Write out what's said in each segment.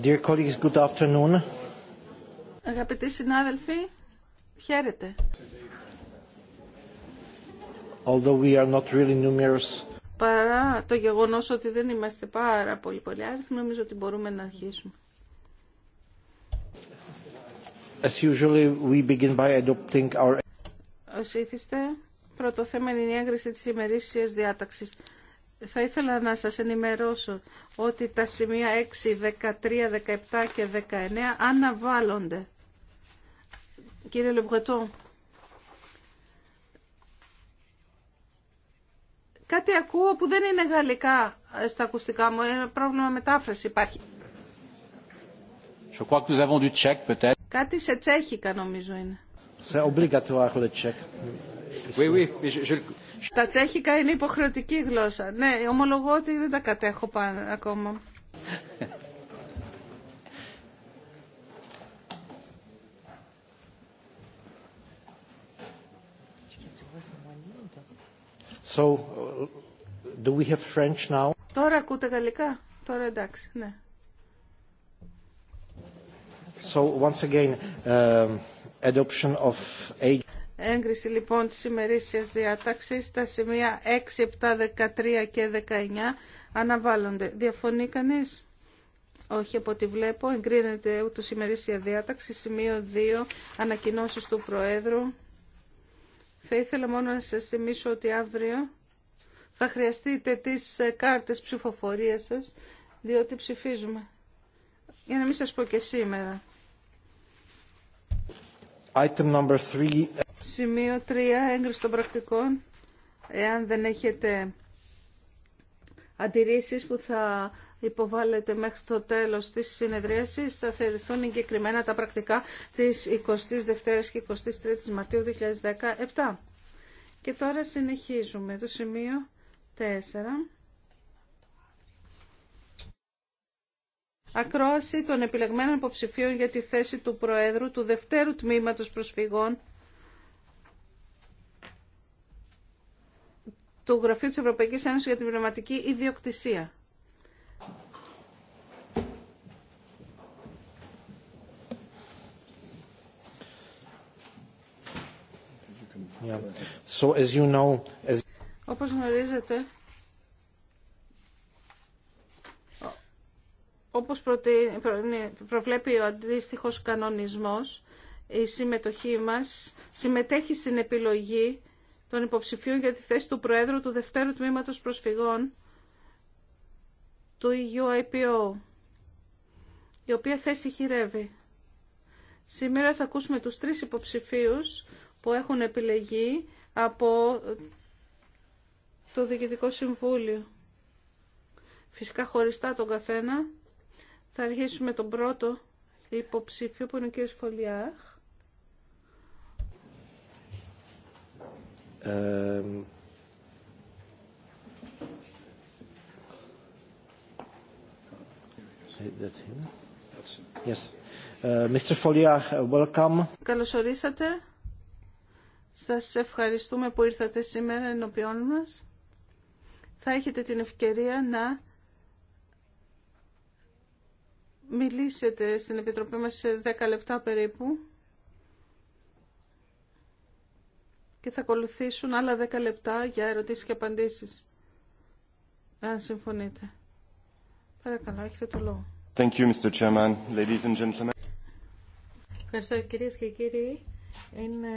Dear colleagues, good afternoon. Αγαπητοί συνάδελφοι, χαίρετε. Although we are not really numerous. Παρά το γεγονός ότι δεν είμαστε πάρα πολύ πολλοί άριθμοι, νομίζω ότι μπορούμε να αρχίσουμε. As usually, we begin by adopting our... Ως ήθιστε, πρώτο θέμα είναι η έγκριση της ημερήσιας διάταξης θα ήθελα να σας ενημερώσω ότι τα σημεία 6, 13, 17 και 19 αναβάλλονται. Κύριε Λεμπρετό, κάτι ακούω που δεν είναι γαλλικά ε, στα ακουστικά μου, είναι πρόβλημα μετάφραση υπάρχει. κάτι σε τσέχικα νομίζω είναι. C'est obligatoire le Oui, oui, je, je... Τα τσέχικα είναι υποχρεωτική γλώσσα. Ναι, ομολογώ ότι δεν τα κατέχω πάνω, ακόμα. So, uh, do we have French now? Τώρα ακούτε γαλλικά. Τώρα εντάξει, ναι. So, once again, um, adoption of age. Έγκριση λοιπόν της ημερήσιας διάταξης, στα σημεία 6, 7, 13 και 19 αναβάλλονται. Διαφωνεί κανείς? Όχι από ό,τι βλέπω. Εγκρίνεται ούτως ημερήσια διάταξη. Σημείο 2, ανακοινώσεις του Προέδρου. Θα ήθελα μόνο να σας θυμίσω ότι αύριο θα χρειαστείτε τις ε, κάρτες ψηφοφορίας σας, διότι ψηφίζουμε. Για να μην σας πω και σήμερα. Item number Σημείο 3. Έγκριση των πρακτικών. Εάν δεν έχετε αντιρρήσεις που θα υποβάλλετε μέχρι το τέλος της συνεδρίασης θα θεωρηθούν εγκεκριμένα τα πρακτικά της 22ης και 23ης Μαρτίου 2017. Και τώρα συνεχίζουμε το σημείο 4. Ακρόαση των επιλεγμένων υποψηφίων για τη θέση του Προέδρου του Δευτέρου Τμήματος Προσφυγών του Γραφείου της Ευρωπαϊκής Ένωσης για την Πνευματική Ιδιοκτησία. Yeah. Όπως γνωρίζετε, όπως ναι, προβλέπει ο αντίστοιχος κανονισμός, η συμμετοχή μας συμμετέχει στην επιλογή των υποψηφίων για τη θέση του Προέδρου του Δευτέρου Τμήματος Προσφυγών του EUIPO, η οποία θέση χειρεύει. Σήμερα θα ακούσουμε τους τρεις υποψηφίους που έχουν επιλεγεί από το Διοικητικό Συμβούλιο. Φυσικά χωριστά τον καθένα. Θα αρχίσουμε τον πρώτο υποψήφιο που είναι ο κ. Φολιάχ. Ε, ε, Καλωσορίσατε ορίσατε. Σας ευχαριστούμε που ήρθατε σήμερα ενώπιόν μας. Θα έχετε την ευκαιρία να μιλήσετε στην Επιτροπή μας σε 10 λεπτά περίπου. και θα ακολουθήσουν άλλα δέκα λεπτά για ερωτήσεις και απαντήσεις. Αν συμφωνείτε. Παρακαλώ, έχετε το λόγο. Ευχαριστώ κυρίες και κύριοι. Είναι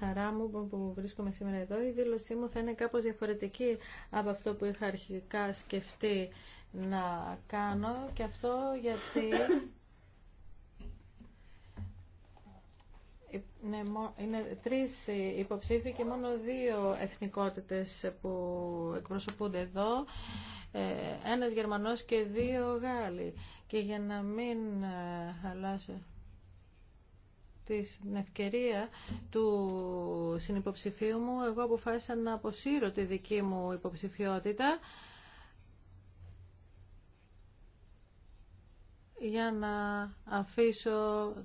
χαρά μου που βρίσκομαι σήμερα εδώ. Η δήλωσή μου θα είναι κάπως διαφορετική από αυτό που είχα αρχικά σκεφτεί να κάνω και αυτό γιατί είναι, είναι τρεις υποψήφοι και μόνο δύο εθνικότητες που εκπροσωπούνται εδώ. Ε, ένας Γερμανός και δύο Γάλλοι. Και για να μην ε, χαλάσω την ευκαιρία του συνυποψηφίου μου, εγώ αποφάσισα να αποσύρω τη δική μου υποψηφιότητα για να αφήσω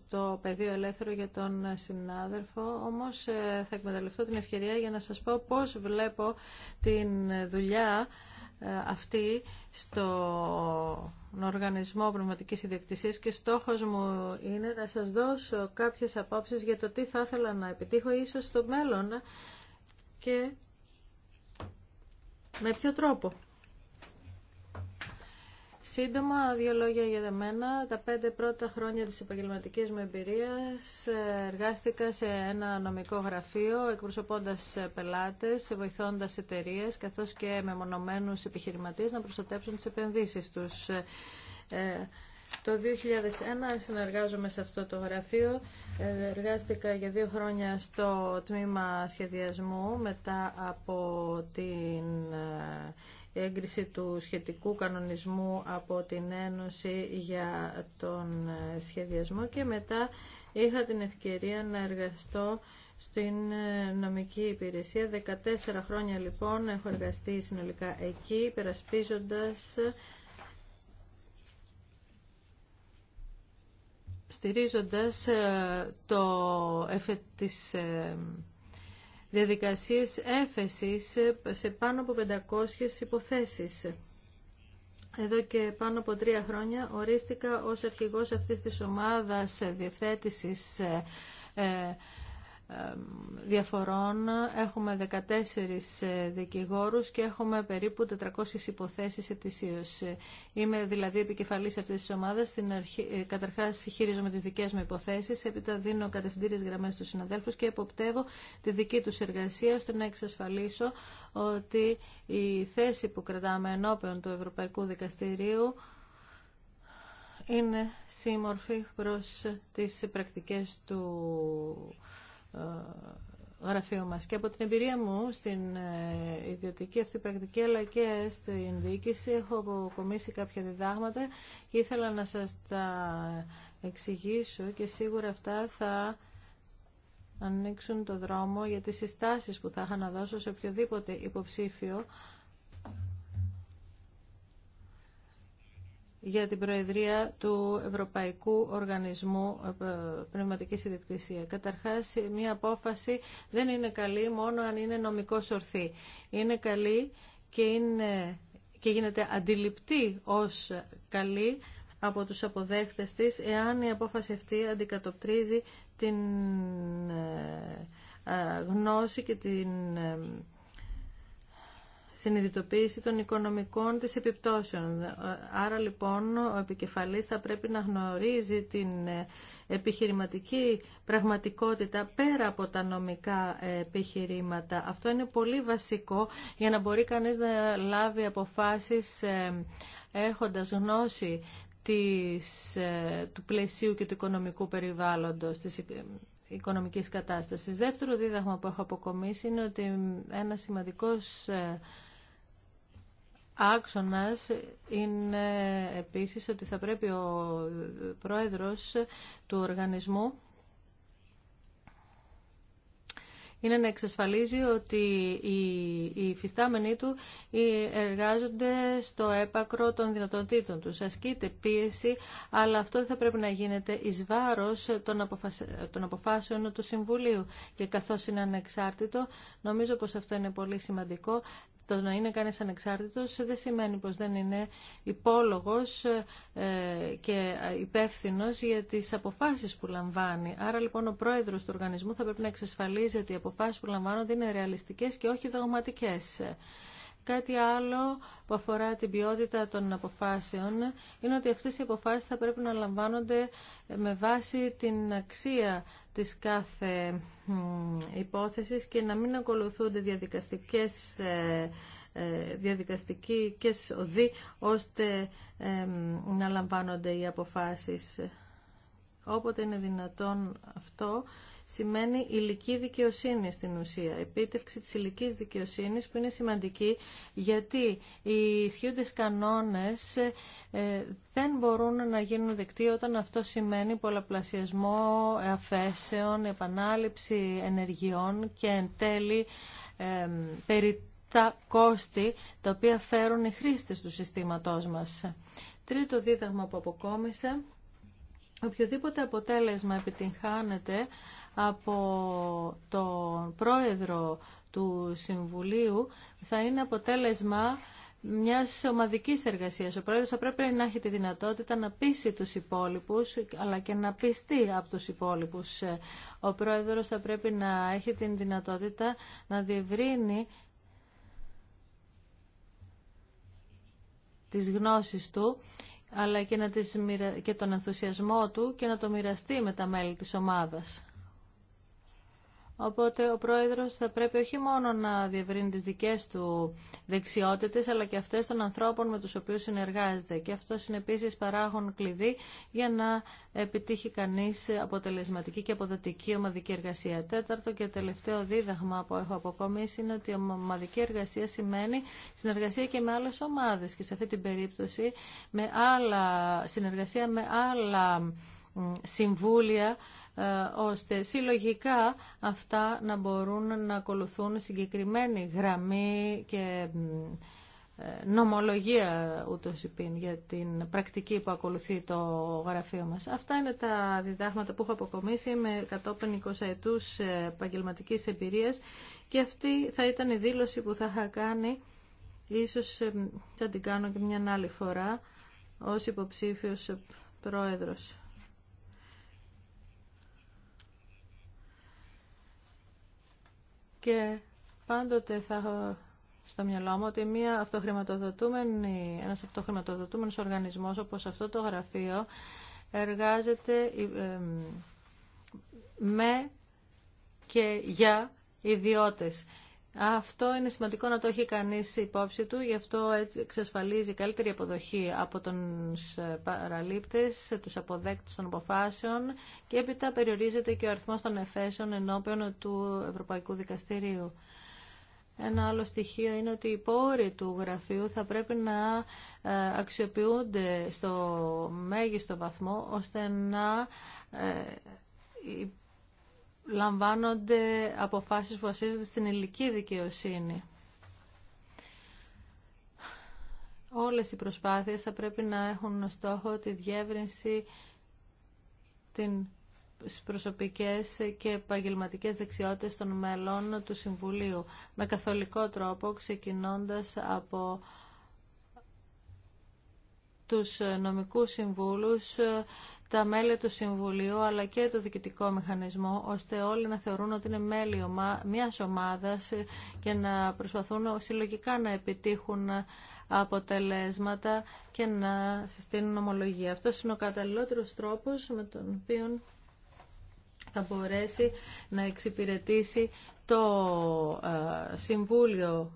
το πεδίο ελεύθερο για τον συνάδελφο, όμως ε, θα εκμεταλλευτώ την ευκαιρία για να σας πω πώς βλέπω την δουλειά ε, αυτή στον οργανισμό πνευματικής ιδιοκτησίας και στόχος μου είναι να σας δώσω κάποιες απόψεις για το τι θα ήθελα να επιτύχω ίσως στο μέλλον και με ποιο τρόπο. Σύντομα, δύο λόγια για μένα. Τα πέντε πρώτα χρόνια της επαγγελματικής μου εμπειρίας ε, εργάστηκα σε ένα νομικό γραφείο, εκπροσωπώντας ε, πελάτες, βοηθώντας εταιρείες, καθώς και μεμονωμένους επιχειρηματίες να προστατέψουν τις επενδύσεις τους. Ε, το 2001 συνεργάζομαι σε αυτό το γραφείο. Εργάστηκα για δύο χρόνια στο τμήμα σχεδιασμού μετά από την έγκριση του σχετικού κανονισμού από την Ένωση για τον ε, σχεδιασμό και μετά είχα την ευκαιρία να εργαστώ στην ε, νομική υπηρεσία. 14 χρόνια λοιπόν έχω εργαστεί συνολικά εκεί, περασπίζοντας ε, στηρίζοντας το εφε της διαδικασίες έφεσης σε πάνω από 500 υποθέσεις. Εδώ και πάνω από τρία χρόνια ορίστηκα ως αρχηγός αυτής της ομάδας διευθέτησης ε, ε, διαφορών. Έχουμε 14 ε, δικηγόρους και έχουμε περίπου 400 υποθέσεις ετησίως. Ε, είμαι δηλαδή επικεφαλής αυτής της ομάδας. Στην αρχή, ε, καταρχάς χειρίζομαι τις δικές μου υποθέσεις, έπειτα δίνω κατευθυντήριες γραμμές στους συναδέλφους και εποπτεύω τη δική τους εργασία ώστε να εξασφαλίσω ότι η θέση που κρατάμε ενώπιον του Ευρωπαϊκού Δικαστηρίου είναι σύμμορφη προς τις πρακτικές του γραφείο μας. Και από την εμπειρία μου στην ε, ιδιωτική αυτή πρακτική αλλά και στην διοίκηση έχω αποκομίσει κάποια διδάγματα και ήθελα να σας τα εξηγήσω και σίγουρα αυτά θα ανοίξουν το δρόμο για τις συστάσεις που θα είχα να δώσω σε οποιοδήποτε υποψήφιο για την Προεδρία του Ευρωπαϊκού Οργανισμού ε, Πνευματικής Ιδιοκτησία. Καταρχάς, μια απόφαση δεν είναι καλή μόνο αν είναι νομικό ορθή. Είναι καλή και, είναι, και γίνεται αντιληπτή ως καλή από τους αποδέχτες της, εάν η απόφαση αυτή αντικατοπτρίζει την ε, ε, γνώση και την συνειδητοποίηση των οικονομικών της επιπτώσεων. Άρα λοιπόν ο επικεφαλής θα πρέπει να γνωρίζει την ε, επιχειρηματική πραγματικότητα πέρα από τα νομικά ε, επιχειρήματα. Αυτό είναι πολύ βασικό για να μπορεί κανείς να λάβει αποφάσεις ε, έχοντας γνώση της, του πλαισίου και του οικονομικού περιβάλλοντος, της οικονομικής κατάστασης. Δεύτερο δίδαγμα που έχω αποκομίσει είναι ότι ένα σημαντικός άξονας είναι επίσης ότι θα πρέπει ο πρόεδρος του οργανισμού είναι να εξασφαλίζει ότι οι, φυστάμενοι του ε, εργάζονται στο έπακρο των δυνατοτήτων τους. Ασκείται πίεση, αλλά αυτό θα πρέπει να γίνεται εις βάρος των, αποφάσεων του Συμβουλίου. Και καθώς είναι ανεξάρτητο, νομίζω πως αυτό είναι πολύ σημαντικό, το να είναι κανείς ανεξάρτητος δεν σημαίνει πως δεν είναι υπόλογος ε, και υπεύθυνο για τις αποφάσεις που λαμβάνει. Άρα λοιπόν ο πρόεδρος του οργανισμού θα πρέπει να εξασφαλίζει ότι οι αποφάσεις που λαμβάνονται είναι ρεαλιστικές και όχι δογματικές. Κάτι άλλο που αφορά την ποιότητα των αποφάσεων είναι ότι αυτές οι αποφάσεις θα πρέπει να λαμβάνονται με βάση την αξία της κάθε υπόθεσης και να μην ακολουθούνται διαδικαστικές ε, ε, διαδικαστικοί οδοί ώστε ε, να λαμβάνονται οι αποφάσεις. Όποτε είναι δυνατόν αυτό, σημαίνει ηλική δικαιοσύνη στην ουσία, επίτευξη της ηλικής δικαιοσύνης που είναι σημαντική γιατί οι ισχύοντες κανόνες ε, δεν μπορούν να γίνουν δεκτοί όταν αυτό σημαίνει πολλαπλασιασμό αφέσεων, επανάληψη ενεργειών και εν τέλει ε, περί τα κόστη τα οποία φέρουν οι χρήστες του συστήματός μας. Τρίτο δίδαγμα που αποκόμισε οποιοδήποτε αποτέλεσμα επιτυγχάνεται από τον πρόεδρο του Συμβουλίου θα είναι αποτέλεσμα μιας ομαδικής εργασίας. Ο πρόεδρος θα πρέπει να έχει τη δυνατότητα να πείσει τους υπόλοιπους, αλλά και να πιστεί από τους υπόλοιπους. Ο πρόεδρος θα πρέπει να έχει την δυνατότητα να διευρύνει τις γνώσεις του αλλά και, να τις, και τον ενθουσιασμό του και να το μοιραστεί με τα μέλη της ομάδας. Οπότε ο πρόεδρος θα πρέπει όχι μόνο να διευρύνει τις δικές του δεξιότητες, αλλά και αυτές των ανθρώπων με τους οποίους συνεργάζεται. Και αυτό είναι επίσης παράγον κλειδί για να επιτύχει κανείς αποτελεσματική και αποδοτική ομαδική εργασία. Τέταρτο και τελευταίο δίδαγμα που έχω αποκομίσει είναι ότι ομαδική εργασία σημαίνει συνεργασία και με άλλες ομάδες και σε αυτή την περίπτωση με άλλα, συνεργασία με άλλα συμβούλια ε, ώστε συλλογικά αυτά να μπορούν να ακολουθούν συγκεκριμένη γραμμή και ε, νομολογία ούτως για την πρακτική που ακολουθεί το γραφείο μας. Αυτά είναι τα διδάγματα που έχω αποκομίσει με κατόπιν 20 ετούς ε, επαγγελματική εμπειρίας και αυτή θα ήταν η δήλωση που θα είχα κάνει ίσως θα την κάνω και μια άλλη φορά ως υποψήφιος πρόεδρος. και πάντοτε θα έχω στο μυαλό μου ότι μια αυτοχρηματοδοτούμενη, ένας αυτοχρηματοδοτούμενος οργανισμός όπως αυτό το γραφείο εργάζεται ε, με και για ιδιώτες. Αυτό είναι σημαντικό να το έχει κανείς υπόψη του, γι' αυτό έτσι εξασφαλίζει καλύτερη αποδοχή από τους παραλήπτες, τους αποδέκτους των αποφάσεων και έπειτα περιορίζεται και ο αριθμός των εφέσεων ενώπιον του Ευρωπαϊκού Δικαστηρίου. Ένα άλλο στοιχείο είναι ότι οι πόροι του γραφείου θα πρέπει να ε, αξιοποιούνται στο μέγιστο βαθμό ώστε να ε, λαμβάνονται αποφάσεις που βασίζονται στην ηλική δικαιοσύνη. Όλες οι προσπάθειες θα πρέπει να έχουν στόχο τη διεύρυνση την προσωπικές και επαγγελματικέ δεξιότητες των μελών του Συμβουλίου με καθολικό τρόπο ξεκινώντας από τους νομικούς συμβούλους τα μέλη του Συμβουλίου αλλά και το διοικητικό μηχανισμό, ώστε όλοι να θεωρούν ότι είναι μέλη μια ομάδα και να προσπαθούν συλλογικά να επιτύχουν αποτελέσματα και να συστήνουν ομολογία. Αυτό είναι ο καταλληλότερος τρόπος με τον οποίο θα μπορέσει να εξυπηρετήσει το ε, Συμβούλιο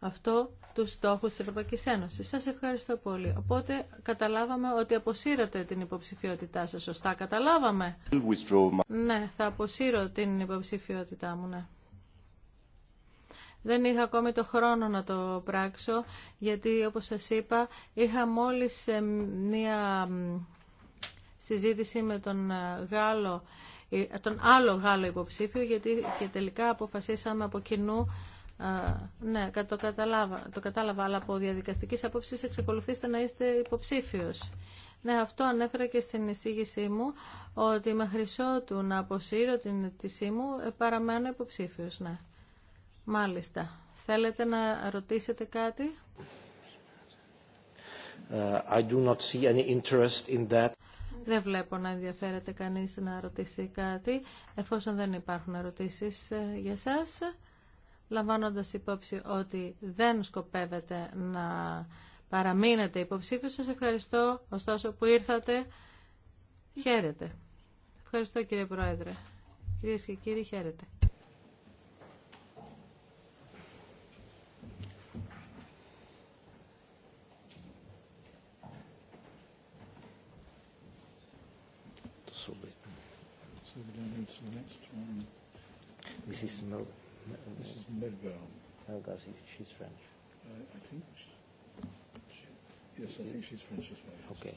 αυτό τους στόχους της Ευρωπαϊκής Ένωσης. Σας ευχαριστώ πολύ. Οπότε καταλάβαμε ότι αποσύρατε την υποψηφιότητά σας. Σωστά καταλάβαμε. Ναι, θα αποσύρω την υποψηφιότητά μου, ναι. Δεν είχα ακόμη το χρόνο να το πράξω, γιατί όπως σας είπα είχα μόλις ε, μία συζήτηση με τον ε, ε, τον άλλο Γάλλο υποψήφιο, γιατί και τελικά αποφασίσαμε από κοινού ναι, το κατάλαβα, το κατάλαβα, αλλά από διαδικαστική απόψη εξακολουθείτε να είστε υποψήφιο. Ναι, αυτό ανέφερα και στην εισήγησή μου, ότι με χρυσό του να αποσύρω την αιτησή μου, ε, παραμένω υποψήφιο. Ναι. Μάλιστα. Θέλετε να ρωτήσετε κάτι? Ε, I do not see any in that. Δεν βλέπω να ενδιαφέρεται κανείς να ρωτήσει κάτι, εφόσον δεν υπάρχουν ερωτήσεις ε, για σας λαμβάνοντας υπόψη ότι δεν σκοπεύετε να παραμείνετε υποψήφιος. Σας ευχαριστώ ωστόσο που ήρθατε. Χαίρετε. Ευχαριστώ κύριε Πρόεδρε. Κυρίες και κύριοι χαίρετε. This is This is Oh God, she's French. I think. Yes, I think she's French as well. Okay.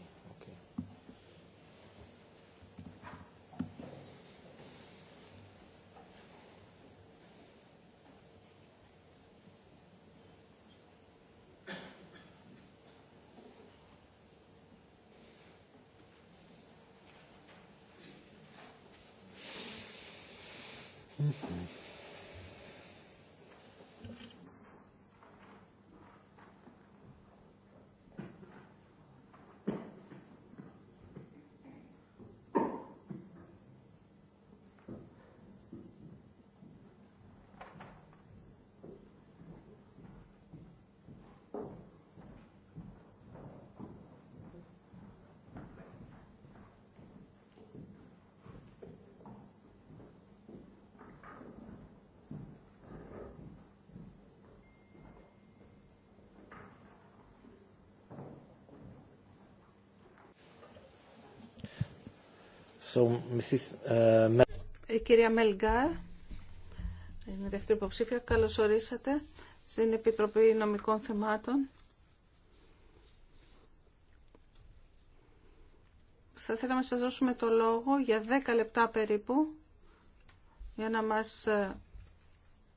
Uh, Η κυρία Μελγκάρ, είναι δεύτερη υποψήφια. Καλώς ορίσατε στην Επιτροπή Νομικών Θεμάτων. Θα θέλαμε να σας δώσουμε το λόγο για 10 λεπτά περίπου για να μας ε,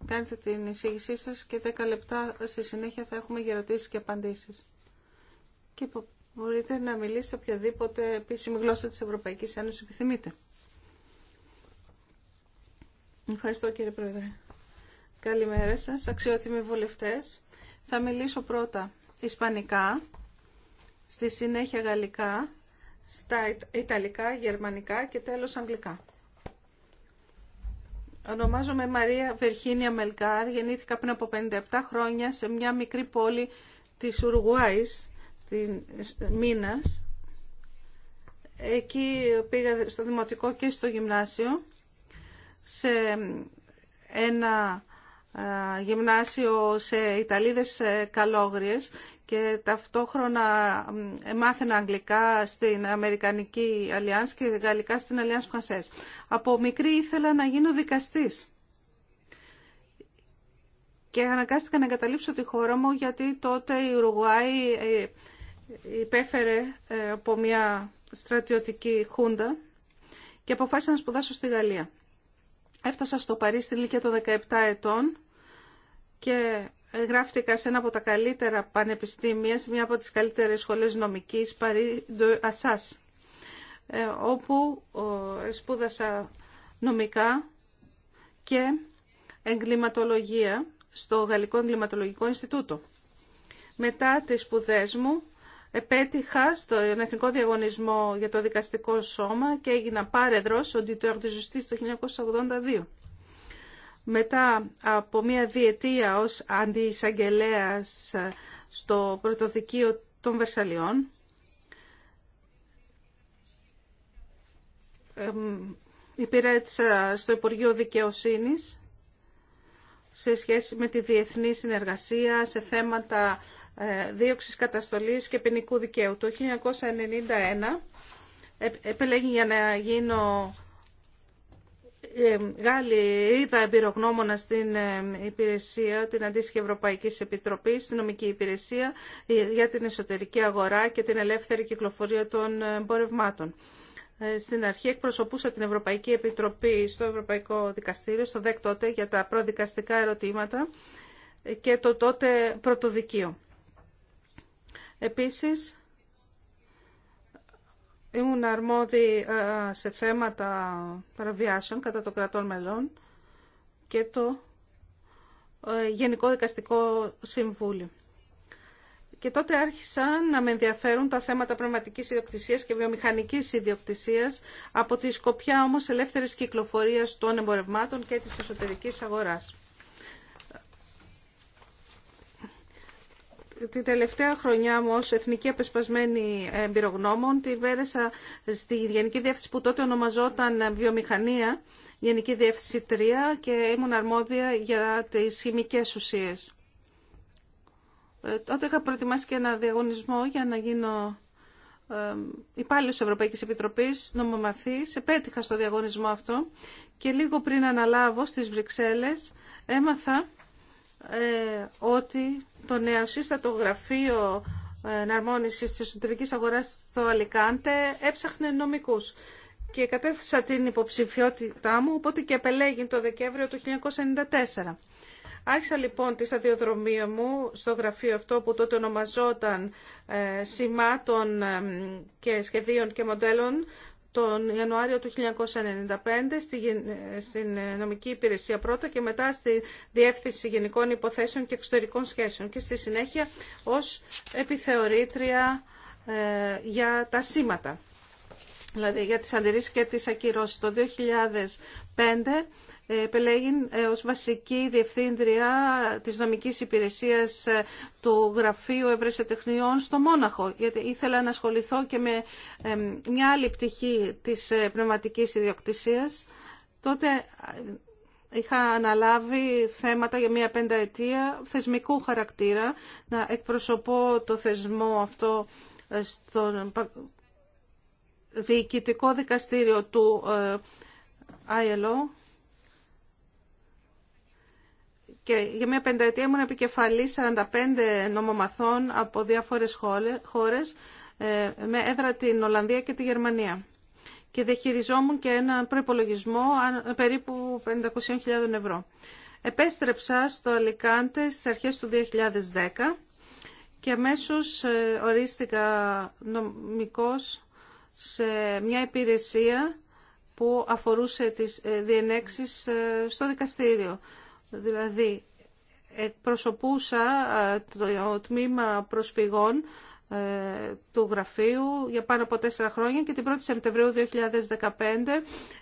κάνετε την εισήγησή σας και 10 λεπτά στη συνέχεια θα έχουμε ερωτήσεις και απαντήσεις. Και Μπορείτε να μιλήσετε οποιαδήποτε επίσημη γλώσσα της Ευρωπαϊκής Ένωσης επιθυμείτε. Ευχαριστώ κύριε Πρόεδρε. Καλημέρα σας, αξιότιμοι βουλευτές. Θα μιλήσω πρώτα ισπανικά, στη συνέχεια γαλλικά, στα ιταλικά, γερμανικά και τέλος αγγλικά. Ονομάζομαι Μαρία Βερχίνια Μελκάρ, γεννήθηκα πριν από 57 χρόνια σε μια μικρή πόλη της Ουρουγουάης, στην ε, Μίνας. Εκεί πήγα στο δημοτικό και στο γυμνάσιο, σε ένα γυμνάσιο σε Ιταλίδες καλόγριες και ταυτόχρονα μάθαινα αγγλικά στην Αμερικανική Αλιάνς και γαλλικά στην Αλιάνς Φρανσές. Από μικρή ήθελα να γίνω δικαστής και αναγκάστηκα να εγκαταλείψω τη χώρα μου γιατί τότε η Ουρουγουάη ε, υπέφερε ε, από μια στρατιωτική χούντα και αποφάσισα να σπουδάσω στη Γαλλία. Έφτασα στο Παρίσι στην ηλικία των 17 ετών και ε, γράφτηκα σε ένα από τα καλύτερα πανεπιστήμια, σε μια από τις καλύτερες σχολές νομικής, νομικής ασάς, ε, όπου σπούδασα νομικά και εγκληματολογία στο Γαλλικό Εγκληματολογικό Ινστιτούτο. Μετά τις σπουδές μου επέτυχα στον Εθνικό Διαγωνισμό για το Δικαστικό Σώμα και έγινα πάρεδρος ο Ζουστής το 1982. Μετά από μια διετία ως αντιεισαγγελέας στο Πρωτοδικείο των Βερσαλιών, υπηρέτησα στο Υπουργείο Δικαιοσύνης σε σχέση με τη διεθνή συνεργασία σε θέματα ε, δίωξης καταστολής και ποινικού δικαίου. Το 1991 επελέγει για να γίνω ε, Γάλλη ρίδα εμπειρογνώμονα στην ε, υπηρεσία, την αντίστοιχη Ευρωπαϊκή Επιτροπή, στην νομική υπηρεσία για την εσωτερική αγορά και την ελεύθερη κυκλοφορία των εμπορευμάτων. Στην αρχή εκπροσωπούσα την Ευρωπαϊκή Επιτροπή στο Ευρωπαϊκό Δικαστήριο, στο ΔΕΚ τότε, για τα προδικαστικά ερωτήματα και το τότε πρωτοδικείο. Επίσης, ήμουν αρμόδι ε, σε θέματα παραβιάσεων κατά των κρατών μελών και το ε, Γενικό Δικαστικό Συμβούλιο. Και τότε άρχισαν να με ενδιαφέρουν τα θέματα πνευματικής ιδιοκτησίας και βιομηχανικής ιδιοκτησίας από τη σκοπιά όμως ελεύθερης κυκλοφορίας των εμπορευμάτων και της εσωτερικής αγοράς. την τελευταία χρονιά μου ως Εθνική Απεσπασμένη Εμπειρογνώμων τη πέρασα στη Γενική Διεύθυνση που τότε ονομαζόταν Βιομηχανία, Γενική Διεύθυνση 3 και ήμουν αρμόδια για τις χημικές ουσίες. Ε, τότε είχα προετοιμάσει και ένα διαγωνισμό για να γίνω υπάλληλο Ευρωπαϊκή Επιτροπή, νομομαθή. Επέτυχα στο διαγωνισμό αυτό και λίγο πριν αναλάβω στι Βρυξέλλε έμαθα ε, ότι το νεοσύστατο γραφείο ε, εναρμόνιση τη εσωτερικής Αγορά στο Αλικάντε έψαχνε νομικούς και κατέθεσα την υποψηφιότητά μου, οπότε και επελέγει το Δεκέμβριο του 1994. Άρχισα λοιπόν τη σταδιοδρομία μου στο γραφείο αυτό που τότε ονομαζόταν ε, Σημάτων ε, και Σχεδίων και Μοντέλων τον Ιανουάριο του 1995 στην νομική υπηρεσία πρώτα και μετά στη Διεύθυνση Γενικών Υποθέσεων και Εξωτερικών Σχέσεων και στη συνέχεια ως επιθεωρήτρια ε, για τα σήματα, δηλαδή για τις αντιρρήσεις και τις ακυρώσεις. Το 2005 επελέγει ε, ως βασική διευθύντρια της νομικής υπηρεσίας ε, του Γραφείου τεχνιών στο Μόναχο, γιατί ήθελα να ασχοληθώ και με ε, μια άλλη πτυχή της πνευματικής ιδιοκτησίας. Τότε είχα αναλάβει θέματα για μια πενταετία θεσμικού χαρακτήρα, να εκπροσωπώ το θεσμό αυτό στον διοικητικό δικαστήριο του ILO και για μια πενταετία ήμουν επικεφαλή 45 νομομαθών από διάφορες χώρες ε, με έδρα την Ολλανδία και τη Γερμανία. Και διαχειριζόμουν και ένα προπολογισμό περίπου 500.000 ευρώ. Επέστρεψα στο Αλικάντε στις αρχές του 2010 και αμέσως ε, ορίστηκα νομικός σε μια υπηρεσία που αφορούσε τις ε, διενέξεις στο δικαστήριο. Δηλαδή, εκπροσωπούσα το τμήμα προσφυγών ε, του γραφείου για πάνω από τέσσερα χρόνια και την 1η Σεπτεμβρίου 2015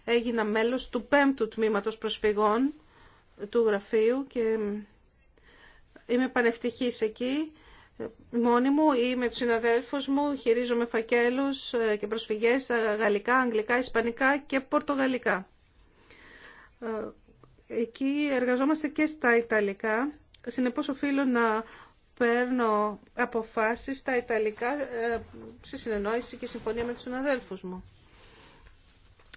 έγινα μέλος του 5ου τμήματος προσφυγών του γραφείου και είμαι πανευτυχής εκεί ε, μόνη μου ή με τους συναδέλφους μου χειρίζομαι φακέλους ε, και προσφυγές στα γαλλικά, αγγλικά, ισπανικά και πορτογαλικά. Εκεί εργαζόμαστε και στα Ιταλικά. Συνεπώς οφείλω να παίρνω αποφάσεις στα Ιταλικά ε, σε συνεννόηση και συμφωνία με τους συναδέλφους μου.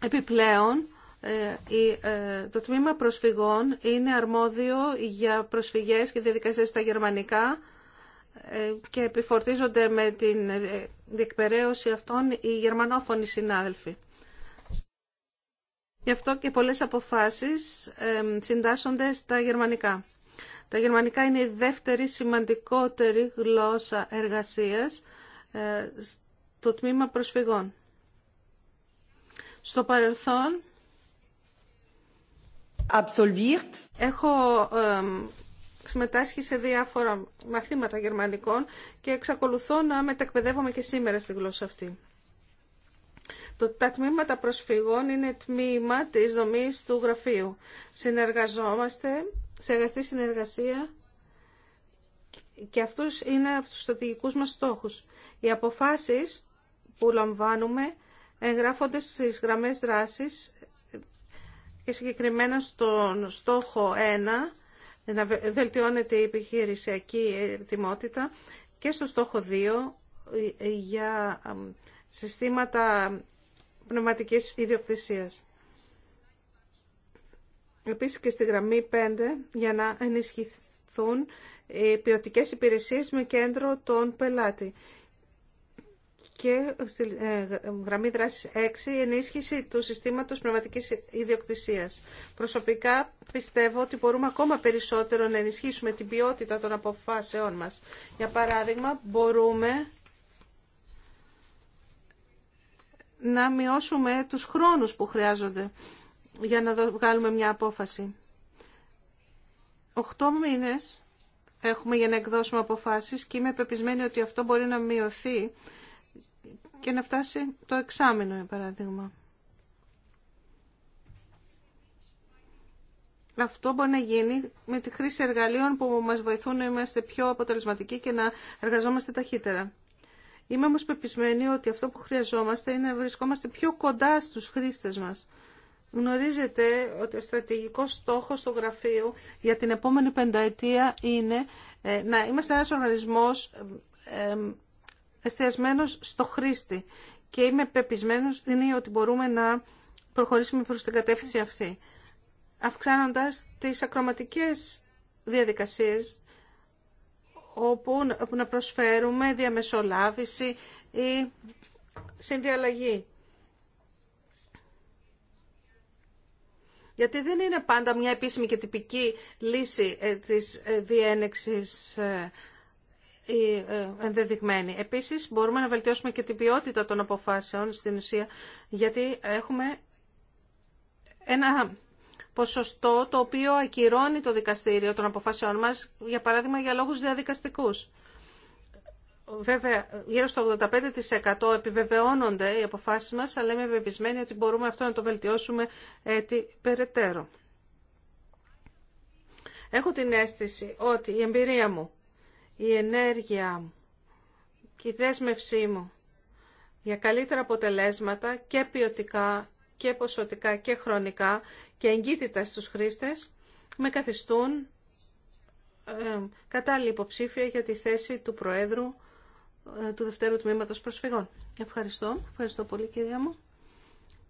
Επιπλέον, ε, ε, το τμήμα προσφυγών είναι αρμόδιο για προσφυγές και διαδικασίε στα γερμανικά και επιφορτίζονται με την διεκπαιρέωση αυτών οι γερμανόφωνοι συνάδελφοι. Γι' αυτό και πολλές αποφάσεις συντάσσονται στα γερμανικά. Τα γερμανικά είναι η δεύτερη σημαντικότερη γλώσσα εργασίας ε, στο τμήμα προσφυγών. Στο παρελθόν Absolviert. έχω συμμετάσχει σε διάφορα μαθήματα γερμανικών και εξακολουθώ να μετακπαιδεύομαι και σήμερα στη γλώσσα αυτή. Το, τα τμήματα προσφυγών είναι τμήμα της δομής του γραφείου. Συνεργαζόμαστε σε εργαστή συνεργασία και αυτούς είναι από τους στρατηγικούς μας στόχους. Οι αποφάσεις που λαμβάνουμε εγγράφονται στις γραμμές δράσης και συγκεκριμένα στον στόχο 1, να βελτιώνεται η επιχειρησιακή ετοιμότητα και στο στόχο 2 για συστήματα πνευματικής ιδιοκτησίας. Επίσης και στη γραμμή 5 για να ενισχυθούν οι ποιοτικέ υπηρεσίες με κέντρο τον πελάτη. Και στη ε, γραμμή δράση 6 ενίσχυση του συστήματος πνευματικής ιδιοκτησίας. Προσωπικά πιστεύω ότι μπορούμε ακόμα περισσότερο να ενισχύσουμε την ποιότητα των αποφάσεών μας. Για παράδειγμα μπορούμε να μειώσουμε τους χρόνους που χρειάζονται για να βγάλουμε μια απόφαση. Οχτώ μήνες έχουμε για να εκδώσουμε αποφάσεις και είμαι πεπισμένη ότι αυτό μπορεί να μειωθεί και να φτάσει το εξάμεινο, για παράδειγμα. Αυτό μπορεί να γίνει με τη χρήση εργαλείων που μας βοηθούν να είμαστε πιο αποτελεσματικοί και να εργαζόμαστε ταχύτερα. Είμαι όμως πεπισμένη ότι αυτό που χρειαζόμαστε είναι να βρισκόμαστε πιο κοντά στους χρήστες μας. Γνωρίζετε ότι ο στρατηγικός στόχος του γραφείου για την επόμενη πενταετία είναι ε, να είμαστε ένας οργανισμός ε, ε, εστιασμένος στο χρήστη και είμαι πεπισμένος είναι ότι μπορούμε να προχωρήσουμε προς την κατεύθυνση αυτή. Αυξάνοντας τις ακροματικές διαδικασίες όπου να προσφέρουμε διαμεσολάβηση ή συνδιαλλαγή. Γιατί δεν είναι πάντα μια επίσημη και τυπική λύση ε, της ε, διένεξης ή ε, ενδεδειγμένη. Επίσης, μπορούμε να βελτιώσουμε και την ποιότητα των αποφάσεων στην ουσία, γιατί έχουμε ένα ποσοστό το οποίο ακυρώνει το δικαστήριο των αποφάσεών μας, για παράδειγμα για λόγους διαδικαστικούς. Βέβαια, γύρω στο 85% επιβεβαιώνονται οι αποφάσεις μας, αλλά είμαι βεβαισμένη ότι μπορούμε αυτό να το βελτιώσουμε έτσι ε, περαιτέρω. Έχω την αίσθηση ότι η εμπειρία μου, η ενέργεια μου και η δέσμευσή μου για καλύτερα αποτελέσματα και ποιοτικά και ποσοτικά και χρονικά και εγκύτητα στους χρήστες με καθιστούν ε, κατάλληλη υποψήφια για τη θέση του Προέδρου ε, του Δευτέρου Τμήματος Προσφυγών. Ευχαριστώ. Ευχαριστώ πολύ κυρία μου.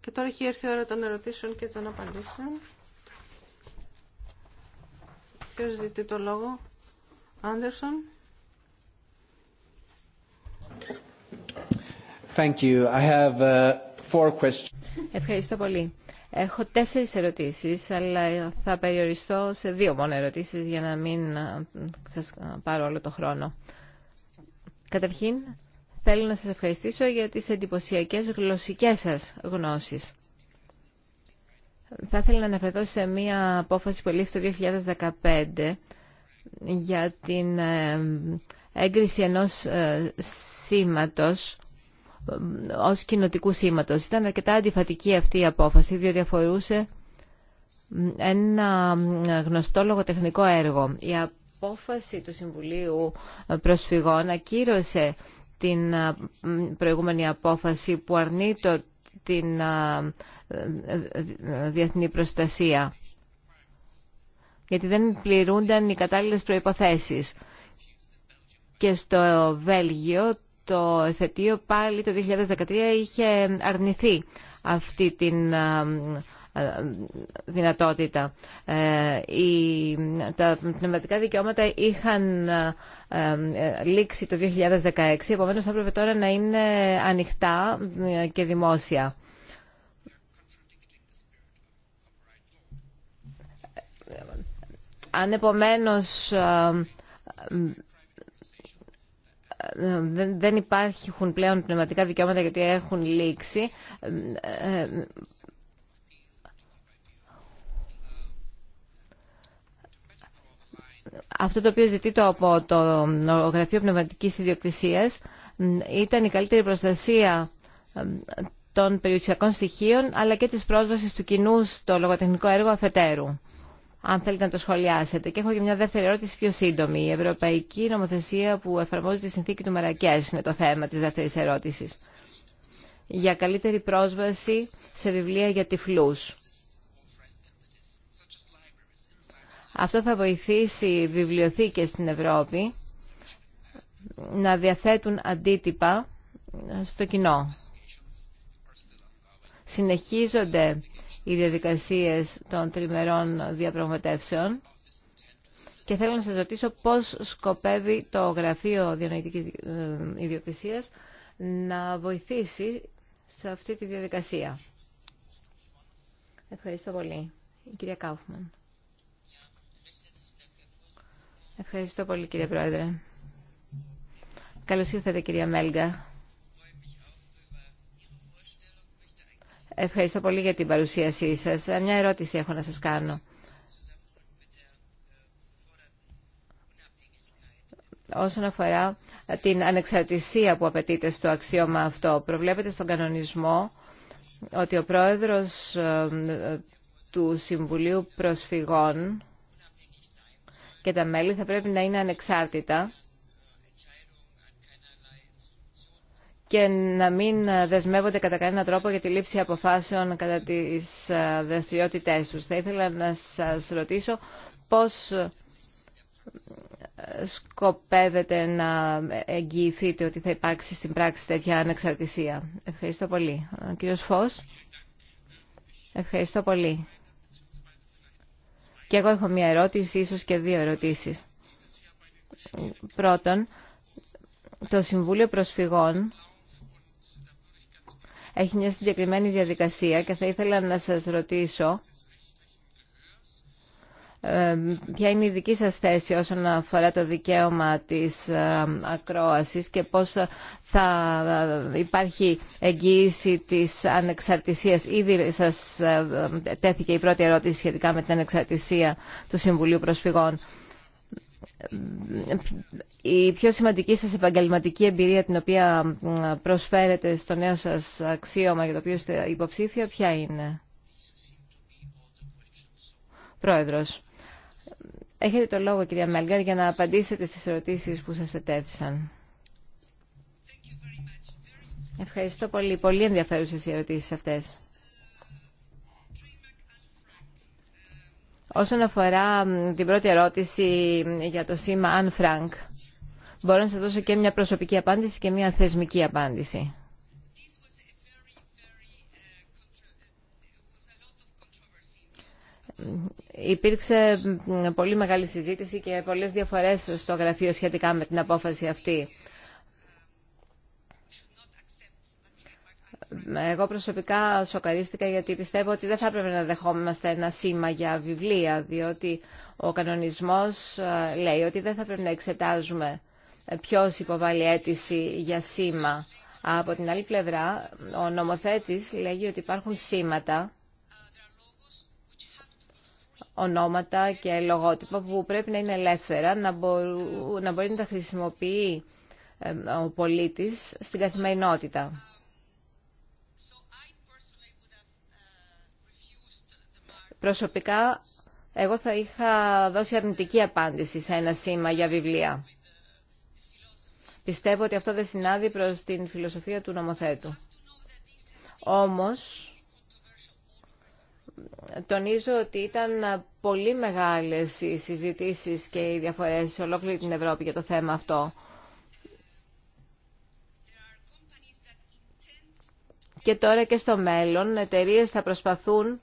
Και τώρα έχει έρθει η ώρα των ερωτήσεων και των απαντήσεων. Ποιος ζητεί το λόγο. Άντερσον. Thank you. I have uh, Ευχαριστώ πολύ. Έχω τέσσερις ερωτήσεις, αλλά θα περιοριστώ σε δύο μόνο ερωτήσεις για να μην σας πάρω όλο το χρόνο. Καταρχήν, θέλω να σας ευχαριστήσω για τις εντυπωσιακές γλωσσικές σας γνώσεις. Θα ήθελα να αναφερθώ σε μία απόφαση που λήφθη το 2015 για την ε, έγκριση ενός ε, σήματος ως κοινοτικού σήματος. Ήταν αρκετά αντιφατική αυτή η απόφαση, διότι αφορούσε ένα γνωστό λογοτεχνικό έργο. Η απόφαση του Συμβουλίου ε, Προσφυγών ακύρωσε την ε, προηγούμενη απόφαση που αρνεί την ε, διεθνή προστασία γιατί δεν πληρούνταν οι κατάλληλες προϋποθέσεις. Και στο Βέλγιο το εφετείο πάλι το 2013 είχε αρνηθεί αυτή την δυνατότητα. Οι, ε, τα πνευματικά δικαιώματα είχαν ε, λήξει το 2016, επομένως θα έπρεπε τώρα να είναι ανοιχτά ε, και δημόσια. Αν δεν υπάρχουν πλέον πνευματικά δικαιώματα γιατί έχουν λήξει. Αυτό το οποίο ζητεί το από το Γραφείο Πνευματικής Ιδιοκτησίας ήταν η καλύτερη προστασία των περιουσιακών στοιχείων αλλά και της πρόσβασης του κοινού στο λογοτεχνικό έργο αφετέρου αν θέλετε να το σχολιάσετε. Και έχω και μια δεύτερη ερώτηση πιο σύντομη. Η ευρωπαϊκή νομοθεσία που εφαρμόζει τη συνθήκη του Μαρακέ είναι το θέμα της δεύτερης ερώτησης. Για καλύτερη πρόσβαση σε βιβλία για τυφλούς. Αυτό θα βοηθήσει βιβλιοθήκες στην Ευρώπη να διαθέτουν αντίτυπα στο κοινό. Συνεχίζονται οι διαδικασίες των τριμερών διαπραγματεύσεων και θέλω να σας ρωτήσω πώς σκοπεύει το Γραφείο Διανοητικής ε, Ιδιοκτησίας να βοηθήσει σε αυτή τη διαδικασία. Ευχαριστώ πολύ. Η κυρία Κάουφμαν. Ευχαριστώ πολύ κύριε Πρόεδρε. Καλώς ήρθατε κυρία Μέλγκα. Ευχαριστώ πολύ για την παρουσίασή σας. Μια ερώτηση έχω να σας κάνω. όσον αφορά την ανεξαρτησία που απαιτείται στο αξίωμα αυτό. προβλέπετε στον κανονισμό ότι ο πρόεδρος ε, του Συμβουλίου Προσφυγών και τα μέλη θα πρέπει να είναι ανεξάρτητα και να μην δεσμεύονται κατά κανένα τρόπο για τη λήψη αποφάσεων κατά τις ε, δραστηριότητές τους. Θα ήθελα να σας ρωτήσω πώς ε, σκοπεύετε να εγγυηθείτε ότι θα υπάρξει στην πράξη τέτοια ανεξαρτησία. Ευχαριστώ πολύ. Ο κύριος Φως. Ευχαριστώ πολύ. Και εγώ έχω μία ερώτηση, ίσως και δύο ερωτήσεις. Πρώτον, το Συμβούλιο Προσφυγών έχει μια συγκεκριμένη διαδικασία και θα ήθελα να σας ρωτήσω ποια είναι η δική σας θέση όσον αφορά το δικαίωμα της ακρόασης και πώς θα υπάρχει εγγύηση της ανεξαρτησίας. Ήδη σας τέθηκε η πρώτη ερώτηση σχετικά με την ανεξαρτησία του Συμβουλίου Προσφυγών η πιο σημαντική σας επαγγελματική εμπειρία την οποία προσφέρετε στο νέο σας αξίωμα για το οποίο είστε υποψήφιο ποια είναι. Πρόεδρος, έχετε το λόγο κυρία Μέλγκαρ για να απαντήσετε στις ερωτήσεις που σας ετέθησαν. Ευχαριστώ πολύ. Πολύ ενδιαφέρουσες οι ερωτήσεις αυτές. Όσον αφορά την πρώτη ερώτηση για το σήμα Αν Φρανκ, μπορώ να σας δώσω και μια προσωπική απάντηση και μια θεσμική απάντηση. Υπήρξε πολύ μεγάλη συζήτηση και πολλές διαφορές στο γραφείο σχετικά με την απόφαση αυτή. Εγώ προσωπικά σοκαρίστηκα γιατί πιστεύω ότι δεν θα έπρεπε να δεχόμαστε ένα σήμα για βιβλία, διότι ο κανονισμός ε, λέει ότι δεν θα πρέπει να εξετάζουμε ποιος υποβάλλει αίτηση για σήμα. Από την άλλη πλευρά, ο νομοθέτης λέγει ότι υπάρχουν σήματα, ονόματα και λογότυπα που πρέπει να είναι ελεύθερα, να, μπορεί να τα χρησιμοποιεί ε, ο πολίτης στην καθημερινότητα. Προσωπικά, εγώ θα είχα δώσει αρνητική απάντηση σε ένα σήμα για βιβλία. Πιστεύω ότι αυτό δεν συνάδει προς την φιλοσοφία του νομοθέτου. Όμως, τονίζω ότι ήταν πολύ μεγάλες οι συζητήσεις και οι διαφορές σε ολόκληρη την Ευρώπη για το θέμα αυτό. Και τώρα και στο μέλλον εταιρείες θα προσπαθούν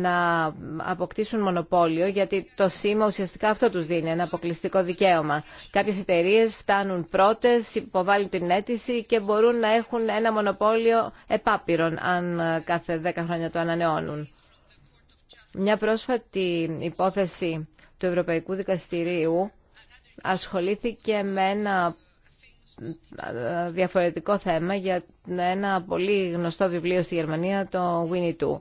να αποκτήσουν μονοπόλιο, γιατί το σήμα ουσιαστικά αυτό τους δίνει, ένα αποκλειστικό δικαίωμα. Κάποιες εταιρείε φτάνουν πρώτες, υποβάλλουν την αίτηση και μπορούν να έχουν ένα μονοπόλιο επάπειρον, αν κάθε δέκα χρόνια το ανανεώνουν. Μια πρόσφατη υπόθεση του Ευρωπαϊκού Δικαστηρίου ασχολήθηκε με ένα ε, διαφορετικό θέμα για ένα πολύ γνωστό βιβλίο στη Γερμανία, το Winnie Two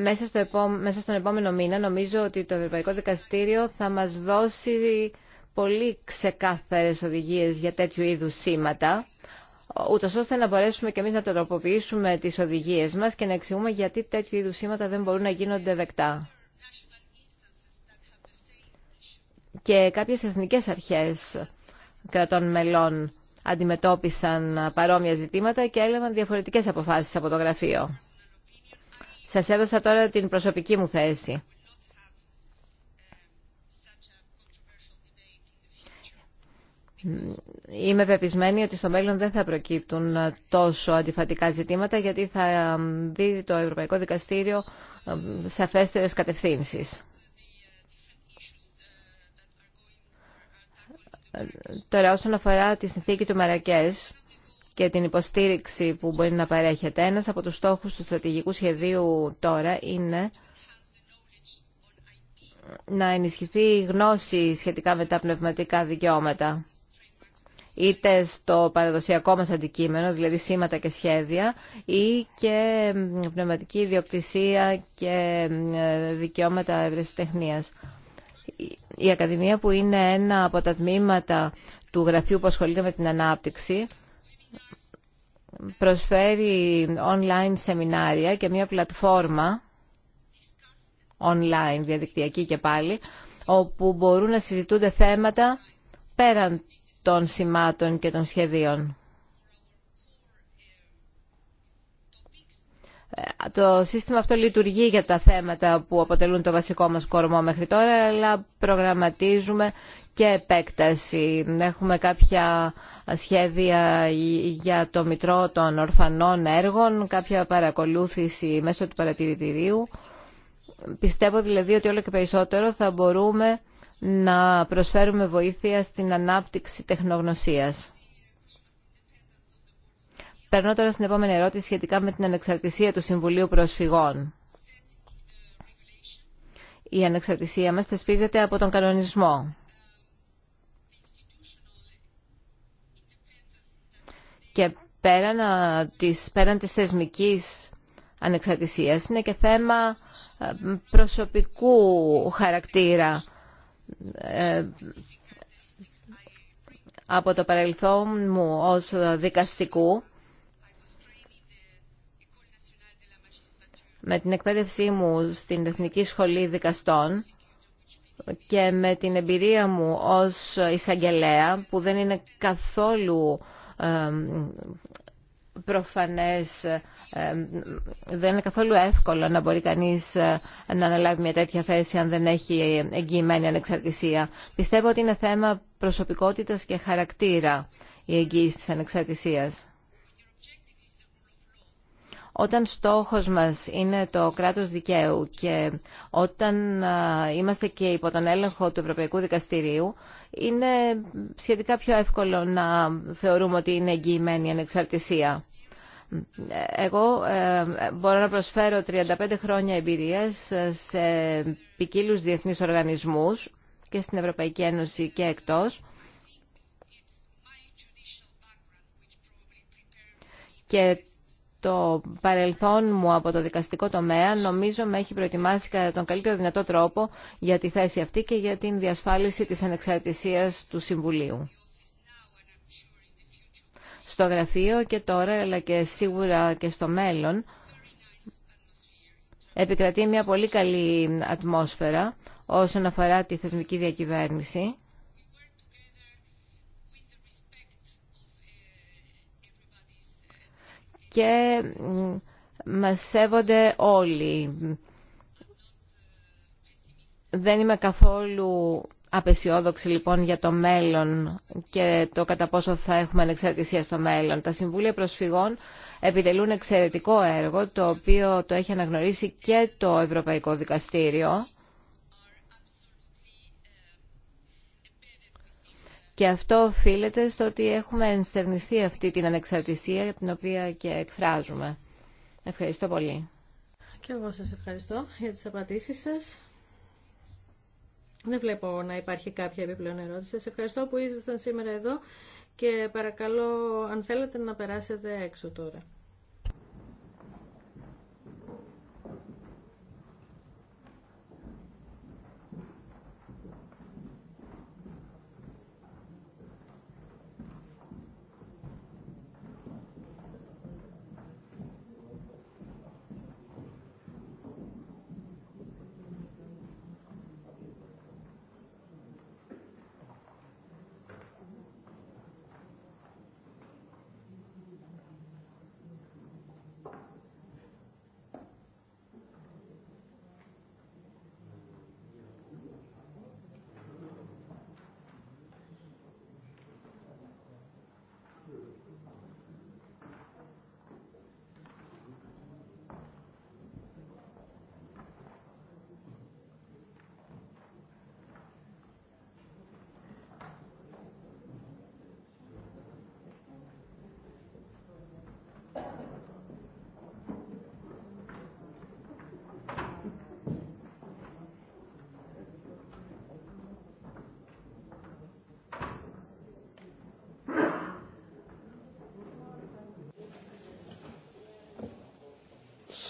μέσα, στο μέσα στον επόμενο μήνα νομίζω ότι το Ευρωπαϊκό Δικαστήριο θα μας δώσει πολύ ξεκάθαρες οδηγίες για τέτοιου είδους σήματα ούτω ώστε να μπορέσουμε και εμείς να τροποποιήσουμε τις οδηγίες μας και να εξηγούμε γιατί τέτοιου είδους σήματα δεν μπορούν να γίνονται δεκτά. Και κάποιες εθνικές αρχές κρατών μελών αντιμετώπισαν παρόμοια ζητήματα και έλαβαν διαφορετικές αποφάσεις από το γραφείο. Σας έδωσα τώρα την προσωπική μου θέση. Είμαι πεπισμένη ότι στο μέλλον δεν θα προκύπτουν τόσο αντιφατικά ζητήματα γιατί θα δει το Ευρωπαϊκό Δικαστήριο σαφέστερες κατευθύνσεις. Τώρα όσον αφορά τη συνθήκη του Μαρακές και την υποστήριξη που μπορεί να παρέχεται. Ένας από τους στόχους του στρατηγικού σχεδίου τώρα είναι να ενισχυθεί η γνώση σχετικά με τα πνευματικά δικαιώματα είτε στο παραδοσιακό μας αντικείμενο, δηλαδή σήματα και σχέδια, ή και πνευματική ιδιοκτησία και δικαιώματα ευρεσιτεχνίας. Η Ακαδημία που είναι ένα από τα τμήματα του γραφείου που ασχολείται με την ανάπτυξη, προσφέρει online σεμινάρια και μια πλατφόρμα online, διαδικτυακή και πάλι, όπου μπορούν να συζητούνται θέματα πέραν των σημάτων και των σχεδίων. Το σύστημα αυτό λειτουργεί για τα θέματα που αποτελούν το βασικό μας κορμό μέχρι τώρα, αλλά προγραμματίζουμε και επέκταση. Έχουμε κάποια σχέδια για το Μητρό των Ορφανών Έργων, κάποια παρακολούθηση μέσω του παρατηρητηρίου. Πιστεύω δηλαδή ότι όλο και περισσότερο θα μπορούμε να προσφέρουμε βοήθεια στην ανάπτυξη τεχνογνωσίας. Περνώ τώρα στην επόμενη ερώτηση σχετικά με την ανεξαρτησία του Συμβουλίου Προσφυγών. Η ανεξαρτησία μας θεσπίζεται από τον κανονισμό. Και πέραν της, πέραν της θεσμικής ανεξαρτησίας είναι και θέμα προσωπικού χαρακτήρα. Ε, από το παρελθόν μου ως δικαστικού, με την εκπαίδευσή μου στην Εθνική Σχολή Δικαστών και με την εμπειρία μου ως εισαγγελέα, που δεν είναι καθόλου προφανές δεν είναι καθόλου εύκολο να μπορεί κανείς ε, να αναλάβει μια τέτοια θέση αν δεν έχει εγγυημένη ανεξαρτησία. Πιστεύω ότι είναι θέμα προσωπικότητας και χαρακτήρα η εγγύηση της ανεξαρτησίας. Όταν στόχος μας είναι το κράτος δικαίου και όταν ε, είμαστε και υπό τον έλεγχο του Ευρωπαϊκού Δικαστηρίου, είναι σχετικά πιο εύκολο να θεωρούμε ότι είναι εγγυημένη η ανεξαρτησία. Εγώ ε, μπορώ να προσφέρω 35 χρόνια εμπειρίας σε ποικίλου διεθνείς οργανισμούς και στην Ευρωπαϊκή Ένωση και εκτός το παρελθόν μου από το δικαστικό τομέα νομίζω με έχει προετοιμάσει κατά τον καλύτερο δυνατό τρόπο για τη θέση αυτή και για την διασφάλιση της ανεξαρτησίας του Συμβουλίου. Στο γραφείο και τώρα, αλλά και σίγουρα και στο μέλλον, επικρατεί μια πολύ καλή ατμόσφαιρα όσον αφορά τη θεσμική διακυβέρνηση και μας σέβονται όλοι. Δεν είμαι καθόλου απεσιόδοξη λοιπόν για το μέλλον και το κατά πόσο θα έχουμε ανεξαρτησία στο μέλλον. Τα Συμβούλια Προσφυγών επιτελούν εξαιρετικό έργο το οποίο το έχει αναγνωρίσει και το Ευρωπαϊκό Δικαστήριο Και αυτό οφείλεται στο ότι έχουμε ενστερνιστεί αυτή την ανεξαρτησία την οποία και εκφράζουμε. Ευχαριστώ πολύ. Και εγώ σας ευχαριστώ για τις απαντήσεις σας. Δεν βλέπω να υπάρχει κάποια επιπλέον ερώτηση. Σας ευχαριστώ που ήσασταν σήμερα εδώ και παρακαλώ αν θέλετε να περάσετε έξω τώρα.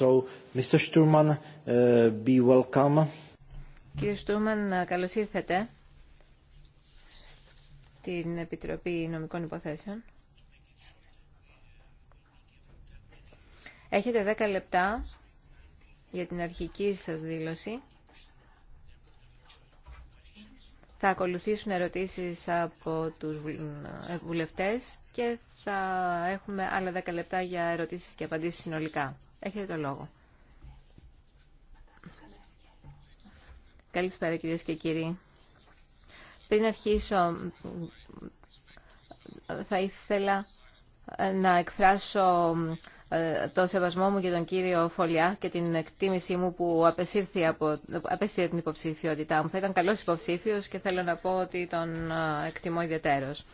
Uh, Κύριε Στούρμαν, καλώς ήρθατε στην Επιτροπή Νομικών Υποθέσεων. Έχετε 10 λεπτά για την αρχική σας δήλωση. Θα ακολουθήσουν ερωτήσεις από τους βουλευτές και θα έχουμε άλλα 10 λεπτά για ερωτήσεις και απαντήσεις συνολικά. Έχετε το λόγο. Καλησπέρα κυρίες και κύριοι. Πριν αρχίσω, θα ήθελα ε, να εκφράσω ε, το σεβασμό μου για τον κύριο Φωλιά και την εκτίμησή μου που απεσύρθη από, την υποψηφιότητά μου. Θα ήταν καλός υποψήφιος και θέλω να πω ότι τον ε, εκτιμώ ιδιαίτερος.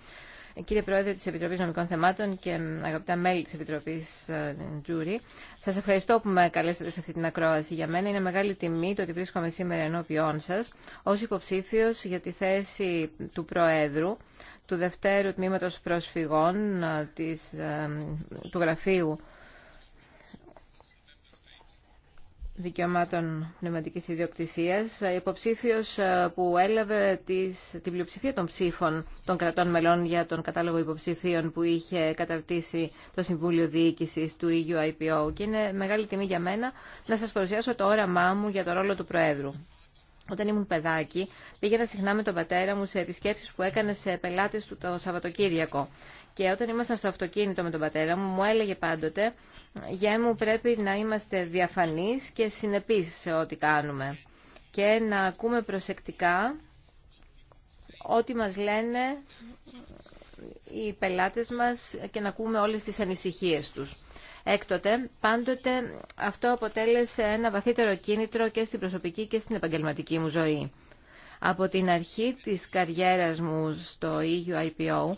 Κύριε Πρόεδρε της Επιτροπής Νομικών Θεμάτων και αγαπητά μέλη της Επιτροπής ε, Τζούρι, σας ευχαριστώ που με καλέσατε σε αυτή την ακρόαση. Για μένα είναι μεγάλη τιμή το ότι βρίσκομαι σήμερα ενώπιόν σας ως υποψήφιος για τη θέση του Προέδρου του Δευτέρου Τμήματος Προσφυγών ε, της, ε, του Γραφείου δικαιωμάτων πνευματικής ιδιοκτησίας, ε, υποψήφιο ε, που έλαβε τις, την πλειοψηφία των ψήφων των κρατών μελών για τον κατάλογο υποψηφίων που είχε καταρτήσει το Συμβούλιο Διοίκηση του EU IPO. Και είναι μεγάλη τιμή για μένα να σας παρουσιάσω το όραμά μου για το ρόλο του Προέδρου. Όταν ήμουν παιδάκι, πήγαινα συχνά με τον πατέρα μου σε επισκέψει που έκανε σε πελάτες του το Σαββατοκύριακο. Και όταν ήμασταν στο αυτοκίνητο με τον πατέρα μου, μου έλεγε πάντοτε «Γεια μου, πρέπει να είμαστε διαφανείς και συνεπείς σε ό,τι κάνουμε και να ακούμε προσεκτικά ό,τι μας λένε οι πελάτες μας και να ακούμε όλες τις ανησυχίες τους». Έκτοτε, πάντοτε αυτό αποτέλεσε ένα βαθύτερο κίνητρο και στην προσωπική και στην επαγγελματική μου ζωή. Από την αρχή της καριέρας μου στο EU IPO,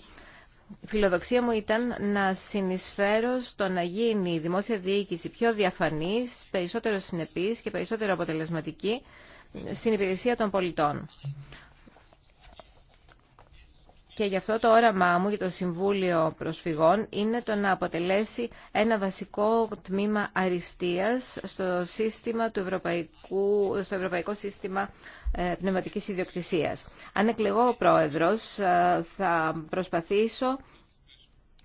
φιλοδοξία μου ήταν να συνεισφέρω στο να γίνει η δημόσια διοίκηση πιο διαφανής, περισσότερο συνεπής και περισσότερο αποτελεσματική στην υπηρεσία των πολιτών. Και γι' αυτό το όραμά μου για το Συμβούλιο Προσφυγών είναι το να αποτελέσει ένα βασικό τμήμα αριστείας στο, σύστημα του ευρωπαϊκού, στο ευρωπαϊκό σύστημα ε, πνευματικής ιδιοκτησίας. Αν εκλεγώ ο πρόεδρος, ε, θα προσπαθήσω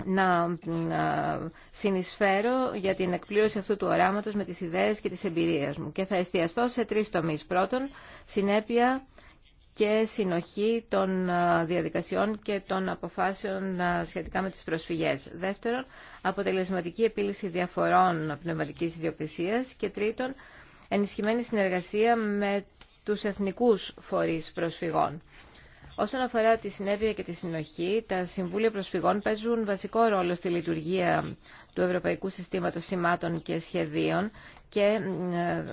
να ε, συνεισφέρω για την εκπλήρωση αυτού του οράματος με τις ιδέες και τις εμπειρίες μου και θα εστιαστώ σε τρεις τομείς. Πρώτον, συνέπεια και συνοχή των ε, διαδικασιών και των αποφάσεων ε, σχετικά με τις προσφυγές. Δεύτερον, αποτελεσματική επίλυση διαφορών πνευματικής ιδιοκτησίας. Και τρίτον, ενισχυμένη συνεργασία με τους εθνικούς φορείς προσφυγών. Όσον αφορά τη συνέπεια και τη συνοχή, τα Συμβούλια Προσφυγών παίζουν βασικό ρόλο στη λειτουργία του Ευρωπαϊκού Συστήματος Σημάτων και Σχεδίων και ε,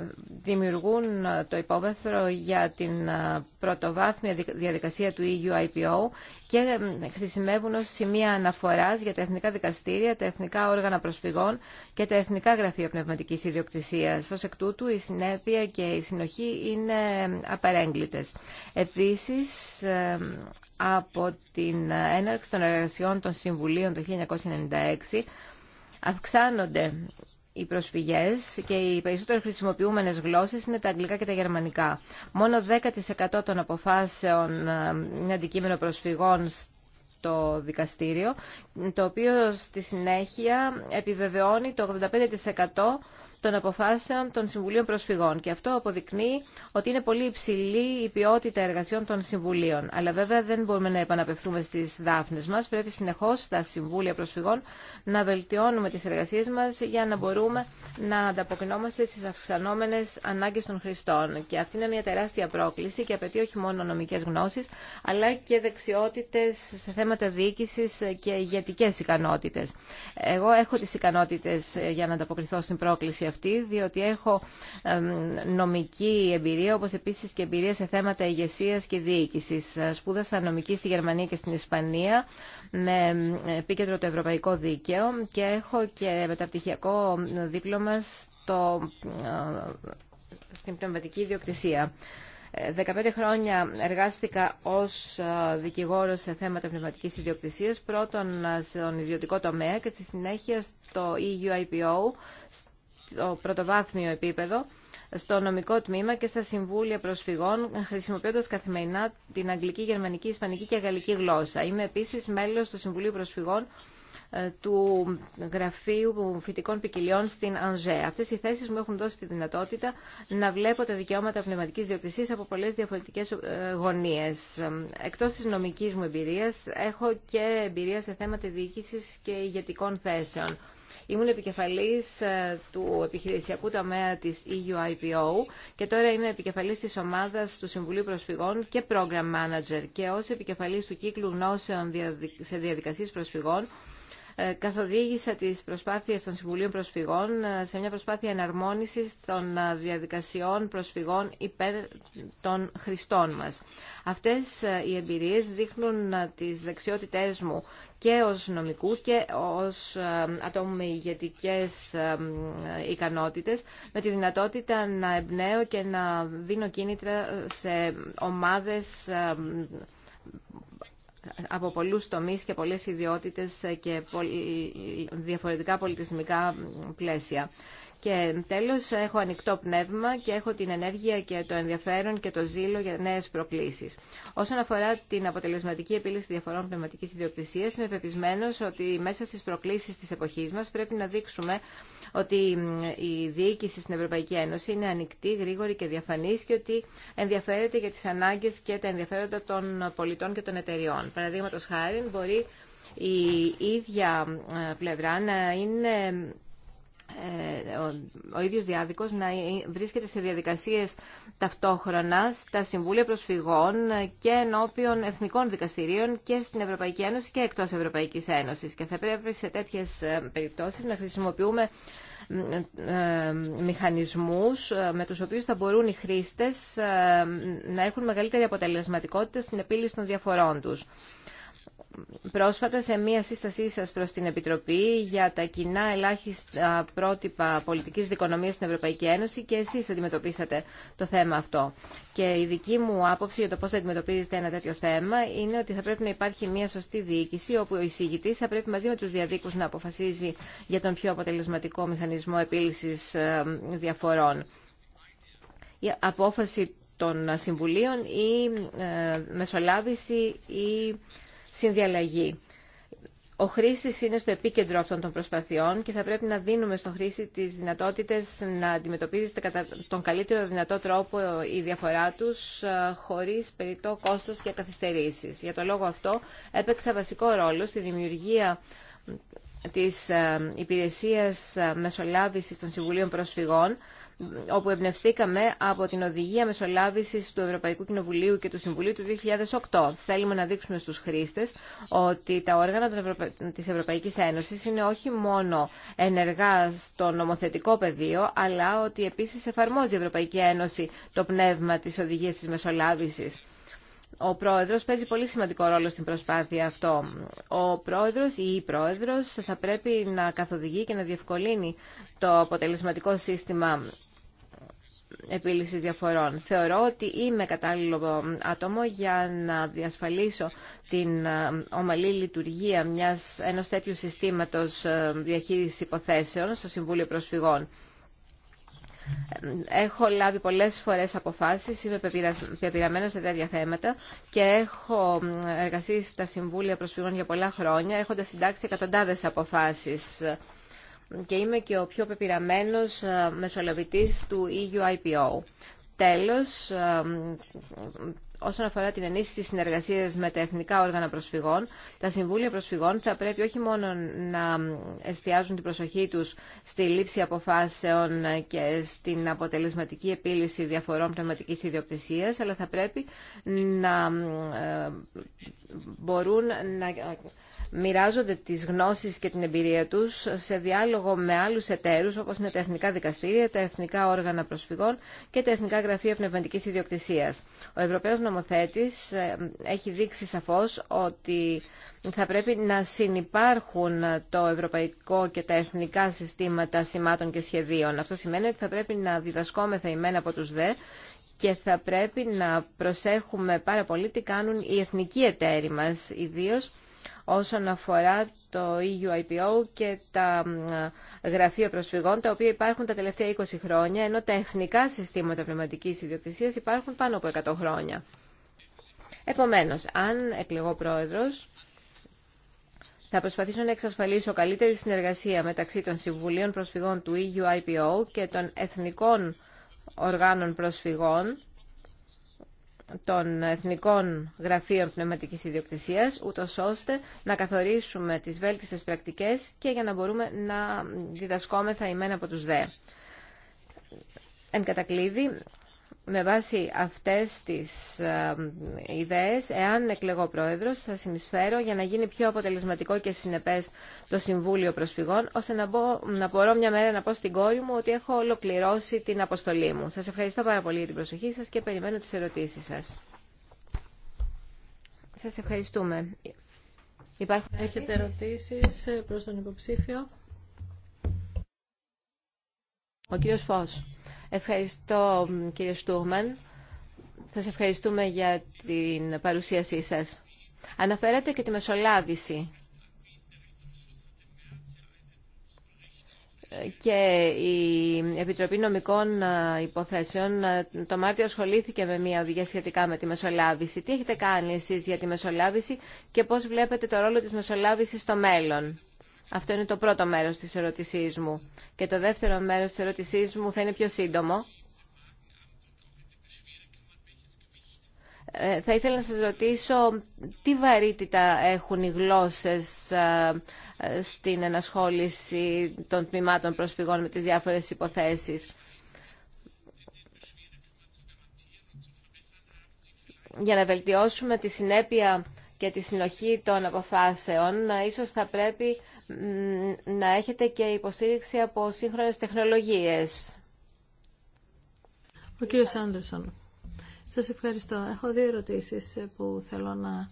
δημιουργούν το υπόβαθρο για την ε, πρωτοβάθμια διαδικασία του EUIPO και ε, χρησιμεύουν ως σημεία αναφοράς για τα εθνικά δικαστήρια, τα εθνικά όργανα προσφυγών και τα εθνικά γραφεία πνευματικής ιδιοκτησίας. Ως εκ τούτου η συνέπεια και η συνοχή είναι απαρέγκλητες. Επίσης, από την έναρξη των εργασιών των Συμβουλίων το 1996, αυξάνονται οι προσφυγές και οι περισσότερο χρησιμοποιούμενες γλώσσες είναι τα αγγλικά και τα γερμανικά. Μόνο 10% των αποφάσεων ε, είναι αντικείμενο προσφυγών το δικαστήριο, το οποίο στη συνέχεια επιβεβαιώνει το 85% των αποφάσεων των Συμβουλίων Προσφυγών. Και αυτό αποδεικνύει ότι είναι πολύ υψηλή η ποιότητα εργασιών των Συμβουλίων. Αλλά βέβαια δεν μπορούμε να επαναπευθούμε στι δάφνε μα. Πρέπει συνεχώ στα Συμβούλια Προσφυγών να βελτιώνουμε τι εργασίε μα για να μπορούμε να ανταποκρινόμαστε στι αυξανόμενε ανάγκε των χρηστών. Και αυτή είναι μια τεράστια πρόκληση και απαιτεί όχι μόνο νομικέ γνώσει, αλλά και δεξιότητε σε θέματα διοίκηση και ηγετικέ ικανότητε. Εγώ έχω τι ικανότητε για να ανταποκριθώ στην πρόκληση αυτή, διότι έχω νομική εμπειρία, όπως επίσης και εμπειρία σε θέματα ηγεσία και διοίκηση. Σπούδασα νομική στη Γερμανία και στην Ισπανία με επίκεντρο το Ευρωπαϊκό Δίκαιο και έχω και μεταπτυχιακό δίπλωμα στο, στην πνευματική ιδιοκτησία. 15 ε, χρόνια εργάστηκα ως ε, δικηγόρος σε θέματα πνευματικής ιδιοκτησίας, πρώτον ε, στον ιδιωτικό τομέα και στη συνέχεια στο EUIPO, στο πρωτοβάθμιο επίπεδο, στο νομικό τμήμα και στα συμβούλια προσφυγών, χρησιμοποιώντα καθημερινά την αγγλική, γερμανική, ισπανική και γαλλική γλώσσα. Είμαι επίση μέλο του Συμβουλίου Προσφυγών ε, του Γραφείου Φοιτικών Ποικιλιών στην Ανζέ. Αυτέ οι θέσει μου έχουν δώσει τη δυνατότητα να βλέπω τα δικαιώματα πνευματική διοκτησία από πολλέ διαφορετικέ ε, γωνίε. Εκτό τη νομική μου εμπειρία έχω και εμπειρία σε θέματα διοίκηση και ηγετικών θέσεων. Ήμουν επικεφαλής ε, του επιχειρησιακού τομέα της EUIPO και τώρα είμαι επικεφαλής της ομάδας του Συμβουλίου Προσφυγών και Program Manager και ως επικεφαλής του κύκλου γνώσεων σε διαδικασίες προσφυγών ε, καθοδήγησα τις προσπάθειες των Συμβουλίων Προσφυγών ε, σε μια προσπάθεια εναρμόνισης των ε, διαδικασιών προσφυγών υπέρ των χρηστών μας. Αυτές οι εμπειρίες δείχνουν τις δεξιότητές μου και ως νομικού και ως ατόμου με ηγετικές ικανότητες με τη δυνατότητα να εμπνέω και να δίνω κίνητρα σε ομάδες από πολλούς τομείς και πολλές ιδιότητες και διαφορετικά πολιτισμικά πλαίσια. Και τέλος έχω ανοιχτό πνεύμα και έχω την ενέργεια και το ενδιαφέρον και το ζήλο για νέες προκλήσεις. Όσον αφορά την αποτελεσματική επίλυση διαφορών πνευματικής ιδιοκτησίας, είμαι πεπισμένος ότι μέσα στις προκλήσεις της εποχής μας πρέπει να δείξουμε ότι η διοίκηση στην Ευρωπαϊκή Ένωση είναι ανοιχτή, γρήγορη και διαφανής και ότι ενδιαφέρεται για τις ανάγκες και τα ενδιαφέροντα των πολιτών και των εταιριών. Παραδείγματο χάρη μπορεί η ίδια ε, πλευρά να είναι ε, ο, ο ίδιος διάδικος να βρίσκεται σε διαδικασίες ταυτόχρονα στα Συμβούλια Προσφυγών και ενώπιον εθνικών δικαστηρίων και στην Ευρωπαϊκή Ένωση και εκτός Ευρωπαϊκής Ένωσης. Και θα πρέπει σε τέτοιες ε, περιπτώσεις να χρησιμοποιούμε ε, μηχανισμούς με τους οποίους θα μπορούν οι χρήστες να έχουν μεγαλύτερη αποτελεσματικότητα στην επίλυση των διαφορών τους πρόσφατα σε μία σύστασή σας προς την Επιτροπή για τα κοινά ελάχιστα πρότυπα πολιτικής δικονομίας στην Ευρωπαϊκή Ένωση και εσείς αντιμετωπίσατε το θέμα αυτό. Και η δική μου άποψη για το πώς θα αντιμετωπίζετε ένα τέτοιο θέμα είναι ότι θα πρέπει να υπάρχει μία σωστή διοίκηση όπου ο εισηγητής θα πρέπει μαζί με τους διαδίκους να αποφασίζει για τον πιο αποτελεσματικό μηχανισμό επίλυσης ε, διαφορών. Η απόφαση των συμβουλίων ή ε, μεσολάβηση ή συνδιαλλαγή. Ο χρήστης είναι στο επίκεντρο αυτών των προσπαθειών και θα πρέπει να δίνουμε στον χρήστη τις δυνατότητες να αντιμετωπίζεται κατά τον καλύτερο δυνατό τρόπο η διαφορά τους ε, χωρίς περιττό κόστος και καθυστερήσεις. Για το λόγο αυτό έπαιξα βασικό ρόλο στη δημιουργία της ε, Υπηρεσίας ε, Μεσολάβησης των Συμβουλίων Προσφυγών, όπου εμπνευστήκαμε από την Οδηγία Μεσολάβησης του Ευρωπαϊκού Κοινοβουλίου και του Συμβουλίου του 2008. Θέλουμε να δείξουμε στους χρήστες ότι τα όργανα της Ευρωπαϊκής Ένωσης είναι όχι μόνο ενεργά στο νομοθετικό πεδίο, αλλά ότι επίσης εφαρμόζει η Ευρωπαϊκή Ένωση το πνεύμα της Οδηγίας της Μεσολάβησης ο πρόεδρος παίζει πολύ σημαντικό ρόλο στην προσπάθεια αυτό. Ο πρόεδρος ή η πρόεδρος θα πρέπει να καθοδηγεί και να διευκολύνει το αποτελεσματικό σύστημα επίλυση διαφορών. Θεωρώ ότι είμαι κατάλληλο άτομο για να διασφαλίσω την ομαλή λειτουργία μιας, ενός τέτοιου συστήματος ε, διαχείρισης υποθέσεων στο Συμβούλιο Προσφυγών. Έχω λάβει πολλές φορές αποφάσεις, είμαι πεπειραμένος σε τέτοια θέματα και έχω εργαστεί στα Συμβούλια Προσφυγών για πολλά χρόνια, έχοντας συντάξει εκατοντάδες αποφάσεις και είμαι και ο πιο πεπειραμένος ε, μεσολαβητής του EUIPO. Τέλος, ε, όσον αφορά την ενίσχυση της συνεργασίας με τα εθνικά όργανα προσφυγών, τα Συμβούλια Προσφυγών θα πρέπει όχι μόνο να εστιάζουν την προσοχή τους στη λήψη αποφάσεων και στην αποτελεσματική επίλυση διαφορών πνευματικής ιδιοκτησίας, αλλά θα πρέπει να ε, μπορούν να μοιράζονται τις γνώσεις και την εμπειρία τους σε διάλογο με άλλους εταίρους όπως είναι τα εθνικά δικαστήρια, τα εθνικά όργανα προσφυγών και τα εθνικά γραφεία πνευματικής ιδιοκτησίας. Ο Ευρωπαίος νομοθέτης ε, έχει δείξει σαφώς ότι θα πρέπει να συνυπάρχουν το ευρωπαϊκό και τα εθνικά συστήματα σημάτων και σχεδίων. Αυτό σημαίνει ότι θα πρέπει να διδασκόμεθα ημένα από τους ΔΕ και θα πρέπει να προσέχουμε πάρα πολύ τι κάνουν οι εθνικοί εταίροι μας, ιδίως όσον αφορά το EUIPO και τα γραφεία προσφυγών, τα οποία υπάρχουν τα τελευταία 20 χρόνια, ενώ τα εθνικά συστήματα πνευματικής ιδιοκτησίας υπάρχουν πάνω από 100 χρόνια. Επομένως, αν εκλεγώ πρόεδρος, θα προσπαθήσω να εξασφαλίσω καλύτερη συνεργασία μεταξύ των Συμβουλίων Προσφυγών του EUIPO και των Εθνικών Οργάνων Προσφυγών, των Εθνικών Γραφείων Πνευματικής Ιδιοκτησίας, ούτω ώστε να καθορίσουμε τις βέλτιστες πρακτικές και για να μπορούμε να διδασκόμεθα ημένα από τους ΔΕ. Εν κατακλείδη, με βάση αυτές τις ε, ιδέες, εάν εκλεγώ πρόεδρος, θα συνεισφέρω για να γίνει πιο αποτελεσματικό και συνεπές το Συμβούλιο Προσφυγών, ώστε να, μπω, να μπορώ μια μέρα να πω στην κόρη μου ότι έχω ολοκληρώσει την αποστολή μου. Σας ευχαριστώ πάρα πολύ για την προσοχή σας και περιμένω τις ερωτήσεις σας. Σας ευχαριστούμε. Υπάρχουν Έχετε ερωτήσεις ε, προς τον υποψήφιο. Ο κύριος Φως. Ευχαριστώ κύριε Θα Σας ευχαριστούμε για την παρουσίασή σας. Αναφέρατε και τη μεσολάβηση. και η Επιτροπή Νομικών ε, Υποθέσεων ε, το Μάρτιο ασχολήθηκε με μια οδηγία σχετικά με τη μεσολάβηση. Τι έχετε κάνει εσείς για τη μεσολάβηση και πώς βλέπετε το ρόλο της μεσολάβησης στο μέλλον. Αυτό είναι το πρώτο μέρος της ερωτησής μου. Και το δεύτερο μέρος της ερωτησής μου θα είναι πιο σύντομο. Ε, θα ήθελα να σας ρωτήσω τι βαρύτητα έχουν οι γλώσσες ε, ε, στην ενασχόληση των τμήματων προσφυγών με τις διάφορες υποθέσεις. Για να βελτιώσουμε τη συνέπεια και τη συνοχή των αποφάσεων, ίσως θα πρέπει να έχετε και υποστήριξη από σύγχρονες τεχνολογίες. Ο κύριος Άντερσον, σας ευχαριστώ. Έχω δύο ερωτήσεις που θέλω να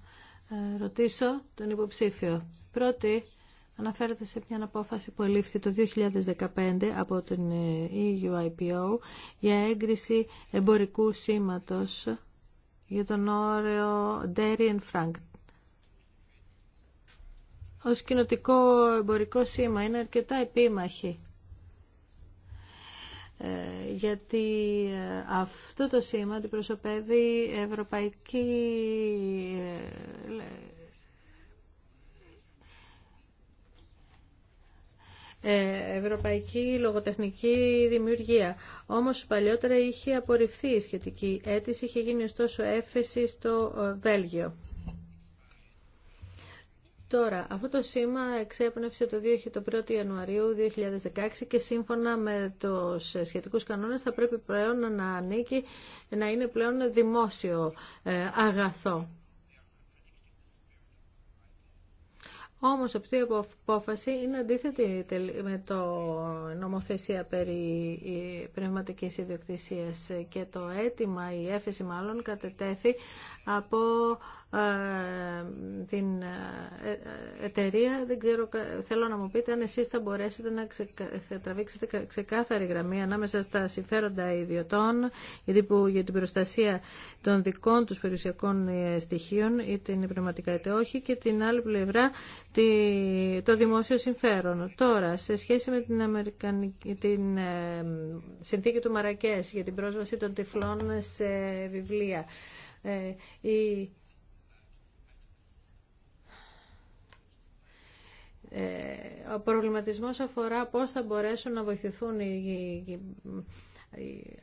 ε, ρωτήσω τον υποψήφιο. Πρώτη, αναφέρεται σε μια απόφαση που ελήφθη το 2015 από την ε, EUIPO για έγκριση εμπορικού σήματος για τον όρεο Dairy Frank ως κοινοτικό εμπορικό σήμα. Είναι αρκετά επίμαχη. Ε, γιατί ε, αυτό το σήμα αντιπροσωπεύει ευρωπαϊκή ε, ευρωπαϊκή λογοτεχνική δημιουργία. Όμως παλιότερα είχε απορριφθεί η σχετική αίτηση, είχε γίνει ωστόσο έφεση στο Βέλγιο. Τώρα, αυτό το σήμα εξέπνευσε το, 2, η Ιανουαρίου 2016 και σύμφωνα με τους σχετικούς κανόνες θα πρέπει πλέον να ανήκει, να είναι πλέον δημόσιο ε, αγαθό. Όμως αυτή η απόφαση είναι αντίθετη με το νομοθεσία περί ε, πνευματικής ιδιοκτησίας και το αίτημα, η έφεση μάλλον κατετέθη από ε, την ε, ε, εταιρεία. Δεν ξέρω, θέλω να μου πείτε αν εσείς θα μπορέσετε να τραβήξετε ξεκάθαρη γραμμή ανάμεσα στα συμφέροντα ιδιωτών για την προστασία των δικών τους περιουσιακών στοιχείων είτε είναι πνευματικά είτε όχι και την άλλη πλευρά το δημόσιο συμφέρον. Τώρα, σε σχέση με την, Αμερικανική, την συνθήκη του Μαρακές για την πρόσβαση των τυφλών σε βιβλία. Ε, ε, ο προβληματισμός αφορά πώς θα μπορέσουν να βοηθηθούν οι,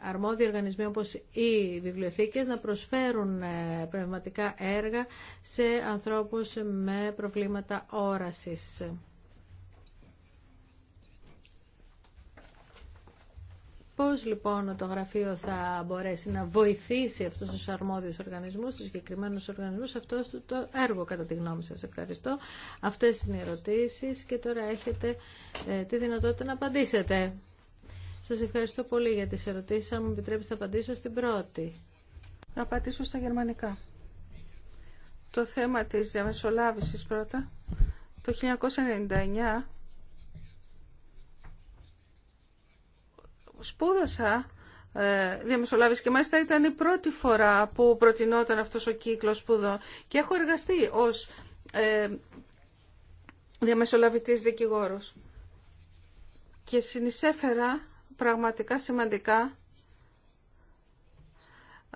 αρμόδιοι οργανισμοί όπως οι βιβλιοθήκες να προσφέρουν ε, πνευματικά έργα σε ανθρώπους με προβλήματα όρασης. Πώς λοιπόν το γραφείο θα μπορέσει να βοηθήσει αυτούς τους αρμόδιους οργανισμούς, τους συγκεκριμένου οργανισμούς, αυτό το έργο κατά τη γνώμη σας. Ευχαριστώ. Αυτές είναι οι ερωτήσεις και τώρα έχετε ε, τη δυνατότητα να απαντήσετε. Σας ευχαριστώ πολύ για τις ερωτήσεις. Αν μου επιτρέπετε να απαντήσω στην πρώτη. Να απαντήσω στα γερμανικά. Το θέμα της διαμεσολάβησης πρώτα. Το 1999 σπούδασα ε, διαμεσολάβηση και μάλιστα ήταν η πρώτη φορά που προτινόταν αυτός ο κύκλος σπουδών και έχω εργαστεί ως ε, διαμεσολαβητής δικηγόρος και συνεισέφερα πραγματικά σημαντικά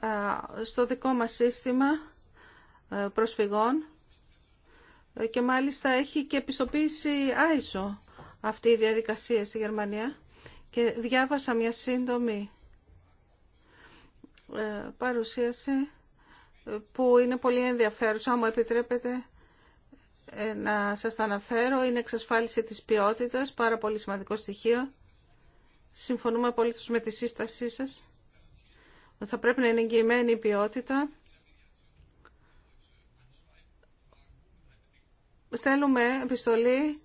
ε, στο δικό μας σύστημα ε, προσφυγών και μάλιστα έχει και επιστοποίηση ISO αυτή η διαδικασία στη Γερμανία και διάβασα μια σύντομη ε, παρουσίαση ε, που είναι πολύ ενδιαφέρουσα, μου επιτρέπετε ε, να σας τα αναφέρω. Είναι εξασφάλιση της ποιότητας, πάρα πολύ σημαντικό στοιχείο. Συμφωνούμε πολύ με τη σύστασή σας. Θα πρέπει να είναι εγγυημένη η ποιότητα. Στέλνουμε επιστολή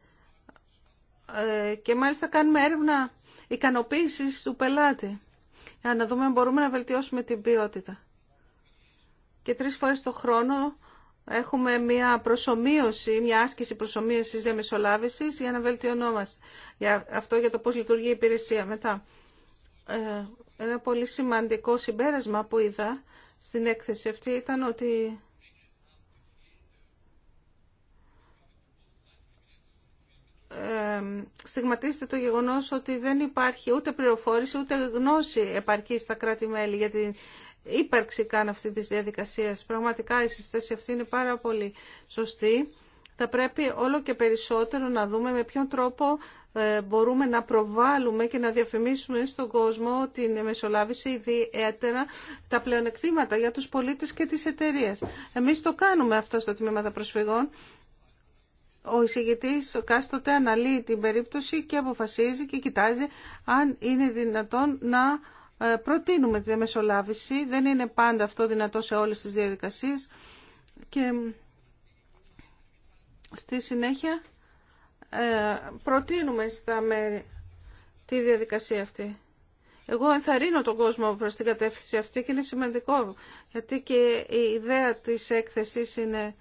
και μάλιστα κάνουμε έρευνα ικανοποίηση του πελάτη. Για να δούμε αν μπορούμε να βελτιώσουμε την ποιότητα. Και τρεις φορές το χρόνο έχουμε μια προσωμείωση, μια άσκηση προσωμείωσης διαμεσολάβησης για να βελτιωνόμαστε. Για αυτό για το πώς λειτουργεί η υπηρεσία μετά. Ε, ένα πολύ σημαντικό συμπέρασμα που είδα στην έκθεση αυτή ήταν ότι στιγματίζεται το γεγονός ότι δεν υπάρχει ούτε πληροφόρηση ούτε γνώση επαρκή στα κράτη-μέλη για την ύπαρξη καν αυτή της διαδικασίας. Πραγματικά η συστέση αυτή είναι πάρα πολύ σωστή. Θα πρέπει όλο και περισσότερο να δούμε με ποιον τρόπο ε, μπορούμε να προβάλλουμε και να διαφημίσουμε στον κόσμο την μεσολάβηση ιδιαίτερα τα πλεονεκτήματα για τους πολίτες και τις εταιρείες. Εμείς το κάνουμε αυτό στα Τμήματα Προσφυγών ο εισηγητής κάστοτε αναλύει την περίπτωση και αποφασίζει και κοιτάζει αν είναι δυνατόν να ε, προτείνουμε τη μεσολάβηση Δεν είναι πάντα αυτό δυνατό σε όλες τις διαδικασίες και στη συνέχεια ε, προτείνουμε στα μέρη τη διαδικασία αυτή. Εγώ ενθαρρύνω τον κόσμο προς την κατεύθυνση αυτή και είναι σημαντικό γιατί και η ιδέα της έκθεσης είναι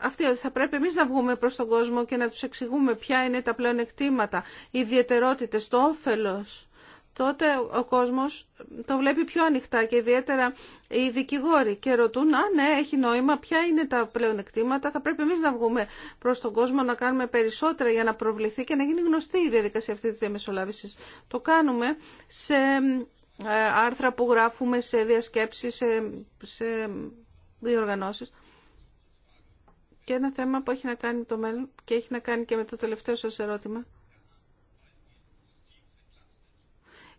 αυτή ότι θα πρέπει εμείς να βγούμε προς τον κόσμο και να τους εξηγούμε ποια είναι τα πλεονεκτήματα, οι ιδιαιτερότητες, το όφελος. Τότε ο κόσμος το βλέπει πιο ανοιχτά και ιδιαίτερα οι δικηγόροι και ρωτούν, α ναι, έχει νόημα, ποια είναι τα πλεονεκτήματα, θα πρέπει εμείς να βγούμε προς τον κόσμο να κάνουμε περισσότερα για να προβληθεί και να γίνει γνωστή η διαδικασία αυτή της διαμεσολάβησης. Το κάνουμε σε ε, άρθρα που γράφουμε, σε διασκέψεις, σε, σε διοργανώσεις ένα θέμα που έχει να κάνει το μέλλον και έχει να κάνει και με το τελευταίο σας ερώτημα.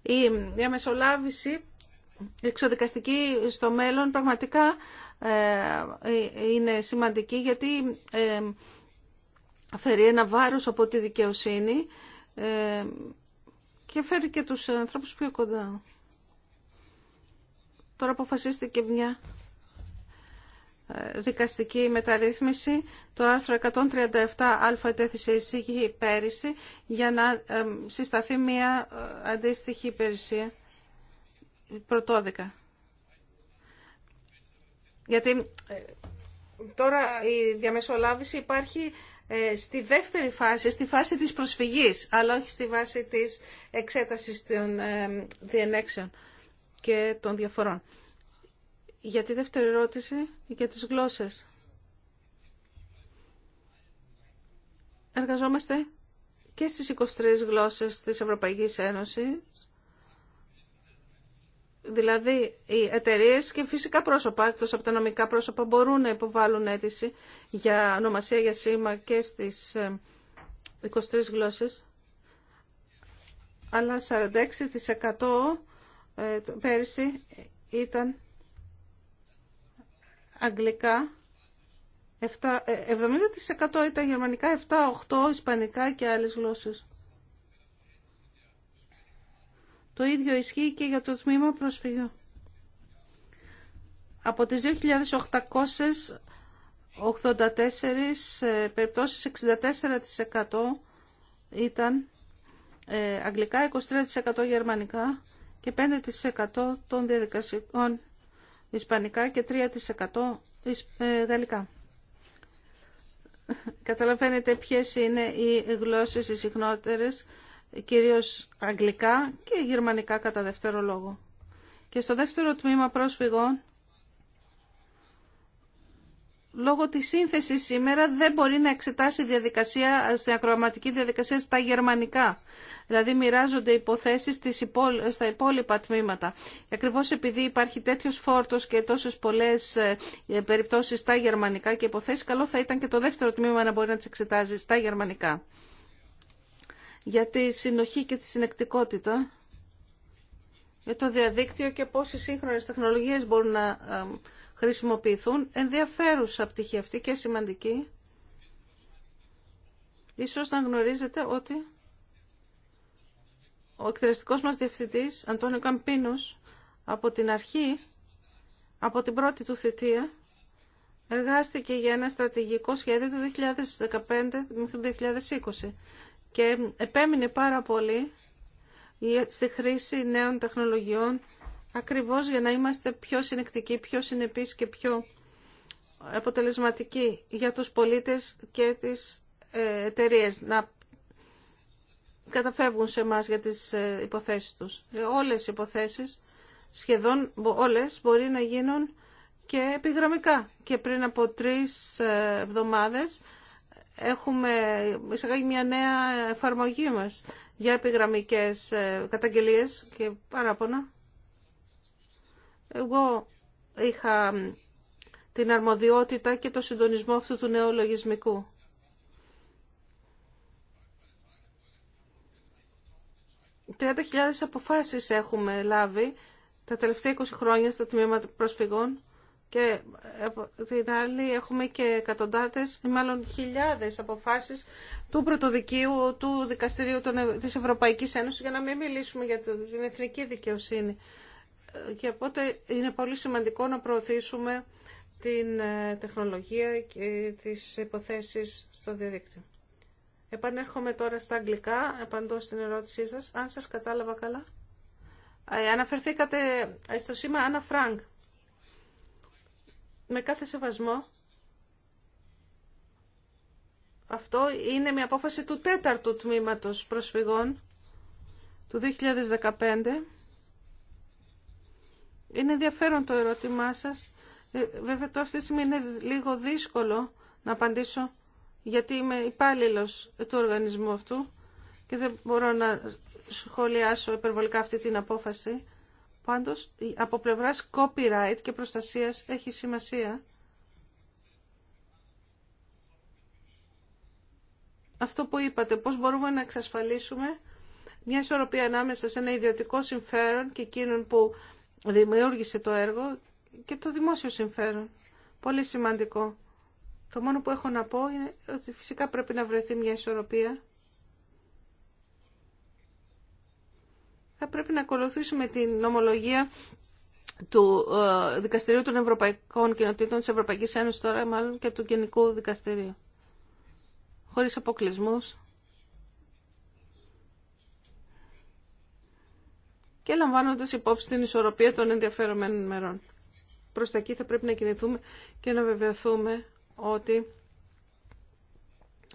Η διαμεσολάβηση εξοδικαστική στο μέλλον πραγματικά ε, ε, είναι σημαντική γιατί ε, φέρει ένα βάρος από τη δικαιοσύνη και φέρει και τους ανθρώπους πιο κοντά. Τώρα αποφασίστηκε μια δικαστική μεταρρύθμιση, το άρθρο 137α ετέθησε εισήγη πέρυσι για να συσταθεί μια ε, αντίστοιχη υπηρεσία πρωτόδικα. Γιατί ε, τώρα η διαμεσολάβηση υπάρχει ε, στη δεύτερη φάση, στη φάση της προσφυγής, αλλά όχι στη βάση της εξέτασης των διενέξεων και των διαφορών. Για τη δεύτερη ερώτηση, για τις γλώσσες. Εργαζόμαστε και στις 23 γλώσσες της Ευρωπαϊκής Ένωσης, δηλαδή οι εταιρείε και φυσικά πρόσωπα, εκτός από τα νομικά πρόσωπα, μπορούν να υποβάλουν αίτηση για ονομασία, για σήμα και στις 23 ε, γλώσσες, αλλά 46% ε, πέρσι ήταν αγγλικά, 70% ε, ήταν γερμανικά, 7, 8 ισπανικά και άλλες γλώσσες. Το ίδιο ισχύει και για το τμήμα προσφυγιών. Από τις 2.884 ε, περιπτώσεις, 64% ήταν ε, αγγλικά, 23% γερμανικά και 5% των διαδικασιών ισπανικά και 3% ε, γαλλικά. Καταλαβαίνετε ποιες είναι οι γλώσσες οι συχνότερες, κυρίως αγγλικά και γερμανικά κατά δεύτερο λόγο. Και στο δεύτερο τμήμα πρόσφυγων λόγω της σύνθεσης σήμερα δεν μπορεί να εξετάσει διαδικασία, στην ακροαματική διαδικασία στα γερμανικά. Δηλαδή μοιράζονται υποθέσεις στα υπόλοιπα τμήματα. Ακριβώς επειδή υπάρχει τέτοιος φόρτος και τόσες πολλές ε, ε, περιπτώσεις στα γερμανικά και υποθέσεις, καλό θα ήταν και το δεύτερο τμήμα να μπορεί να τις εξετάζει στα γερμανικά. Για τη συνοχή και τη συνεκτικότητα, για το διαδίκτυο και πόσες σύγχρονες τεχνολογίες μπορούν να ε, χρησιμοποιηθούν. Ενδιαφέρουσα πτυχή αυτή και σημαντική. Ίσως να γνωρίζετε ότι ο εκτελεστικός μας διευθυντής, Αντώνιο Καμπίνος, από την αρχή, από την πρώτη του θητεία, εργάστηκε για ένα στρατηγικό σχέδιο του 2015 μέχρι 2020 και επέμεινε πάρα πολύ στη χρήση νέων τεχνολογιών ακριβώς για να είμαστε πιο συνεκτικοί, πιο συνεπείς και πιο αποτελεσματικοί για τους πολίτες και τις ε, εταιρείε να καταφεύγουν σε εμά για τις ε, υποθέσεις τους. Ε, όλες οι υποθέσεις, σχεδόν όλες, μπορεί να γίνουν και επιγραμμικά. Και πριν από τρεις εβδομάδες έχουμε εισαγάγει μια νέα εφαρμογή μας για επιγραμμικές καταγγελίες και παράπονα. Εγώ είχα την αρμοδιότητα και το συντονισμό αυτού του νέου λογισμικού. 30.000 αποφάσεις έχουμε λάβει τα τελευταία 20 χρόνια στο Τμήμα προσφυγών και από την άλλη έχουμε και εκατοντάδες ή μάλλον χιλιάδες αποφάσεις του Πρωτοδικίου του Δικαστηρίου ε- της Ευρωπαϊκής Ένωσης για να μην μιλήσουμε για την εθνική δικαιοσύνη και οπότε είναι πολύ σημαντικό να προωθήσουμε την ε, τεχνολογία και τις υποθέσεις στο διαδίκτυο. Επανέρχομαι τώρα στα αγγλικά, απαντώ στην ερώτησή σας, αν σας κατάλαβα καλά. Ε, αναφερθήκατε ε, στο σήμα Άννα Φρανκ. Με κάθε σεβασμό, αυτό είναι μια απόφαση του τέταρτου τμήματος προσφυγών του 2015 είναι ενδιαφέρον το ερώτημά σας. Ε, βέβαια το αυτή τη στιγμή είναι λίγο δύσκολο να απαντήσω γιατί είμαι υπάλληλο του οργανισμού αυτού και δεν μπορώ να σχολιάσω υπερβολικά αυτή την απόφαση. Πάντως, από πλευράς copyright και προστασίας έχει σημασία. Αυτό που είπατε, πώς μπορούμε να εξασφαλίσουμε μια ισορροπία ανάμεσα σε ένα ιδιωτικό συμφέρον και εκείνον που δημιούργησε το έργο και το δημόσιο συμφέρον. Πολύ σημαντικό. Το μόνο που έχω να πω είναι ότι φυσικά πρέπει να βρεθεί μια ισορροπία. Θα πρέπει να ακολουθήσουμε την νομολογία του ε, Δικαστηρίου των Ευρωπαϊκών Κοινοτήτων της Ευρωπαϊκής Ένωσης τώρα μάλλον και του Γενικού Δικαστηρίου. Χωρίς αποκλεισμούς και λαμβάνοντα υπόψη την ισορροπία των ενδιαφερομένων μερών. Προς τα εκεί θα πρέπει να κινηθούμε και να βεβαιωθούμε ότι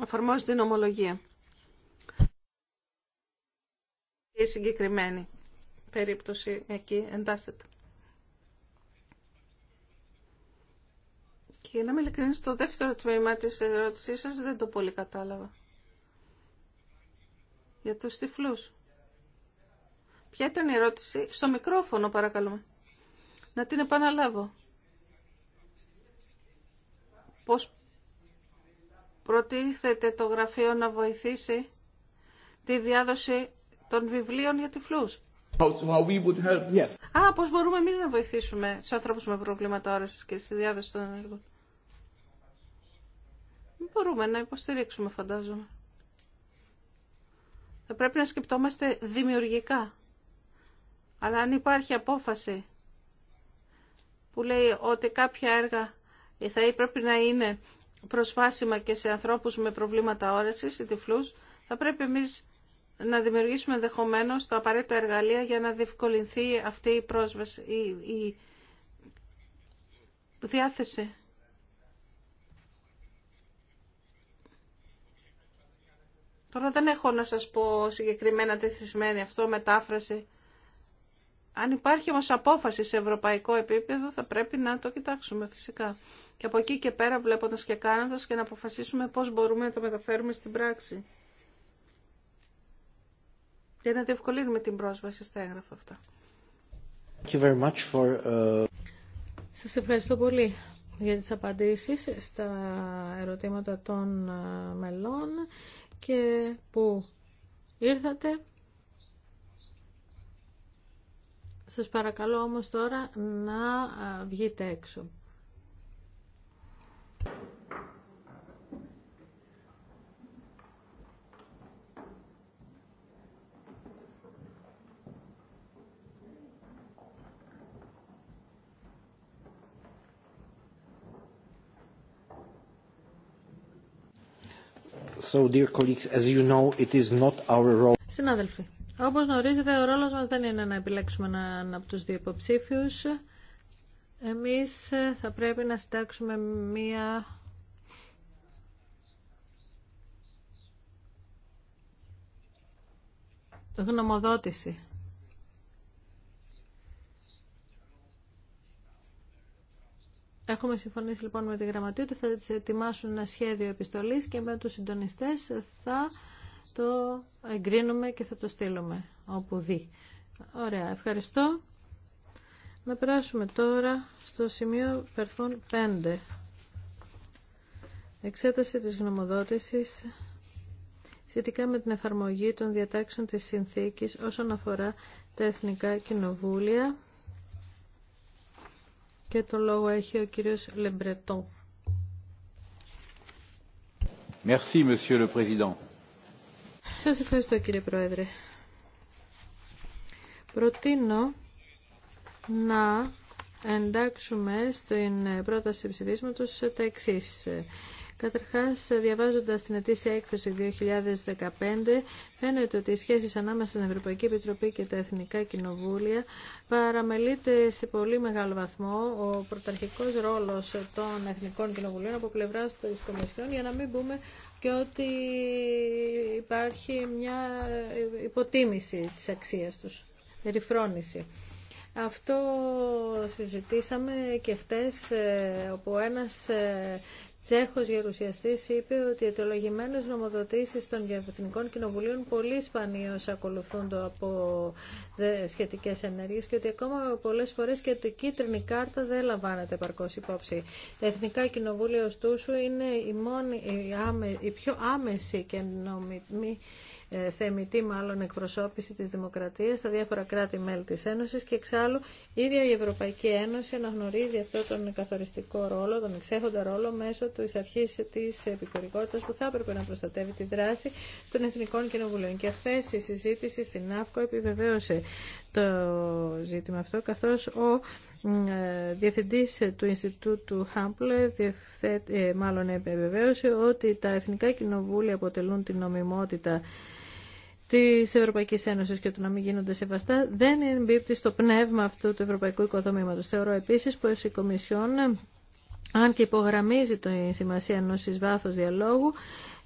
εφαρμόζει την ομολογία Η συγκεκριμένη περίπτωση εκεί εντάσσεται. Και να με ειλικρινής, το δεύτερο τμήμα της ερώτησή σα δεν το πολύ κατάλαβα. Για τους τυφλούς. Ποια ήταν η ερώτηση. Στο μικρόφωνο παρακαλούμε. Να την επαναλάβω. Πώς προτίθεται το γραφείο να βοηθήσει τη διάδοση των βιβλίων για τυφλούς. Α, πώς μπορούμε εμείς να βοηθήσουμε τους ανθρώπους με προβλήματα όρασης και στη διάδοση των έργων. Μπορούμε να υποστηρίξουμε, φαντάζομαι. Θα πρέπει να σκεπτόμαστε δημιουργικά. Αλλά αν υπάρχει απόφαση που λέει ότι κάποια έργα θα πρέπει να είναι προσφάσιμα και σε ανθρώπους με προβλήματα όρεσης ή τυφλούς, θα πρέπει εμείς να δημιουργήσουμε ενδεχομένω τα απαραίτητα εργαλεία για να διευκολυνθεί αυτή η πρόσβαση, η, η διάθεση. Τώρα δεν έχω να σας πω συγκεκριμένα τι αυτό μετάφραση αν υπάρχει όμως απόφαση σε ευρωπαϊκό επίπεδο θα πρέπει να το κοιτάξουμε φυσικά. Και από εκεί και πέρα βλέποντας και κάνοντας και να αποφασίσουμε πώς μπορούμε να το μεταφέρουμε στην πράξη. Για να διευκολύνουμε την πρόσβαση στα έγγραφα αυτά. Thank you very much for, uh, Σας ευχαριστώ πολύ για τις απαντήσεις στα ερωτήματα των ε, μελών και που ήρθατε Σας παρακαλώ όμως τώρα να βγείτε έξω. So, dear colleagues, as you know, it is not our role. Συνάδελφοι, όπως γνωρίζετε, ο ρόλος μας δεν είναι να επιλέξουμε έναν από τους δύο υποψήφιους. Εμείς ε, θα πρέπει να συντάξουμε μία γνωμοδότηση. Έχουμε συμφωνήσει λοιπόν με τη Γραμματεία ότι θα ετοιμάσουν ένα σχέδιο επιστολής και με τους συντονιστές θα το εγκρίνουμε και θα το στείλουμε όπου δει. Ωραία, ευχαριστώ. Να περάσουμε τώρα στο σημείο περθών 5. Εξέταση της γνωμοδότησης σχετικά με την εφαρμογή των διατάξεων της συνθήκης όσον αφορά τα εθνικά κοινοβούλια. Και το λόγο έχει ο κύριος Λεμπρετό. Merci, Monsieur le Président. Σας ευχαριστώ κύριε Πρόεδρε. Προτείνω να εντάξουμε στην πρόταση ψηφίσματος τα εξής. Καταρχάς, διαβάζοντας την ετήσια έκθεση 2015, φαίνεται ότι οι σχέσει ανάμεσα στην Ευρωπαϊκή Επιτροπή και τα Εθνικά Κοινοβούλια παραμελείται σε πολύ μεγάλο βαθμό ο πρωταρχικός ρόλος των Εθνικών Κοινοβουλίων από πλευρά των Κομισιών, για να μην πούμε και ότι υπάρχει μια υποτίμηση της αξίας τους, περιφρόνηση. Αυτό συζητήσαμε και χτες ε, όπου ένας ε, Τσέχος γερουσιαστής είπε ότι οι αιτιολογημένες νομοδοτήσεις των Εθνικών Κοινοβουλίων πολύ σπανίως ακολουθούν το από σχετικές ενέργειες και ότι ακόμα πολλές φορές και η κίτρινη κάρτα δεν λαμβάνεται επαρκώς υπόψη. Τα Εθνικά Κοινοβούλια ωστόσο είναι η, μόνη, η, άμε, η πιο άμεση και νομιμή ε, θεμητή μάλλον εκπροσώπηση της δημοκρατίας στα διάφορα κράτη-μέλη της Ένωσης και εξάλλου η ίδια η Ευρωπαϊκή Ένωση αναγνωρίζει αυτό τον καθοριστικό ρόλο, τον εξέχοντα ρόλο μέσω της αρχής της επικορικότητας που θα έπρεπε να προστατεύει τη δράση των Εθνικών Κοινοβουλίων. Και χθε η συζήτηση στην ΑΦΚΟ επιβεβαίωσε το ζήτημα αυτό, καθώς ο ε, διευθυντής του Ινστιτούτου Χάμπλε ε, μάλλον επιβεβαίωσε ότι τα Εθνικά Κοινοβούλια αποτελούν την νομιμότητα της Ευρωπαϊκής Ένωσης και του να μην γίνονται σεβαστά δεν εμπίπτει στο πνεύμα αυτού του ευρωπαϊκού οικοδομήματος. Θεωρώ επίσης πως η Κομισιόν, αν και υπογραμμίζει τη σημασία ενός εις βάθος διαλόγου,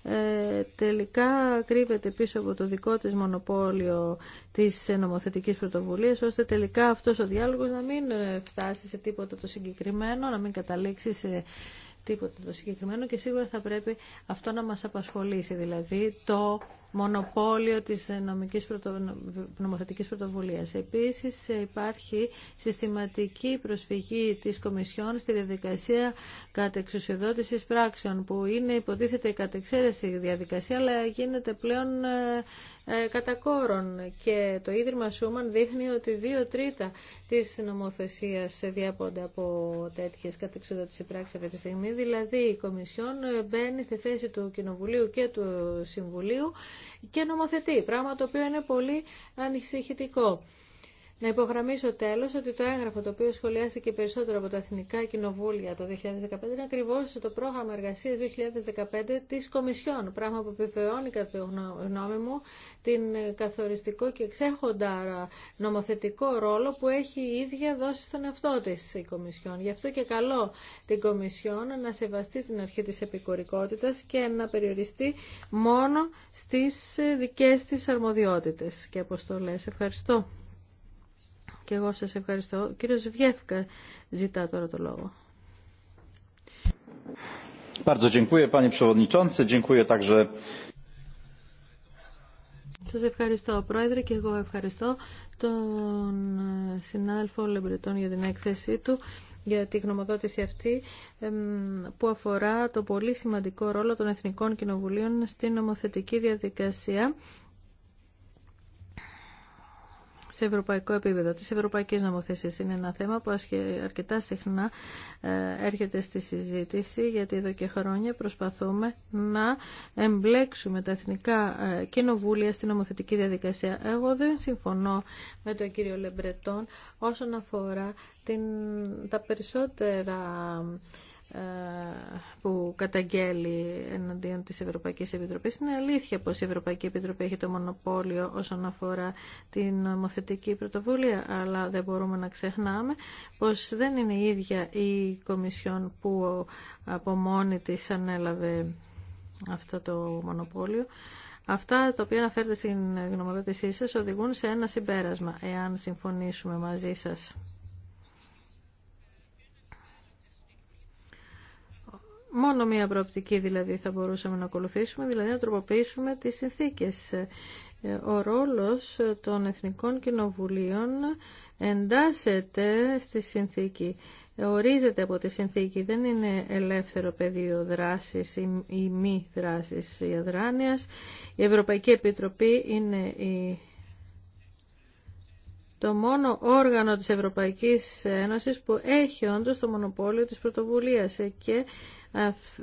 ε, τελικά κρύβεται πίσω από το δικό της μονοπόλιο της νομοθετικής πρωτοβουλίας ώστε τελικά αυτός ο διάλογος να μην ε, φτάσει σε τίποτα το συγκεκριμένο να μην καταλήξει σε τίποτα το συγκεκριμένο και σίγουρα θα πρέπει αυτό να μας απασχολήσει δηλαδή το μονοπόλιο της νομικής πρωτο... νομοθετικής πρωτοβουλίας. Επίσης υπάρχει συστηματική προσφυγή της Κομισιόν στη διαδικασία κατεξουσιοδότησης πράξεων που είναι υποτίθεται η κατεξαίρεση διαδικασία αλλά γίνεται πλέον ε, ε, κατακόρων και το Ίδρυμα Σούμαν δείχνει ότι δύο τρίτα της νομοθεσίας διαπώνται από τέτοιες κατεξοδότηση πράξεων. αυτή τη στιγμή, δηλαδή η Κομισιόν ε, μπαίνει στη θέση του Κοινοβουλίου και του Συμβουλίου και νομοθετεί, πράγμα το οποίο είναι πολύ ανησυχητικό. Να υπογραμμίσω τέλο ότι το έγγραφο το οποίο σχολιάστηκε περισσότερο από τα Εθνικά Κοινοβούλια το 2015 είναι ακριβώ το πρόγραμμα εργασία 2015 τη Κομισιόν, πράγμα που επιβεβαιώνει κατά τη γνώμη μου την καθοριστικό και εξέχοντα νομοθετικό ρόλο που έχει η ίδια δώσει στον εαυτό τη η Κομισιόν. Γι' αυτό και καλό την Κομισιόν να σεβαστεί την αρχή τη επικορικότητας και να περιοριστεί μόνο στις δικέ της αρμοδιότητε και αποστολέ. Ευχαριστώ. Και εγώ σας ευχαριστώ. Ο κύριος Βιέφκα ζητά τώρα το λόγο. Bardzo dziękuję panie przewodniczący, σας ευχαριστώ Πρόεδρε και εγώ ευχαριστώ τον συνάδελφο Λεμπρετών για την έκθεσή του για τη γνωμοδότηση αυτή που αφορά το πολύ σημαντικό ρόλο των Εθνικών Κοινοβουλίων στην νομοθετική διαδικασία σε ευρωπαϊκό επίπεδο τις ευρωπαϊκές νομοθεσίες είναι ένα θέμα που αρκετά συχνά ε, έρχεται στη συζήτηση γιατί εδώ και χρόνια προσπαθούμε να εμπλέξουμε τα εθνικά ε, κοινοβούλια στην νομοθετική διαδικασία. Εγώ δεν συμφωνώ με τον κύριο Λεμπρετόν όσον αφορά την, τα περισσότερα που καταγγέλει εναντίον της Ευρωπαϊκής Επιτροπής. Είναι αλήθεια πως η Ευρωπαϊκή Επιτροπή έχει το μονοπόλιο όσον αφορά την νομοθετική πρωτοβουλία, αλλά δεν μπορούμε να ξεχνάμε πως δεν είναι η ίδια η Κομισιόν που από μόνη της ανέλαβε αυτό το μονοπόλιο. Αυτά τα οποία αναφέρετε στην γνωμοδότησή σας οδηγούν σε ένα συμπέρασμα, εάν συμφωνήσουμε μαζί σας. Μόνο μία προοπτική δηλαδή θα μπορούσαμε να ακολουθήσουμε, δηλαδή να τροποποιήσουμε τις συνθήκες. Ο ρόλος των Εθνικών Κοινοβουλίων εντάσσεται στη συνθήκη. Ορίζεται από τη συνθήκη, δεν είναι ελεύθερο πεδίο δράσης ή μη δράσης η αδράνειας. Η Ευρωπαϊκή Επιτροπή είναι το μόνο όργανο της Ευρωπαϊκής Ένωσης που έχει όντως το μονοπόλιο της πρωτοβουλίας και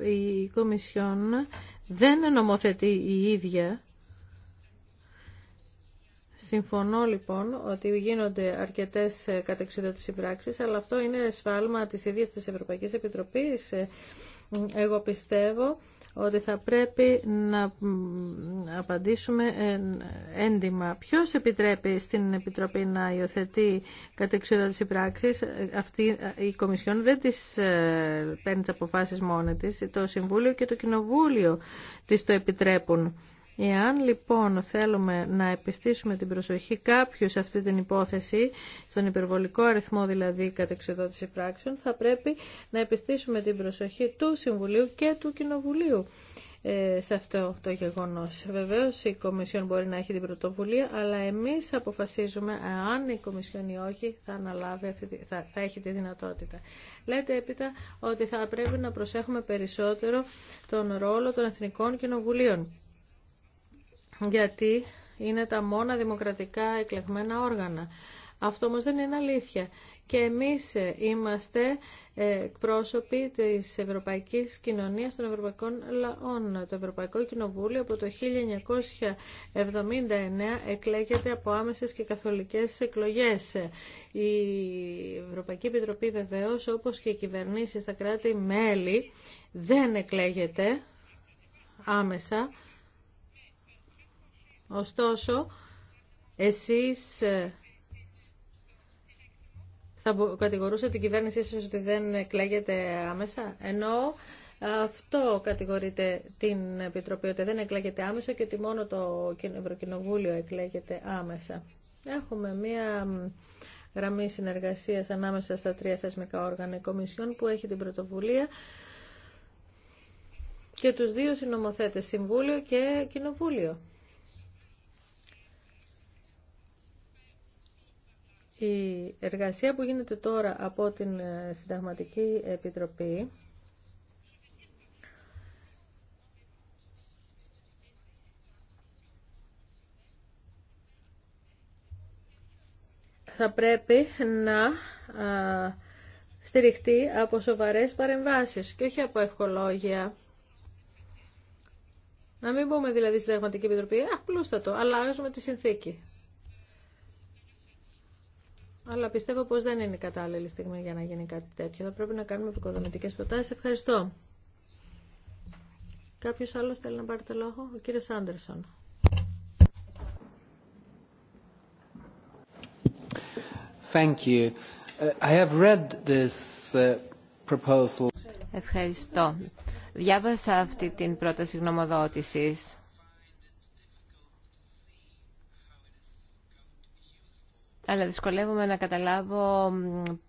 η Κομισιόν δεν νομοθετεί η ίδια. Συμφωνώ λοιπόν ότι γίνονται αρκετέ κατεξοδότητε συμπράξεις, αλλά αυτό είναι σφάλμα της ίδια της Ευρωπαϊκής Επιτροπής. Ε, εγώ πιστεύω ότι θα πρέπει να απαντήσουμε έντιμα. Ποιος επιτρέπει στην Επιτροπή να υιοθετεί κατεξοδότηση πράξης. Αυτή η Κομισιόν δεν τις ε, παίρνει τις αποφάσεις μόνη της. Το Συμβούλιο και το Κοινοβούλιο της το επιτρέπουν. Εάν λοιπόν θέλουμε να επιστήσουμε την προσοχή κάποιου σε αυτή την υπόθεση, στον υπερβολικό αριθμό δηλαδή κατεξοδότηση πράξεων, θα πρέπει να επιστήσουμε την προσοχή του Συμβουλίου και του Κοινοβουλίου ε, σε αυτό το γεγονός. Βεβαίως η Κομισιόν μπορεί να έχει την πρωτοβουλία, αλλά εμείς αποφασίζουμε αν η Κομισιόν ή όχι θα, αναλάβει θα έχει τη δυνατότητα. Λέτε έπειτα ότι θα πρέπει να προσέχουμε περισσότερο τον ρόλο των Εθνικών Κοινοβουλίων γιατί είναι τα μόνα δημοκρατικά εκλεγμένα όργανα. Αυτό όμως δεν είναι αλήθεια. Και εμείς ε, είμαστε ε, πρόσωποι της Ευρωπαϊκής Κοινωνίας των Ευρωπαϊκών Λαών. Το Ευρωπαϊκό Κοινοβούλιο από το 1979 εκλέγεται από άμεσες και καθολικές εκλογές. Η Ευρωπαϊκή Επιτροπή βεβαίως, όπως και οι κυβερνήσεις στα κράτη-μέλη, δεν εκλέγεται άμεσα Ωστόσο, εσείς ε, θα κατηγορούσατε την κυβέρνησή σας ότι δεν εκλέγεται άμεσα, ενώ αυτό κατηγορείται την Επιτροπή, ότι δεν εκλέγεται άμεσα και ότι μόνο το Ευρωκοινοβούλιο εκλέγεται άμεσα. Έχουμε μία γραμμή συνεργασίας ανάμεσα στα τρία θεσμικά όργανα η Κομισιόν που έχει την πρωτοβουλία και τους δύο συνομοθέτες Συμβούλιο και Κοινοβούλιο. Η εργασία που γίνεται τώρα από την ε, Συνταγματική Επιτροπή θα πρέπει να στηριχτεί από σοβαρές παρεμβάσεις και όχι από ευχολόγια. Να μην πούμε δηλαδή στη Συνταγματική Επιτροπή, απλούστατο, αλλάζουμε τη συνθήκη αλλά πιστεύω πως δεν είναι η κατάλληλη στιγμή για να γίνει κάτι τέτοιο. Θα πρέπει να κάνουμε επικοδομητικές προτάσεις. Ευχαριστώ. Κάποιος άλλος θέλει να πάρει το λόγο. Ο κύριος Άντερσον. Thank you. I have read this uh, Ευχαριστώ. Διάβασα αυτή την πρόταση γνωμοδότησης αλλά δυσκολεύομαι να καταλάβω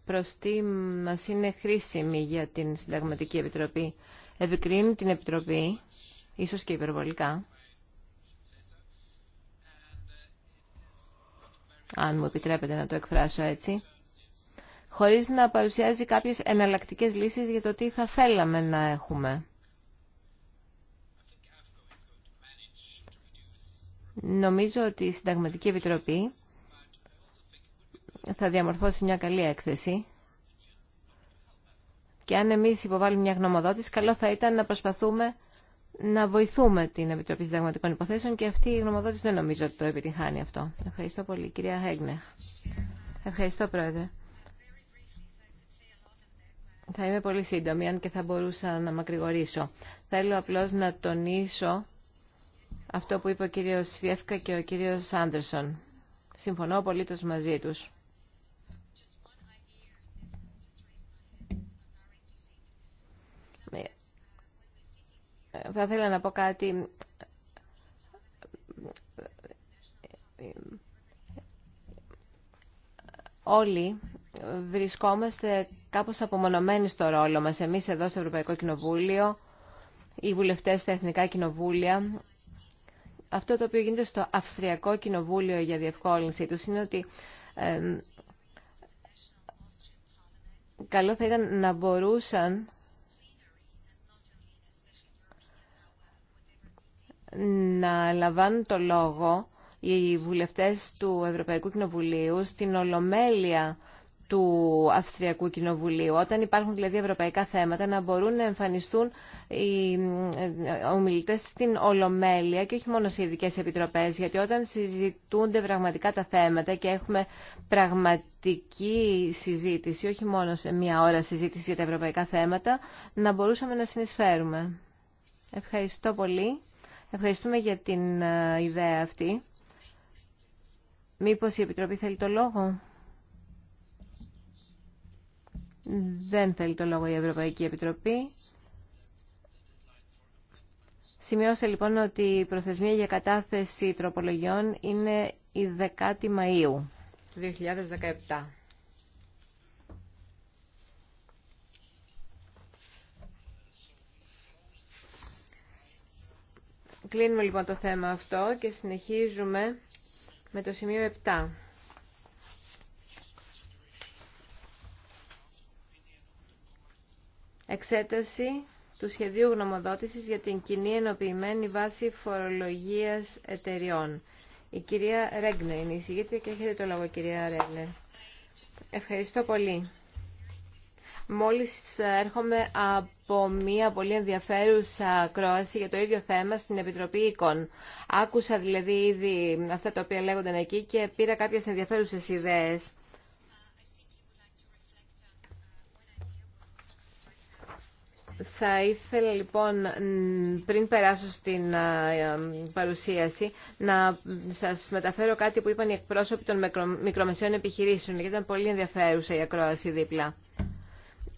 προς τι μας είναι χρήσιμη για την Συνταγματική Επιτροπή. Επικρίνει την Επιτροπή, ίσως και υπερβολικά, αν μου επιτρέπετε να το εκφράσω έτσι, χωρίς να παρουσιάζει κάποιες εναλλακτικές λύσεις για το τι θα θέλαμε να έχουμε. Νομίζω ότι η Συνταγματική Επιτροπή θα διαμορφώσει μια καλή έκθεση. Και αν εμεί υποβάλουμε μια γνωμοδότηση, καλό θα ήταν να προσπαθούμε να βοηθούμε την Επιτροπή Συνταγματικών Υποθέσεων και αυτή η γνωμοδότηση δεν νομίζω ότι το επιτυχάνει αυτό. Ευχαριστώ πολύ. Κυρία Χέγνεχ. Ευχαριστώ, Πρόεδρε. Θα είμαι πολύ σύντομη, αν και θα μπορούσα να μακρηγορήσω. Θέλω απλώς να τονίσω αυτό που είπε ο κύριος Σφιεύκα και ο κύριος Άντερσον. Συμφωνώ απολύτως μαζί τους. Ε, θα ήθελα να πω κάτι όλοι βρισκόμαστε κάπως απομονωμένοι στο ρόλο μας. Εμείς εδώ στο Ευρωπαϊκό Κοινοβούλιο, οι βουλευτές στα Εθνικά Κοινοβούλια. Αυτό το οποίο γίνεται στο Αυστριακό Κοινοβούλιο για διευκόλυνση του είναι ότι ε, καλό θα ήταν να μπορούσαν να λαμβάνουν το λόγο οι βουλευτές του Ευρωπαϊκού Κοινοβουλίου στην Ολομέλεια του Αυστριακού Κοινοβουλίου. Όταν υπάρχουν δηλαδή ευρωπαϊκά θέματα, να μπορούν να εμφανιστούν οι ε, ομιλητέ στην Ολομέλεια και όχι μόνο σε ειδικέ επιτροπέ. Γιατί όταν συζητούνται πραγματικά τα θέματα και έχουμε πραγματική συζήτηση, όχι μόνο σε μία ώρα συζήτηση για τα ευρωπαϊκά θέματα, να μπορούσαμε να συνεισφέρουμε. Ευχαριστώ πολύ. Ευχαριστούμε για την ε, ιδέα αυτή. Μήπως η Επιτροπή θέλει το λόγο. Δεν θέλει το λόγο η Ευρωπαϊκή Επιτροπή. Σημειώστε λοιπόν ότι η προθεσμία για κατάθεση τροπολογιών είναι η 10η Μαΐου 2017. Κλείνουμε λοιπόν το θέμα αυτό και συνεχίζουμε με το σημείο 7. Εξέταση του σχεδίου γνωμοδότησης για την κοινή ενοποιημένη βάση φορολογίας εταιριών. Η κυρία Ρέγνε είναι η και έχετε το λόγο κυρία Ρέγνε. Ευχαριστώ πολύ. Μόλις έρχομαι από από μια πολύ ενδιαφέρουσα ακρόαση για το ίδιο θέμα στην Επιτροπή Οίκων. Άκουσα δηλαδή ήδη αυτά τα οποία λέγονταν εκεί και πήρα κάποιες ενδιαφέρουσες ιδέες. Θα ήθελα λοιπόν πριν περάσω στην παρουσίαση να σας μεταφέρω κάτι που είπαν οι εκπρόσωποι των μικρομεσαίων επιχειρήσεων γιατί ήταν πολύ ενδιαφέρουσα η ακρόαση δίπλα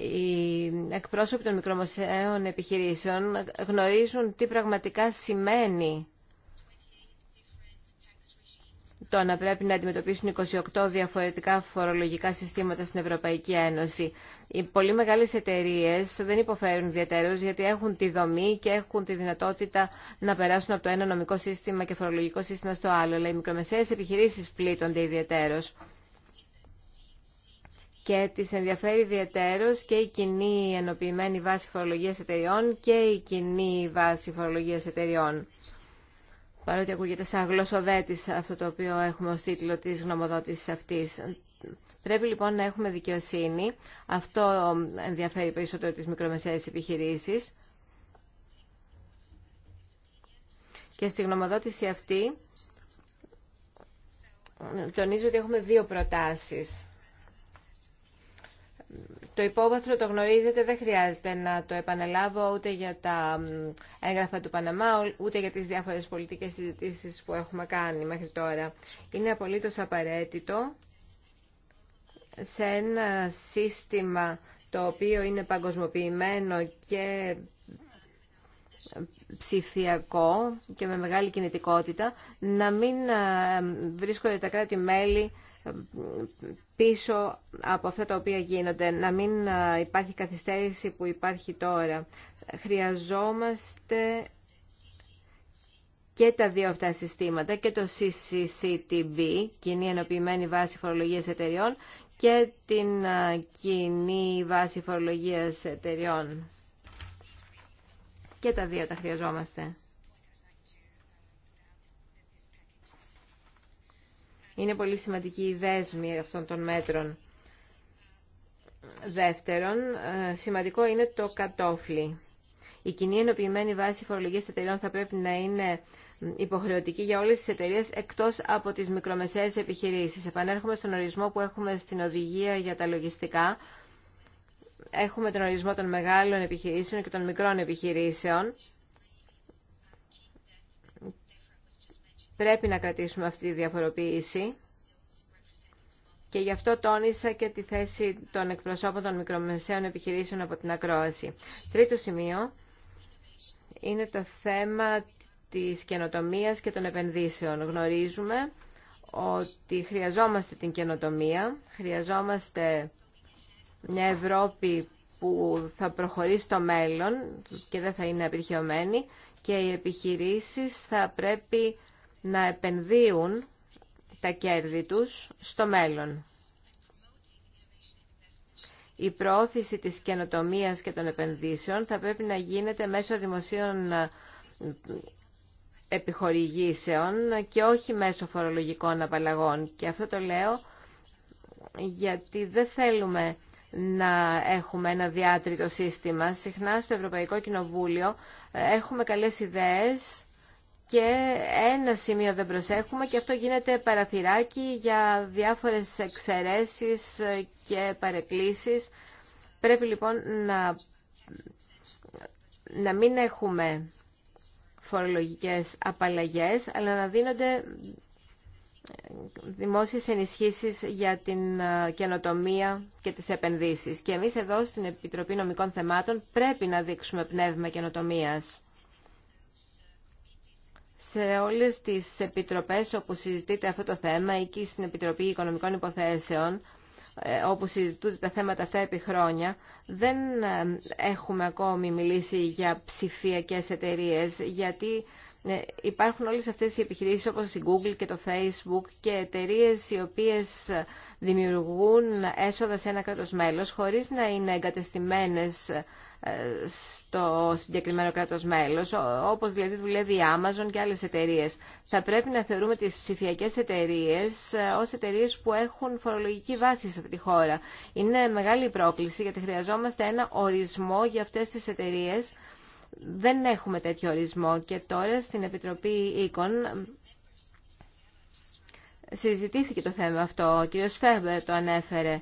οι εκπρόσωποι των μικρομεσαίων επιχειρήσεων γνωρίζουν τι πραγματικά σημαίνει το να πρέπει να αντιμετωπίσουν 28 διαφορετικά φορολογικά συστήματα στην Ευρωπαϊκή Ένωση. Οι πολύ μεγάλες εταιρείες δεν υποφέρουν ιδιαίτερως γιατί έχουν τη δομή και έχουν τη δυνατότητα να περάσουν από το ένα νομικό σύστημα και φορολογικό σύστημα στο άλλο. Αλλά οι μικρομεσαίες επιχειρήσεις πλήττονται ιδιαίτερως και τις ενδιαφέρει ιδιαίτερως και η κοινή ενοποιημένη βάση φορολογίας εταιριών και η κοινή βάση φορολογίας εταιριών. Παρότι ακούγεται σαν γλωσσοδέτης αυτό το οποίο έχουμε ως τίτλο της γνωμοδότησης αυτής. Πρέπει λοιπόν να έχουμε δικαιοσύνη. Αυτό ενδιαφέρει περισσότερο τις μικρομεσαίες επιχειρήσεις. Και στη γνωμοδότηση αυτή τονίζω ότι έχουμε δύο προτάσεις το υπόβαθρο το γνωρίζετε, δεν χρειάζεται να το επαναλάβω ούτε για τα έγγραφα του Παναμά, ούτε για τις διάφορες πολιτικές συζητήσεις που έχουμε κάνει μέχρι τώρα. Είναι απολύτως απαραίτητο σε ένα σύστημα το οποίο είναι παγκοσμοποιημένο και ψηφιακό και με μεγάλη κινητικότητα, να μην ε, βρίσκονται τα κράτη-μέλη ε, πίσω από αυτά τα οποία γίνονται, να μην υπάρχει καθυστέρηση που υπάρχει τώρα. Χρειαζόμαστε και τα δύο αυτά συστήματα, και το CCCTB, Κοινή Ενοποιημένη Βάση Φορολογίας Εταιριών, και την Κοινή Βάση Φορολογίας Εταιριών. Και τα δύο τα χρειαζόμαστε. Είναι πολύ σημαντική η δέσμη αυτών των μέτρων. Δεύτερον, ε, σημαντικό είναι το κατόφλι. Η κοινή ενοποιημένη βάση φορολογίας εταιρεών θα πρέπει να είναι υποχρεωτική για όλες τις εταιρείες εκτός από τις μικρομεσαίες επιχειρήσεις. Επανέρχομαι στον ορισμό που έχουμε στην οδηγία για τα λογιστικά. Έχουμε τον ορισμό των μεγάλων επιχειρήσεων και των μικρών επιχειρήσεων Πρέπει να κρατήσουμε αυτή τη διαφοροποίηση και γι' αυτό τόνισα και τη θέση των εκπροσώπων των μικρομεσαίων επιχειρήσεων από την ακρόαση. Τρίτο σημείο είναι το θέμα της καινοτομίας και των επενδύσεων. Γνωρίζουμε ότι χρειαζόμαστε την καινοτομία, χρειαζόμαστε μια Ευρώπη που θα προχωρήσει στο μέλλον και δεν θα είναι απειρχαιωμένη και οι επιχειρήσεις θα πρέπει να επενδύουν τα κέρδη τους στο μέλλον. Η προώθηση της καινοτομίας και των επενδύσεων θα πρέπει να γίνεται μέσω δημοσίων ε, επιχορηγήσεων και όχι μέσω φορολογικών απαλλαγών. Και αυτό το λέω γιατί δεν θέλουμε να έχουμε ένα διάτριτο σύστημα. Συχνά στο Ευρωπαϊκό Κοινοβούλιο ε, έχουμε καλές ιδέες και ένα σημείο δεν προσέχουμε και αυτό γίνεται παραθυράκι για διάφορες εξαιρέσεις και παρεκκλήσεις. Πρέπει λοιπόν να, να μην έχουμε φορολογικές απαλλαγές, αλλά να δίνονται δημόσιες ενισχύσεις για την ε, καινοτομία και τις επενδύσεις. Και εμείς εδώ στην Επιτροπή Νομικών Θεμάτων πρέπει να δείξουμε πνεύμα καινοτομίας σε όλες τις επιτροπές όπου συζητείται αυτό το θέμα, εκεί στην Επιτροπή Οικονομικών Υποθέσεων, ε, όπου συζητούνται τα θέματα αυτά επί χρόνια, δεν ε, έχουμε ακόμη μιλήσει για ψηφιακές εταιρείες, γιατί ναι, υπάρχουν όλες αυτές οι επιχειρήσεις όπως η Google και το Facebook και εταιρείε οι οποίες δημιουργούν έσοδα σε ένα κράτος μέλος χωρίς να είναι εγκατεστημένες ε, στο συγκεκριμένο κράτος μέλος, όπως δηλαδή δουλεύει η Amazon και άλλες εταιρείε. Θα πρέπει να θεωρούμε τις ψηφιακές εταιρείε ε, ως εταιρείε που έχουν φορολογική βάση σε αυτή τη χώρα. Είναι μεγάλη πρόκληση γιατί χρειαζόμαστε ένα ορισμό για αυτές τις εταιρείε. Δεν έχουμε τέτοιο ορισμό και τώρα στην Επιτροπή Οίκων συζητήθηκε το θέμα αυτό. Ο κύριος Φέμπερ το ανέφερε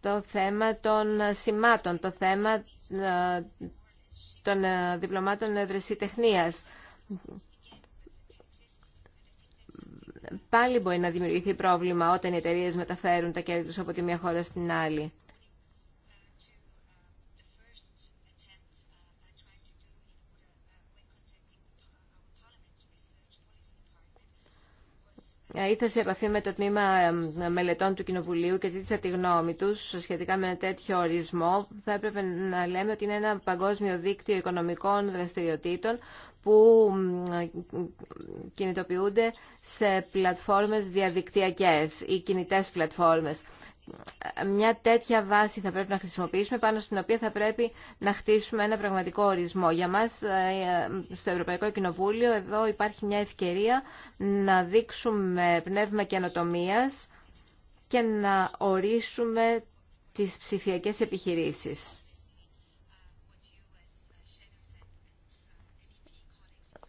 το θέμα των σημάτων, το θέμα ε, των ε, διπλωμάτων ευρεσιτεχνίας. Πάλι μπορεί να δημιουργηθεί πρόβλημα όταν οι εταιρείε μεταφέρουν τα κέρδη τους από τη μία χώρα στην άλλη. Ε, ήρθα σε επαφή με το τμήμα ε, μελετών του Κοινοβουλίου και ζήτησα τη γνώμη του σχετικά με ένα τέτοιο ορισμό. Θα έπρεπε να λέμε ότι είναι ένα παγκόσμιο δίκτυο οικονομικών δραστηριοτήτων που ε, κινητοποιούνται σε πλατφόρμες διαδικτυακές ή κινητές πλατφόρμες μια τέτοια βάση θα πρέπει να χρησιμοποιήσουμε πάνω στην οποία θα πρέπει να χτίσουμε ένα πραγματικό ορισμό. Για μας ε, στο Ευρωπαϊκό Κοινοβούλιο εδώ υπάρχει μια ευκαιρία να δείξουμε πνεύμα καινοτομία και να ορίσουμε τις ψηφιακές επιχειρήσεις.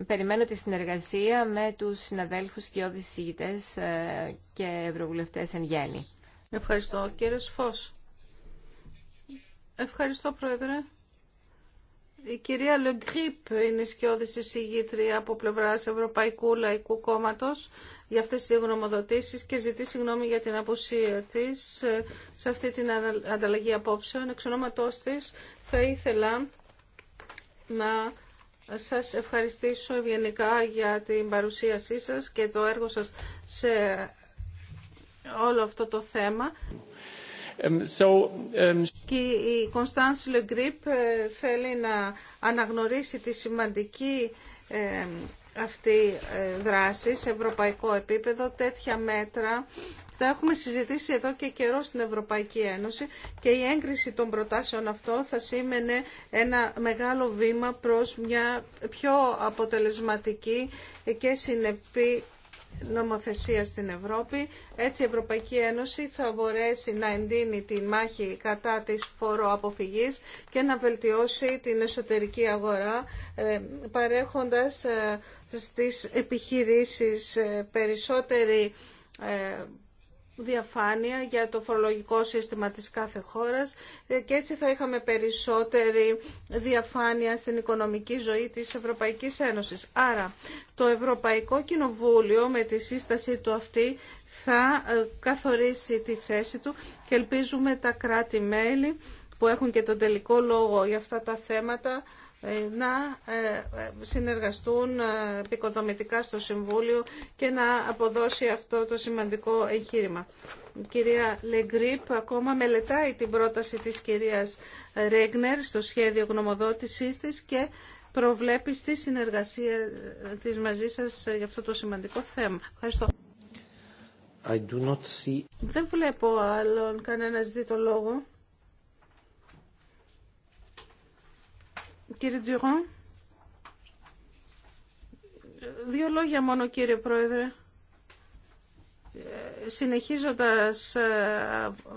Περιμένω τη συνεργασία με τους συναδέλφους και όδης ε, και ευρωβουλευτές εν γέννη. Ευχαριστώ. Κύριε Φως. Ευχαριστώ, Πρόεδρε. Η κυρία Λεγκρίπ είναι σκιώδης εισηγήτρια από πλευράς Ευρωπαϊκού Λαϊκού Κόμματος για αυτές τις γνωμοδοτήσεις και ζητεί συγγνώμη για την απουσία της σε αυτή την ανταλλαγή απόψεων. Εξ ονόματός της θα ήθελα να σας ευχαριστήσω ευγενικά για την παρουσίασή σα και το έργο σας σε όλο αυτό το θέμα. Και η ε, θέλει να αναγνωρίσει τη σημαντική ε, αυτή ε, δράση σε ευρωπαϊκό επίπεδο. Τέτοια μέτρα τα έχουμε συζητήσει εδώ και καιρό στην Ευρωπαϊκή Ένωση και η έγκριση των προτάσεων αυτό θα σήμαινε ένα μεγάλο βήμα προς μια πιο αποτελεσματική και συνεπή νομοθεσία στην Ευρώπη. Έτσι η Ευρωπαϊκή Ένωση θα μπορέσει να εντείνει τη μάχη κατά της φοροαποφυγής και να βελτιώσει την εσωτερική αγορά ε, παρέχοντας ε, στις επιχειρήσεις ε, περισσότερη διαφάνεια για το φορολογικό σύστημα της κάθε χώρας ε, και έτσι θα είχαμε περισσότερη διαφάνεια στην οικονομική ζωή της Ευρωπαϊκής Ένωσης. Άρα το Ευρωπαϊκό Κοινοβούλιο με τη σύστασή του αυτή θα ε, καθορίσει τη θέση του και ελπίζουμε τα κράτη-μέλη που έχουν και τον τελικό λόγο για αυτά τα θέματα ε, να ε, ε, συνεργαστούν επικοδομητικά στο Συμβούλιο και να αποδώσει αυτό το σημαντικό εγχείρημα. Η κυρία Λεγκρίπ ακόμα μελετάει την πρόταση της κυρίας Ρέγνερ στο σχέδιο γνωμοδότησής της και προβλέπει στη συνεργασία της μαζί σας για αυτό το σημαντικό θέμα. Ευχαριστώ. I do not see... Δεν βλέπω άλλον κανένα δει το λόγο. Κύριε Τζιγόν. Δύο λόγια μόνο κύριε Πρόεδρε. Ε, συνεχίζοντας ε,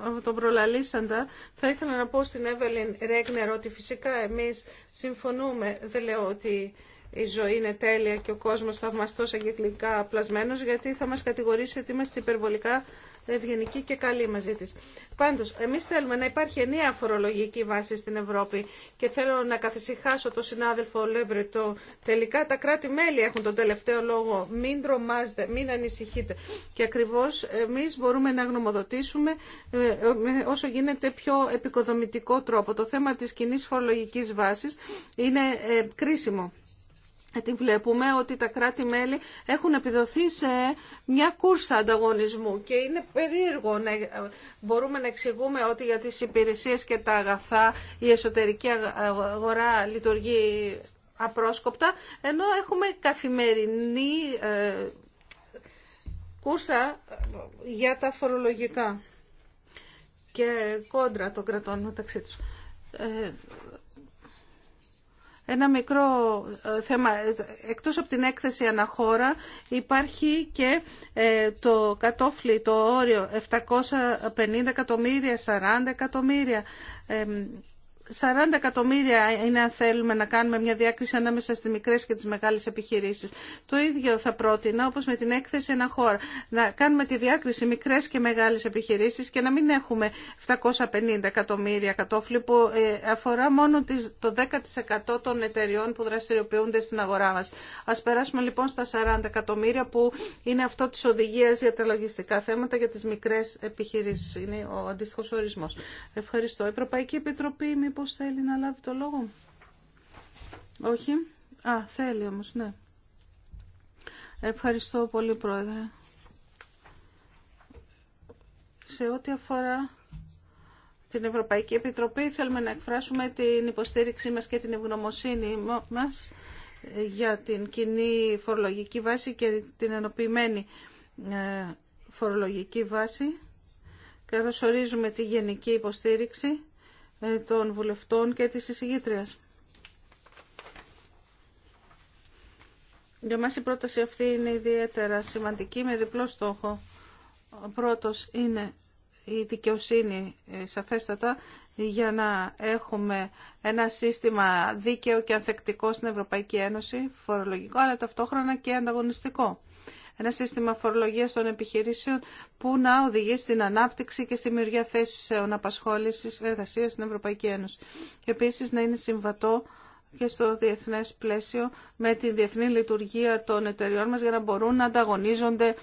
από τον προλαλήσαντα, θα ήθελα να πω στην Εύελιν Ρέγνερ ότι φυσικά εμείς συμφωνούμε, δεν λέω ότι η ζωή είναι τέλεια και ο κόσμος θαυμαστός αγγελικά πλασμένος, γιατί θα μας κατηγορήσει ότι είμαστε υπερβολικά ευγενική και καλή μαζί της. Πάντως, εμείς θέλουμε να υπάρχει ενιαία φορολογική βάση στην Ευρώπη και θέλω να καθησυχάσω τον συνάδελφο Λεμπρετό. Τελικά τα κράτη-μέλη έχουν τον τελευταίο λόγο. Μην τρομάζετε, μην ανησυχείτε. Και ακριβώς εμείς μπορούμε να γνωμοδοτήσουμε ε, όσο γίνεται πιο επικοδομητικό τρόπο. Το θέμα της κοινή φορολογικής βάσης είναι ε, κρίσιμο. Γιατί ε, βλέπουμε ότι τα κράτη-μέλη έχουν επιδοθεί σε μια κούρσα ανταγωνισμού και είναι περίεργο να ε, μπορούμε να εξηγούμε ότι για τις υπηρεσίες και τα αγαθά η εσωτερική αγορά λειτουργεί απρόσκοπτα, ενώ έχουμε καθημερινή ε, κούρσα για τα φορολογικά και κόντρα των κρατών μεταξύ τους ένα μικρό ε, θέμα. Εκτός από την έκθεση αναχώρα υπάρχει και ε, το κατόφλι, το όριο 750 εκατομμύρια, 40 εκατομμύρια. 40 εκατομμύρια είναι αν θέλουμε να κάνουμε μια διάκριση ανάμεσα στις μικρές και τις μεγάλες επιχειρήσεις. Το ίδιο θα πρότεινα όπως με την έκθεση ένα χώρο. Να κάνουμε τη διάκριση μικρές και μεγάλες επιχειρήσεις και να μην έχουμε 750 εκατομμύρια κατόφλι που ε, αφορά μόνο το 10% των εταιριών που δραστηριοποιούνται στην αγορά μας. Ας περάσουμε λοιπόν στα 40 εκατομμύρια που είναι αυτό της οδηγίας για τα λογιστικά θέματα για τις μικρές επιχειρήσεις. Είναι ο αντίστοιχος ορισμός. Ευχαριστώ. Η Ευρωπαϊκή Επιτροπή θέλει να λάβει το λόγο. Όχι. Α, θέλει όμως, ναι. Ευχαριστώ πολύ, Πρόεδρε. Σε ό,τι αφορά την Ευρωπαϊκή Επιτροπή θέλουμε να εκφράσουμε την υποστήριξή μας και την ευγνωμοσύνη μας για την κοινή φορολογική βάση και την ενοποιημένη ε, φορολογική βάση. Καθώς ορίζουμε τη γενική υποστήριξη ε, των βουλευτών και της εισηγήτριας. Για μας η πρόταση αυτή είναι ιδιαίτερα σημαντική με διπλό στόχο. Ο πρώτος είναι η δικαιοσύνη ε, σαφέστατα για να έχουμε ένα σύστημα δίκαιο και ανθεκτικό στην Ευρωπαϊκή Ένωση, φορολογικό, αλλά ταυτόχρονα και ανταγωνιστικό ένα σύστημα φορολογία των επιχειρήσεων που να οδηγεί στην ανάπτυξη και στη δημιουργία θέσεων απασχόλησης εργασία στην Ευρωπαϊκή Ένωση. Και επίσης να είναι συμβατό και στο διεθνές πλαίσιο με τη διεθνή λειτουργία των εταιριών μας για να μπορούν να ανταγωνίζονται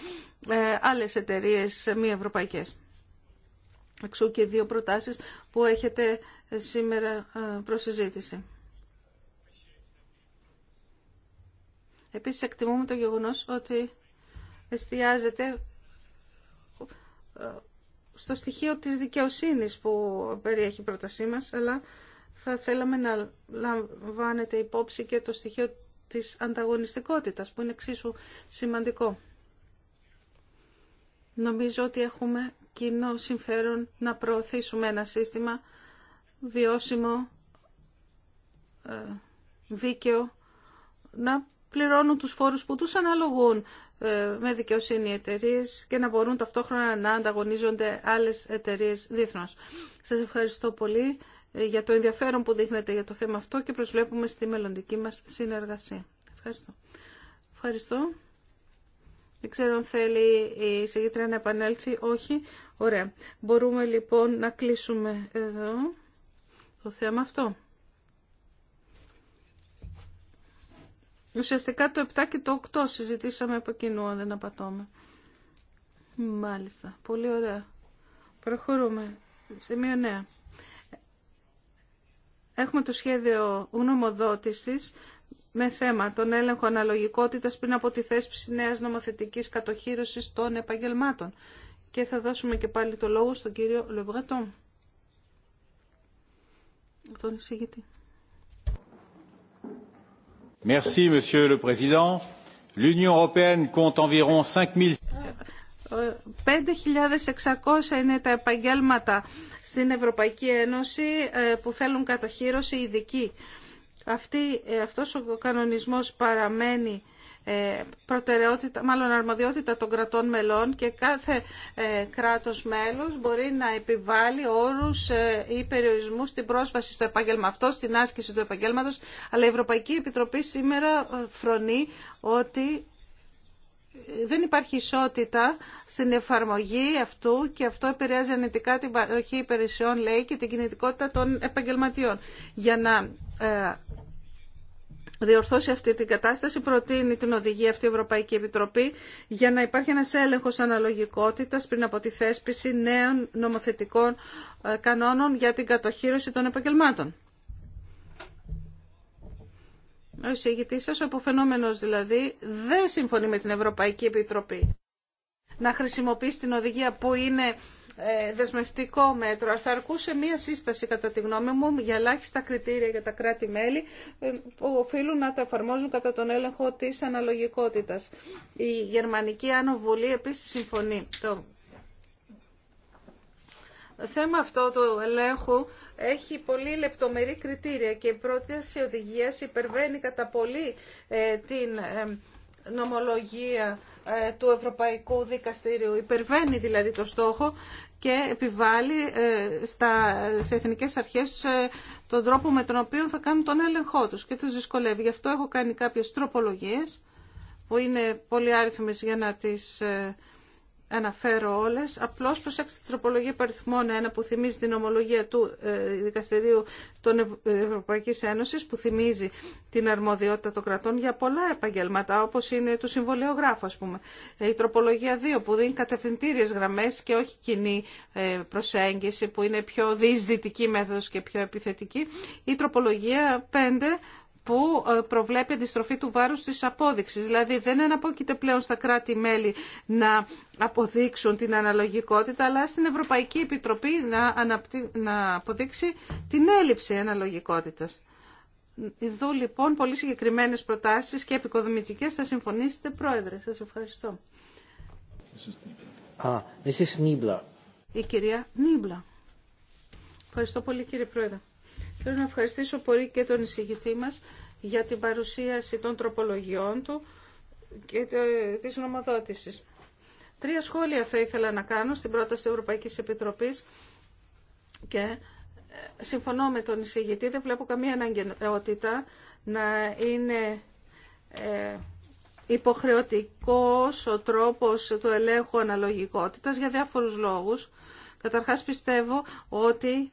ε, άλλες εταιρείε μη ευρωπαϊκές. Εξού και δύο προτάσεις που έχετε σήμερα ε, προς συζήτηση. Επίσης εκτιμούμε το γεγονός ότι εστιάζεται ε, στο στοιχείο της δικαιοσύνης που περιέχει η πρότασή μας, αλλά θα θέλαμε να λαμβάνετε υπόψη και το στοιχείο της ανταγωνιστικότητας, που είναι εξίσου σημαντικό. Νομίζω ότι έχουμε κοινό συμφέρον να προωθήσουμε ένα σύστημα βιώσιμο, ε, δίκαιο, να πληρώνουν τους φόρους που τους αναλογούν ε, με δικαιοσύνη εταιρείε και να μπορούν ταυτόχρονα να ανταγωνίζονται άλλες εταιρείε δίθνως. Σας ευχαριστώ πολύ ε, για το ενδιαφέρον που δείχνετε για το θέμα αυτό και προσβλέπουμε στη μελλοντική μας συνεργασία. Ευχαριστώ. Ευχαριστώ. Δεν ξέρω αν θέλει η συγγετρία να επανέλθει. Όχι. Ωραία. Μπορούμε λοιπόν να κλείσουμε εδώ το θέμα αυτό. Ουσιαστικά το 7 και το 8 συζητήσαμε από κοινού, αν δεν απατώμε. Μάλιστα. Πολύ ωραία. Προχωρούμε. Σημείο 9. Έχουμε το σχέδιο γνωμοδότησης με θέμα τον έλεγχο αναλογικότητας πριν από τη θέσπιση νέας νομοθετικής κατοχήρωσης των επαγγελμάτων. Και θα δώσουμε και πάλι το λόγο στον κύριο Λευγατό. Τον εισηγητή. Merci, Monsieur le Président. L'Union européenne compte environ 5 5.600 είναι τα επαγγέλματα στην Ευρωπαϊκή Ένωση ε, που θέλουν κατοχήρωση ειδική. Αυτή, ε, αυτός ο κανονισμός παραμένει ε, προτεραιότητα, μάλλον αρμοδιότητα των κρατών μελών και κάθε ε, κράτος μέλος μπορεί να επιβάλλει όρους ε, ή περιορισμούς στην πρόσβαση στο επάγγελμα αυτό, στην άσκηση του επαγγέλματος, αλλά η Ευρωπαϊκή Επιτροπή σήμερα φρονεί ότι δεν υπάρχει ισότητα στην εφαρμογή αυτού και αυτό επηρεάζει ανετικά την παροχή υπηρεσιών, λέει, και την κινητικότητα των επαγγελματιών. Για να διορθώσει αυτή την κατάσταση, προτείνει την οδηγία αυτή η Ευρωπαϊκή Επιτροπή για να υπάρχει ένας έλεγχος αναλογικότητας πριν από τη θέσπιση νέων νομοθετικών ε, κανόνων για την κατοχήρωση των επαγγελμάτων. Ο εισηγητής σας, ο αποφαινόμενος δηλαδή, δεν συμφωνεί με την Ευρωπαϊκή Επιτροπή να χρησιμοποιήσει την οδηγία που είναι ε, δεσμευτικό μέτρο. Θα αρκούσε μία σύσταση, κατά τη γνώμη μου, για ελάχιστα κριτήρια για τα κράτη-μέλη ε, που οφείλουν να τα εφαρμόζουν κατά τον έλεγχο της αναλογικότητας. Η Γερμανική Άνω Βουλή επίσης συμφωνεί. Το θέμα αυτό του ελέγχου έχει πολύ λεπτομερή κριτήρια και η πρόταση οδηγίας υπερβαίνει κατά πολύ ε, την νομολογία του Ευρωπαϊκού Δικαστήριου υπερβαίνει δηλαδή το στόχο και επιβάλλει ε, στα, σε εθνικές αρχές ε, τον τρόπο με τον οποίο θα κάνουν τον έλεγχό τους και τους δυσκολεύει. Γι' αυτό έχω κάνει κάποιες τροπολογίες που είναι πολύ άριθμες για να τις ε, αναφέρω όλες. Απλώς προσέξτε την τροπολογία παριθμών ένα που θυμίζει την ομολογία του ε, Δικαστηρίου των Ευρωπαϊκής Ένωσης που θυμίζει την αρμοδιότητα των κρατών για πολλά επαγγελματά όπως είναι το συμβολιογράφο ας πούμε. Ε, η τροπολογία 2 που δίνει κατευθυντήριες γραμμές και όχι κοινή ε, προσέγγιση που είναι πιο διεισδυτική μέθοδος και πιο επιθετική. Η τροπολογία 5 που ε, προβλέπει αντιστροφή του βάρους της απόδειξης. Δηλαδή δεν αναπόκειται πλέον στα κράτη-μέλη να αποδείξουν την αναλογικότητα, αλλά στην Ευρωπαϊκή Επιτροπή να αποδείξει την έλλειψη αναλογικότητας. Εδώ λοιπόν πολύ συγκεκριμένες προτάσεις και επικοδομητικές θα συμφωνήσετε πρόεδρε. Σας ευχαριστώ. Η κυρία Νίμπλα. Ευχαριστώ πολύ κύριε πρόεδρε. Θέλω να ευχαριστήσω πολύ και τον εισηγητή μας για την παρουσίαση των τροπολογιών του και της νομοδότησης. Τρία σχόλια θα ήθελα να κάνω στην πρόταση της Ευρωπαϊκής Επιτροπής και ε, συμφωνώ με τον εισηγητή, δεν βλέπω καμία αναγκαιότητα να είναι ε, υποχρεωτικός ο τρόπος του ελέγχου αναλογικότητας για διάφορους λόγους. Καταρχάς πιστεύω ότι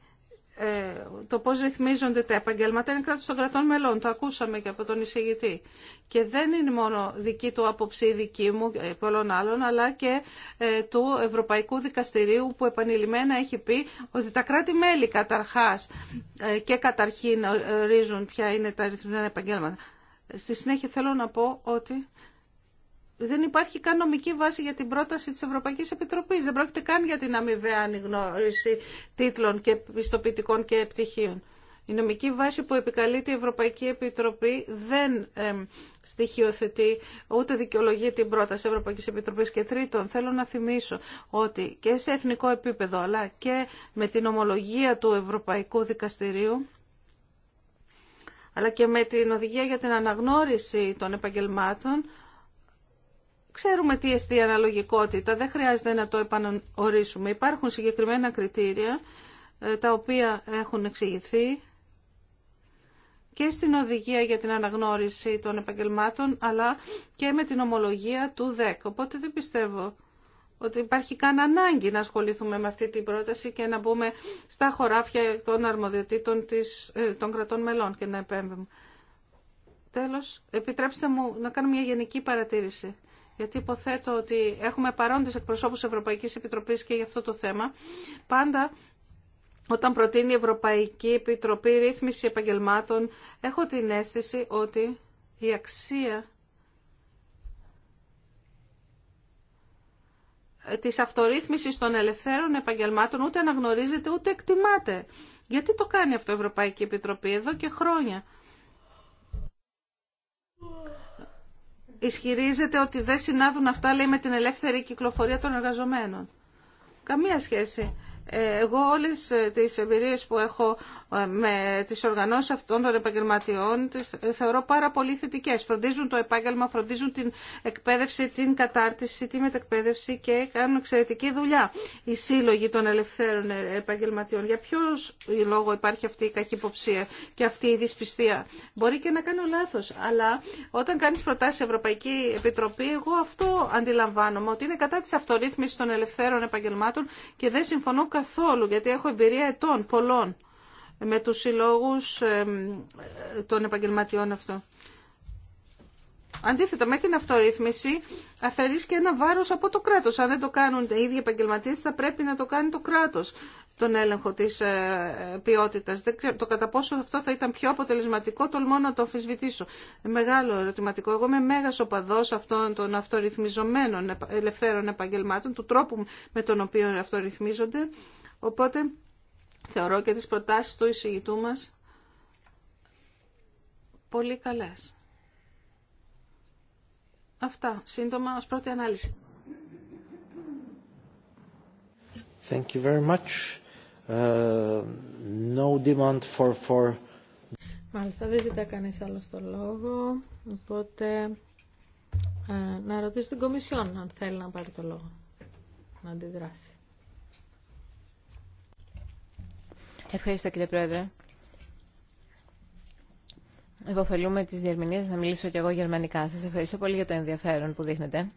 ε, το πώς ρυθμίζονται τα επαγγέλματα είναι κράτος των κρατών μελών. Το ακούσαμε και από τον εισηγητή. Και δεν είναι μόνο δική του άποψη, δική μου, ε, πολλών άλλων, αλλά και ε, του Ευρωπαϊκού Δικαστηρίου που επανειλημμένα έχει πει ότι τα κράτη-μέλη καταρχάς και καταρχήν ορίζουν ποια είναι τα ρυθμισμένα επαγγέλματα. Στη συνέχεια θέλω να πω ότι δεν υπάρχει καν νομική βάση για την πρόταση της Ευρωπαϊκής Επιτροπής. Δεν πρόκειται καν για την αμοιβαία αναγνώριση τίτλων και πιστοποιητικών και πτυχίων. Η νομική βάση που επικαλείται η Ευρωπαϊκή Επιτροπή δεν ε, στοιχειοθετεί ούτε δικαιολογεί την πρόταση Ευρωπαϊκής Επιτροπής. Και τρίτον, θέλω να θυμίσω ότι και σε εθνικό επίπεδο αλλά και με την ομολογία του Ευρωπαϊκού Δικαστηρίου αλλά και με την οδηγία για την αναγνώριση των επαγγελμάτων Ξέρουμε τι εστί αναλογικότητα, δεν χρειάζεται να το επαναορίσουμε. Υπάρχουν συγκεκριμένα κριτήρια ε, τα οποία έχουν εξηγηθεί και στην οδηγία για την αναγνώριση των επαγγελμάτων, αλλά και με την ομολογία του ΔΕΚ. Οπότε δεν πιστεύω ότι υπάρχει καν ανάγκη να ασχοληθούμε με αυτή την πρόταση και να μπούμε στα χωράφια των αρμοδιοτήτων της, ε, των κρατών μελών και να επέμβουμε. Τέλος, επιτρέψτε μου να κάνω μια γενική παρατήρηση γιατί υποθέτω ότι έχουμε παρόντες εκπροσώπους Ευρωπαϊκής Επιτροπής και για αυτό το θέμα, πάντα όταν προτείνει η Ευρωπαϊκή Επιτροπή ρύθμιση επαγγελμάτων, έχω την αίσθηση ότι η αξία της αυτορύθμισης των ελευθέρων επαγγελμάτων ούτε αναγνωρίζεται ούτε εκτιμάται. Γιατί το κάνει αυτό η Ευρωπαϊκή Επιτροπή εδώ και χρόνια. ισχυρίζεται ότι δεν συνάδουν αυτά λέει με την ελεύθερη κυκλοφορία των εργαζομένων. Καμία σχέση. Ε, εγώ όλες ε, τις εμπειρίες που έχω ε, με τις οργανώσεις αυτών των επαγγελματιών τις θεωρώ πάρα πολύ θετικές. Φροντίζουν το επάγγελμα, φροντίζουν την εκπαίδευση, την κατάρτιση, τη μετεκπαίδευση και κάνουν εξαιρετική δουλειά οι σύλλογοι των ελευθέρων επαγγελματιών. Για ποιο λόγο υπάρχει αυτή η καχυποψία και αυτή η δυσπιστία. Μπορεί και να κάνω λάθος, αλλά όταν κάνεις προτάσεις Ευρωπαϊκή Επιτροπή, εγώ αυτό αντιλαμβάνομαι, ότι είναι κατά της αυτορύθμισης των ελευθέρων επαγγελμάτων και δεν συμφωνώ καθόλου, γιατί έχω εμπειρία ετών, πολλών, με τους συλλόγους των επαγγελματιών αυτών. Αντίθετα, με την αυτορύθμιση αφαιρείς και ένα βάρος από το κράτος. Αν δεν το κάνουν οι ίδιοι επαγγελματίες, θα πρέπει να το κάνει το κράτος τον έλεγχο τη ε, ποιότητα. το κατά πόσο αυτό θα ήταν πιο αποτελεσματικό, τολμώ να το αμφισβητήσω. Μεγάλο ερωτηματικό. Εγώ είμαι μέγα οπαδός αυτών των αυτορυθμιζομένων ελευθέρων επαγγελμάτων, του τρόπου με τον οποίο αυτορυθμίζονται. Οπότε θεωρώ και τι προτάσει του εισηγητού μα πολύ καλέ. Αυτά, σύντομα, ω πρώτη ανάλυση. Thank you very much. Uh, Μάλιστα, δεν ζητά κανείς άλλο το λόγο, οπότε ε, να ρωτήσω την Κομισιόν αν θέλει να πάρει το λόγο, να αντιδράσει. Ευχαριστώ κύριε Πρόεδρε. Εποφελούμε τις διερμηνίες, να μιλήσω κι εγώ γερμανικά. Σας ευχαριστώ πολύ για το ενδιαφέρον που δείχνετε.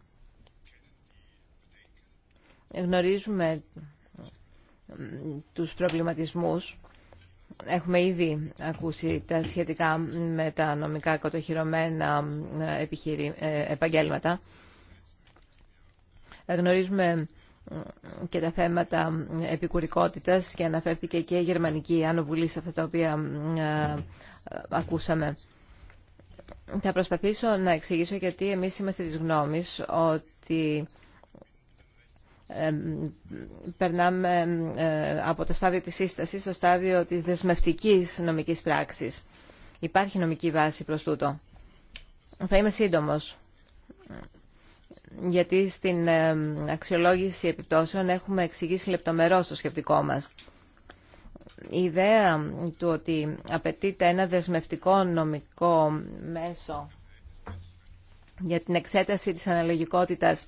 Γνωρίζουμε τους προβληματισμούς. Έχουμε ήδη ακούσει τα σχετικά με τα νομικά κοτοχυρωμένα ε, ε, επαγγέλματα. Γνωρίζουμε ε, και τα θέματα επικουρικότητας και αναφέρθηκε και η Γερμανική Άνω σε αυτά τα οποία ακούσαμε. Θα προσπαθήσω να εξηγήσω γιατί εμείς είμαστε της γνώμης ότι περνάμε ε, από το στάδιο της σύστασης στο στάδιο της δεσμευτικής νομικής πράξης. Υπάρχει νομική βάση προς τούτο. Θα είμαι σύντομος, γιατί στην αξιολόγηση επιπτώσεων έχουμε εξηγήσει λεπτομερώς το σκεπτικό μας. Η ιδέα του ότι απαιτείται ένα δεσμευτικό νομικό μέσο για την εξέταση της αναλογικότητας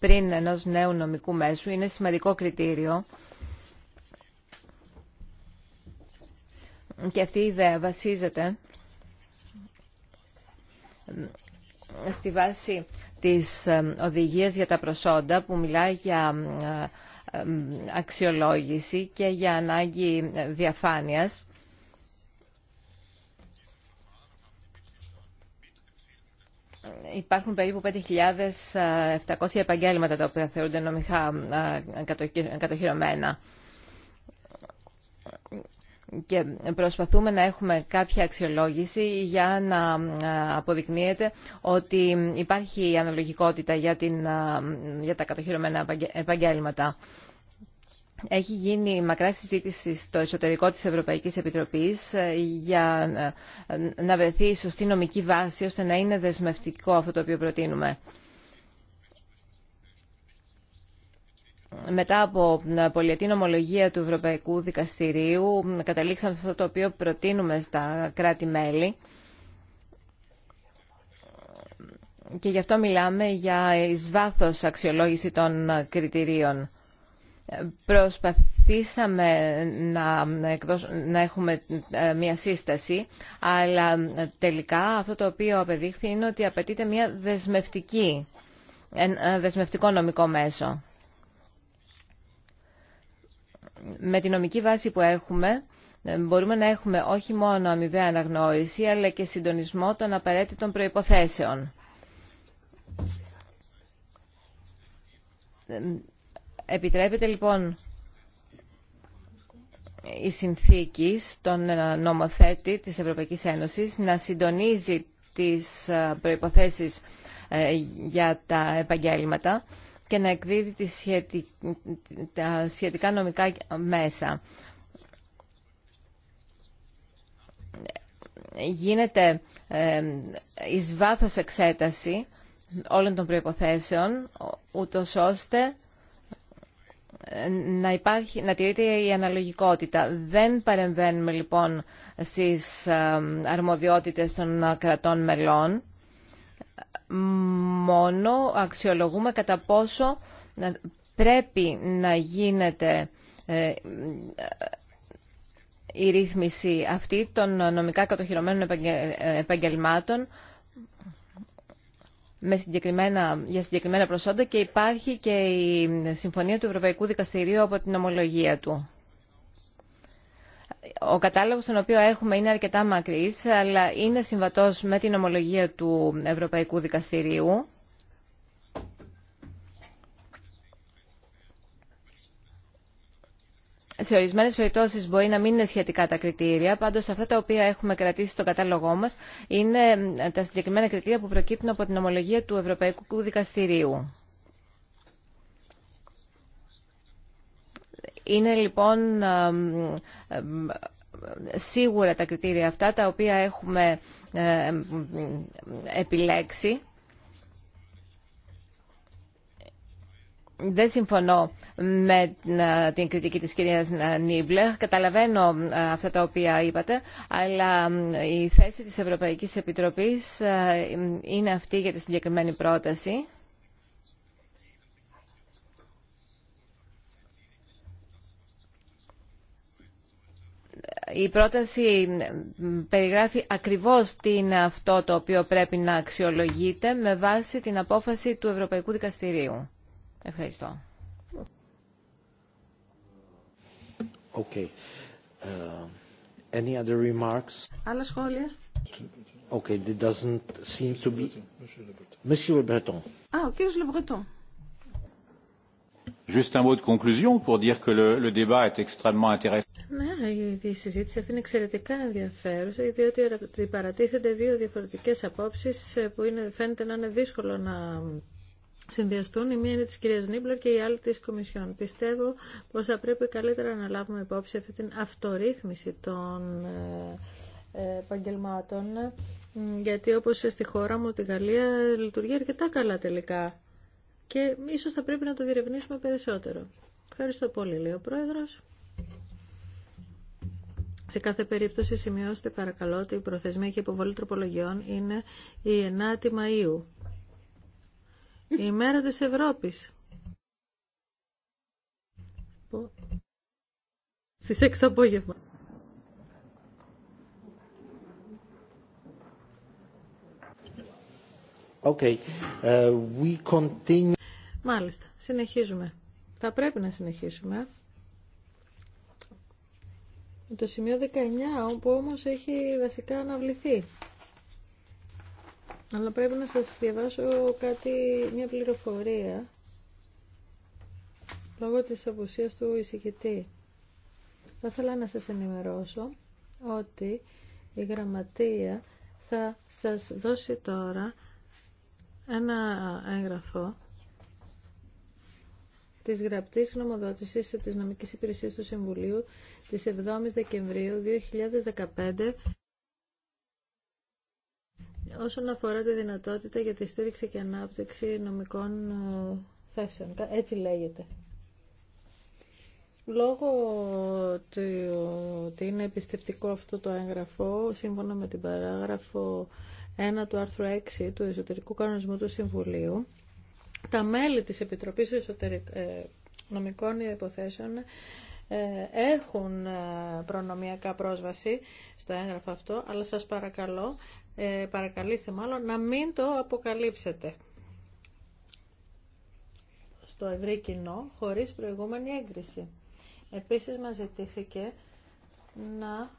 πριν ενός νέου νομικού μέσου είναι σημαντικό κριτήριο. Και αυτή η ιδέα βασίζεται στη βάση της οδηγίας για τα προσόντα που μιλάει για αξιολόγηση και για ανάγκη διαφάνειας Υπάρχουν περίπου 5.700 επαγγέλματα τα οποία θεωρούνται νομικά κατοχυρωμένα. Και προσπαθούμε να έχουμε κάποια αξιολόγηση για να αποδεικνύεται ότι υπάρχει αναλογικότητα για, την, για τα κατοχυρωμένα επαγγέλματα. Έχει γίνει μακρά συζήτηση στο εσωτερικό της Ευρωπαϊκής Επιτροπής ε, για ε, να βρεθεί η σωστή νομική βάση ώστε να είναι δεσμευτικό αυτό το οποίο προτείνουμε. μετά από ε, πολιετή νομολογία του Ευρωπαϊκού Δικαστηρίου καταλήξαμε σε αυτό το οποίο προτείνουμε στα κράτη-μέλη και γι' αυτό μιλάμε για εις αξιολόγηση των κριτηρίων. Προσπαθήσαμε να, να έχουμε ε, μια σύσταση, αλλά τελικά αυτό το οποίο απεδείχθη είναι ότι απαιτείται μια δεσμευτική, ένα ε, δεσμευτικό νομικό μέσο. Με τη νομική βάση που έχουμε, ε, μπορούμε να έχουμε όχι μόνο αμοιβαία αναγνώριση, αλλά και συντονισμό των απαραίτητων προϋποθέσεων Επιτρέπεται λοιπόν η συνθήκη στον νομοθέτη της Ευρωπαϊκής Ένωσης να συντονίζει τις ε, προϋποθέσεις ε, για τα επαγγέλματα και να εκδίδει τις τα σχετικά νομικά μέσα. Γίνεται ε, εις βάθος εξέταση όλων των προϋποθέσεων, ούτως ώστε να, υπάρχει, να τηρείται η αναλογικότητα. Δεν παρεμβαίνουμε λοιπόν στις αρμοδιότητες των κρατών μελών, μόνο αξιολογούμε κατά πόσο ε, πρέπει να γίνεται ε, η ρύθμιση αυτή των νομικά κατοχυρωμένων ε, επαγγελμάτων με συγκεκριμένα, για συγκεκριμένα προσόντα και υπάρχει και η συμφωνία του Ευρωπαϊκού Δικαστηρίου από την ομολογία του. Ο κατάλογος τον οποίο έχουμε είναι αρκετά μακρύς, αλλά είναι συμβατός με την ομολογία του Ευρωπαϊκού Δικαστηρίου σε ορισμένε περιπτώσει μπορεί να μην είναι σχετικά τα κριτήρια, πάντω αυτά τα οποία έχουμε κρατήσει στο κατάλογό μα είναι ε, τα συγκεκριμένα κριτήρια που προκύπτουν από την ομολογία του Ευρωπαϊκού Δικαστηρίου. Είναι λοιπόν σίγουρα τα κριτήρια αυτά τα οποία έχουμε ε, επιλέξει δεν συμφωνώ με ε, την κριτική της κυρίας ε, Νίμπλε. Καταλαβαίνω ε, αυτά τα οποία είπατε, αλλά η θέση της Ευρωπαϊκής Επιτροπής είναι αυτή για τη συγκεκριμένη πρόταση. η πρόταση περιγράφει ακριβώς τι είναι αυτό το οποίο πρέπει να αξιολογείται με βάση την απόφαση του Ευρωπαϊκού Δικαστηρίου. Ευχαριστώ. Uh, Άλλα σχόλια. Α, ο κύριος Le Ναι, η συζήτηση αυτή είναι εξαιρετικά ενδιαφέρουσα, διότι παρατίθενται δύο διαφορετικές απόψεις που φαίνεται να είναι δύσκολο να συνδυαστούν. Η μία είναι της κυρίας Νίμπλερ και η άλλη της Κομισιόν. Πιστεύω πως θα πρέπει καλύτερα να λάβουμε υπόψη αυτή την αυτορύθμιση των ε, ε, επαγγελμάτων, γιατί όπως στη χώρα μου, τη Γαλλία, λειτουργεί αρκετά καλά τελικά. Και ίσως θα πρέπει να το διερευνήσουμε περισσότερο. Ευχαριστώ πολύ, λέει ο Πρόεδρος. Σε κάθε περίπτωση σημειώστε παρακαλώ ότι η προθεσμία και υποβολή τροπολογιών είναι η 9η Μαΐου. Η μέρα της Ευρώπης. Στις 6 το απόγευμα. Okay. Uh, we continue... Μάλιστα. Συνεχίζουμε. Θα πρέπει να συνεχίσουμε. Το σημείο 19, όπου όμως έχει βασικά αναβληθεί. Αλλά πρέπει να σας διαβάσω κάτι, μια πληροφορία λόγω της απουσίας του εισηγητή. Θα ήθελα να σας ενημερώσω ότι η γραμματεία θα σας δώσει τώρα ένα έγγραφο της γραπτής γνωμοδότησης της Νομικής Υπηρεσίας του Συμβουλίου της 7 Δεκεμβρίου 2015 όσον αφορά τη δυνατότητα για τη στήριξη και ανάπτυξη νομικών ε, θέσεων. Έτσι λέγεται. Λόγω του ότι είναι επιστευτικό αυτό το έγγραφο, σύμφωνα με την παράγραφο 1 του άρθρου 6 του Εσωτερικού Κανονισμού του Συμβουλίου, τα μέλη της Επιτροπής ε, Νομικών Υποθέσεων ε, έχουν προνομιακά πρόσβαση στο έγγραφο αυτό, αλλά σας παρακαλώ ε, παρακαλείστε μάλλον να μην το αποκαλύψετε στο ευρύ κοινό χωρίς προηγούμενη έγκριση. Επίσης μας ζητήθηκε να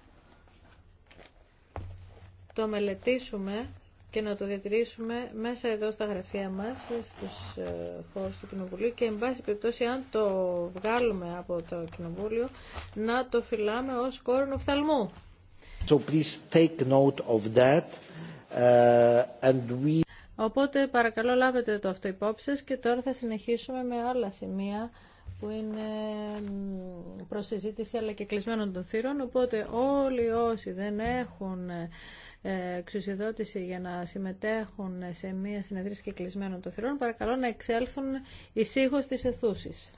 το μελετήσουμε και να το διατηρήσουμε μέσα εδώ στα γραφεία μας, στους χώρους ε, του Κοινοβουλίου και εν πάση περιπτώσει αν το βγάλουμε από το Κοινοβούλιο να το φυλάμε ως κόρονο φθαλμού. So please take note of that. Uh, and we... Οπότε παρακαλώ λάβετε το αυτό υπόψη και τώρα θα συνεχίσουμε με άλλα σημεία που είναι προσυζήτηση αλλά και κλεισμένων των θύρων. Οπότε όλοι όσοι δεν έχουν ε, εξουσιοδότηση για να συμμετέχουν σε μια συνεδρία και κλεισμένων των θυρών παρακαλώ να εξέλθουν ησύχως της αιθούσης.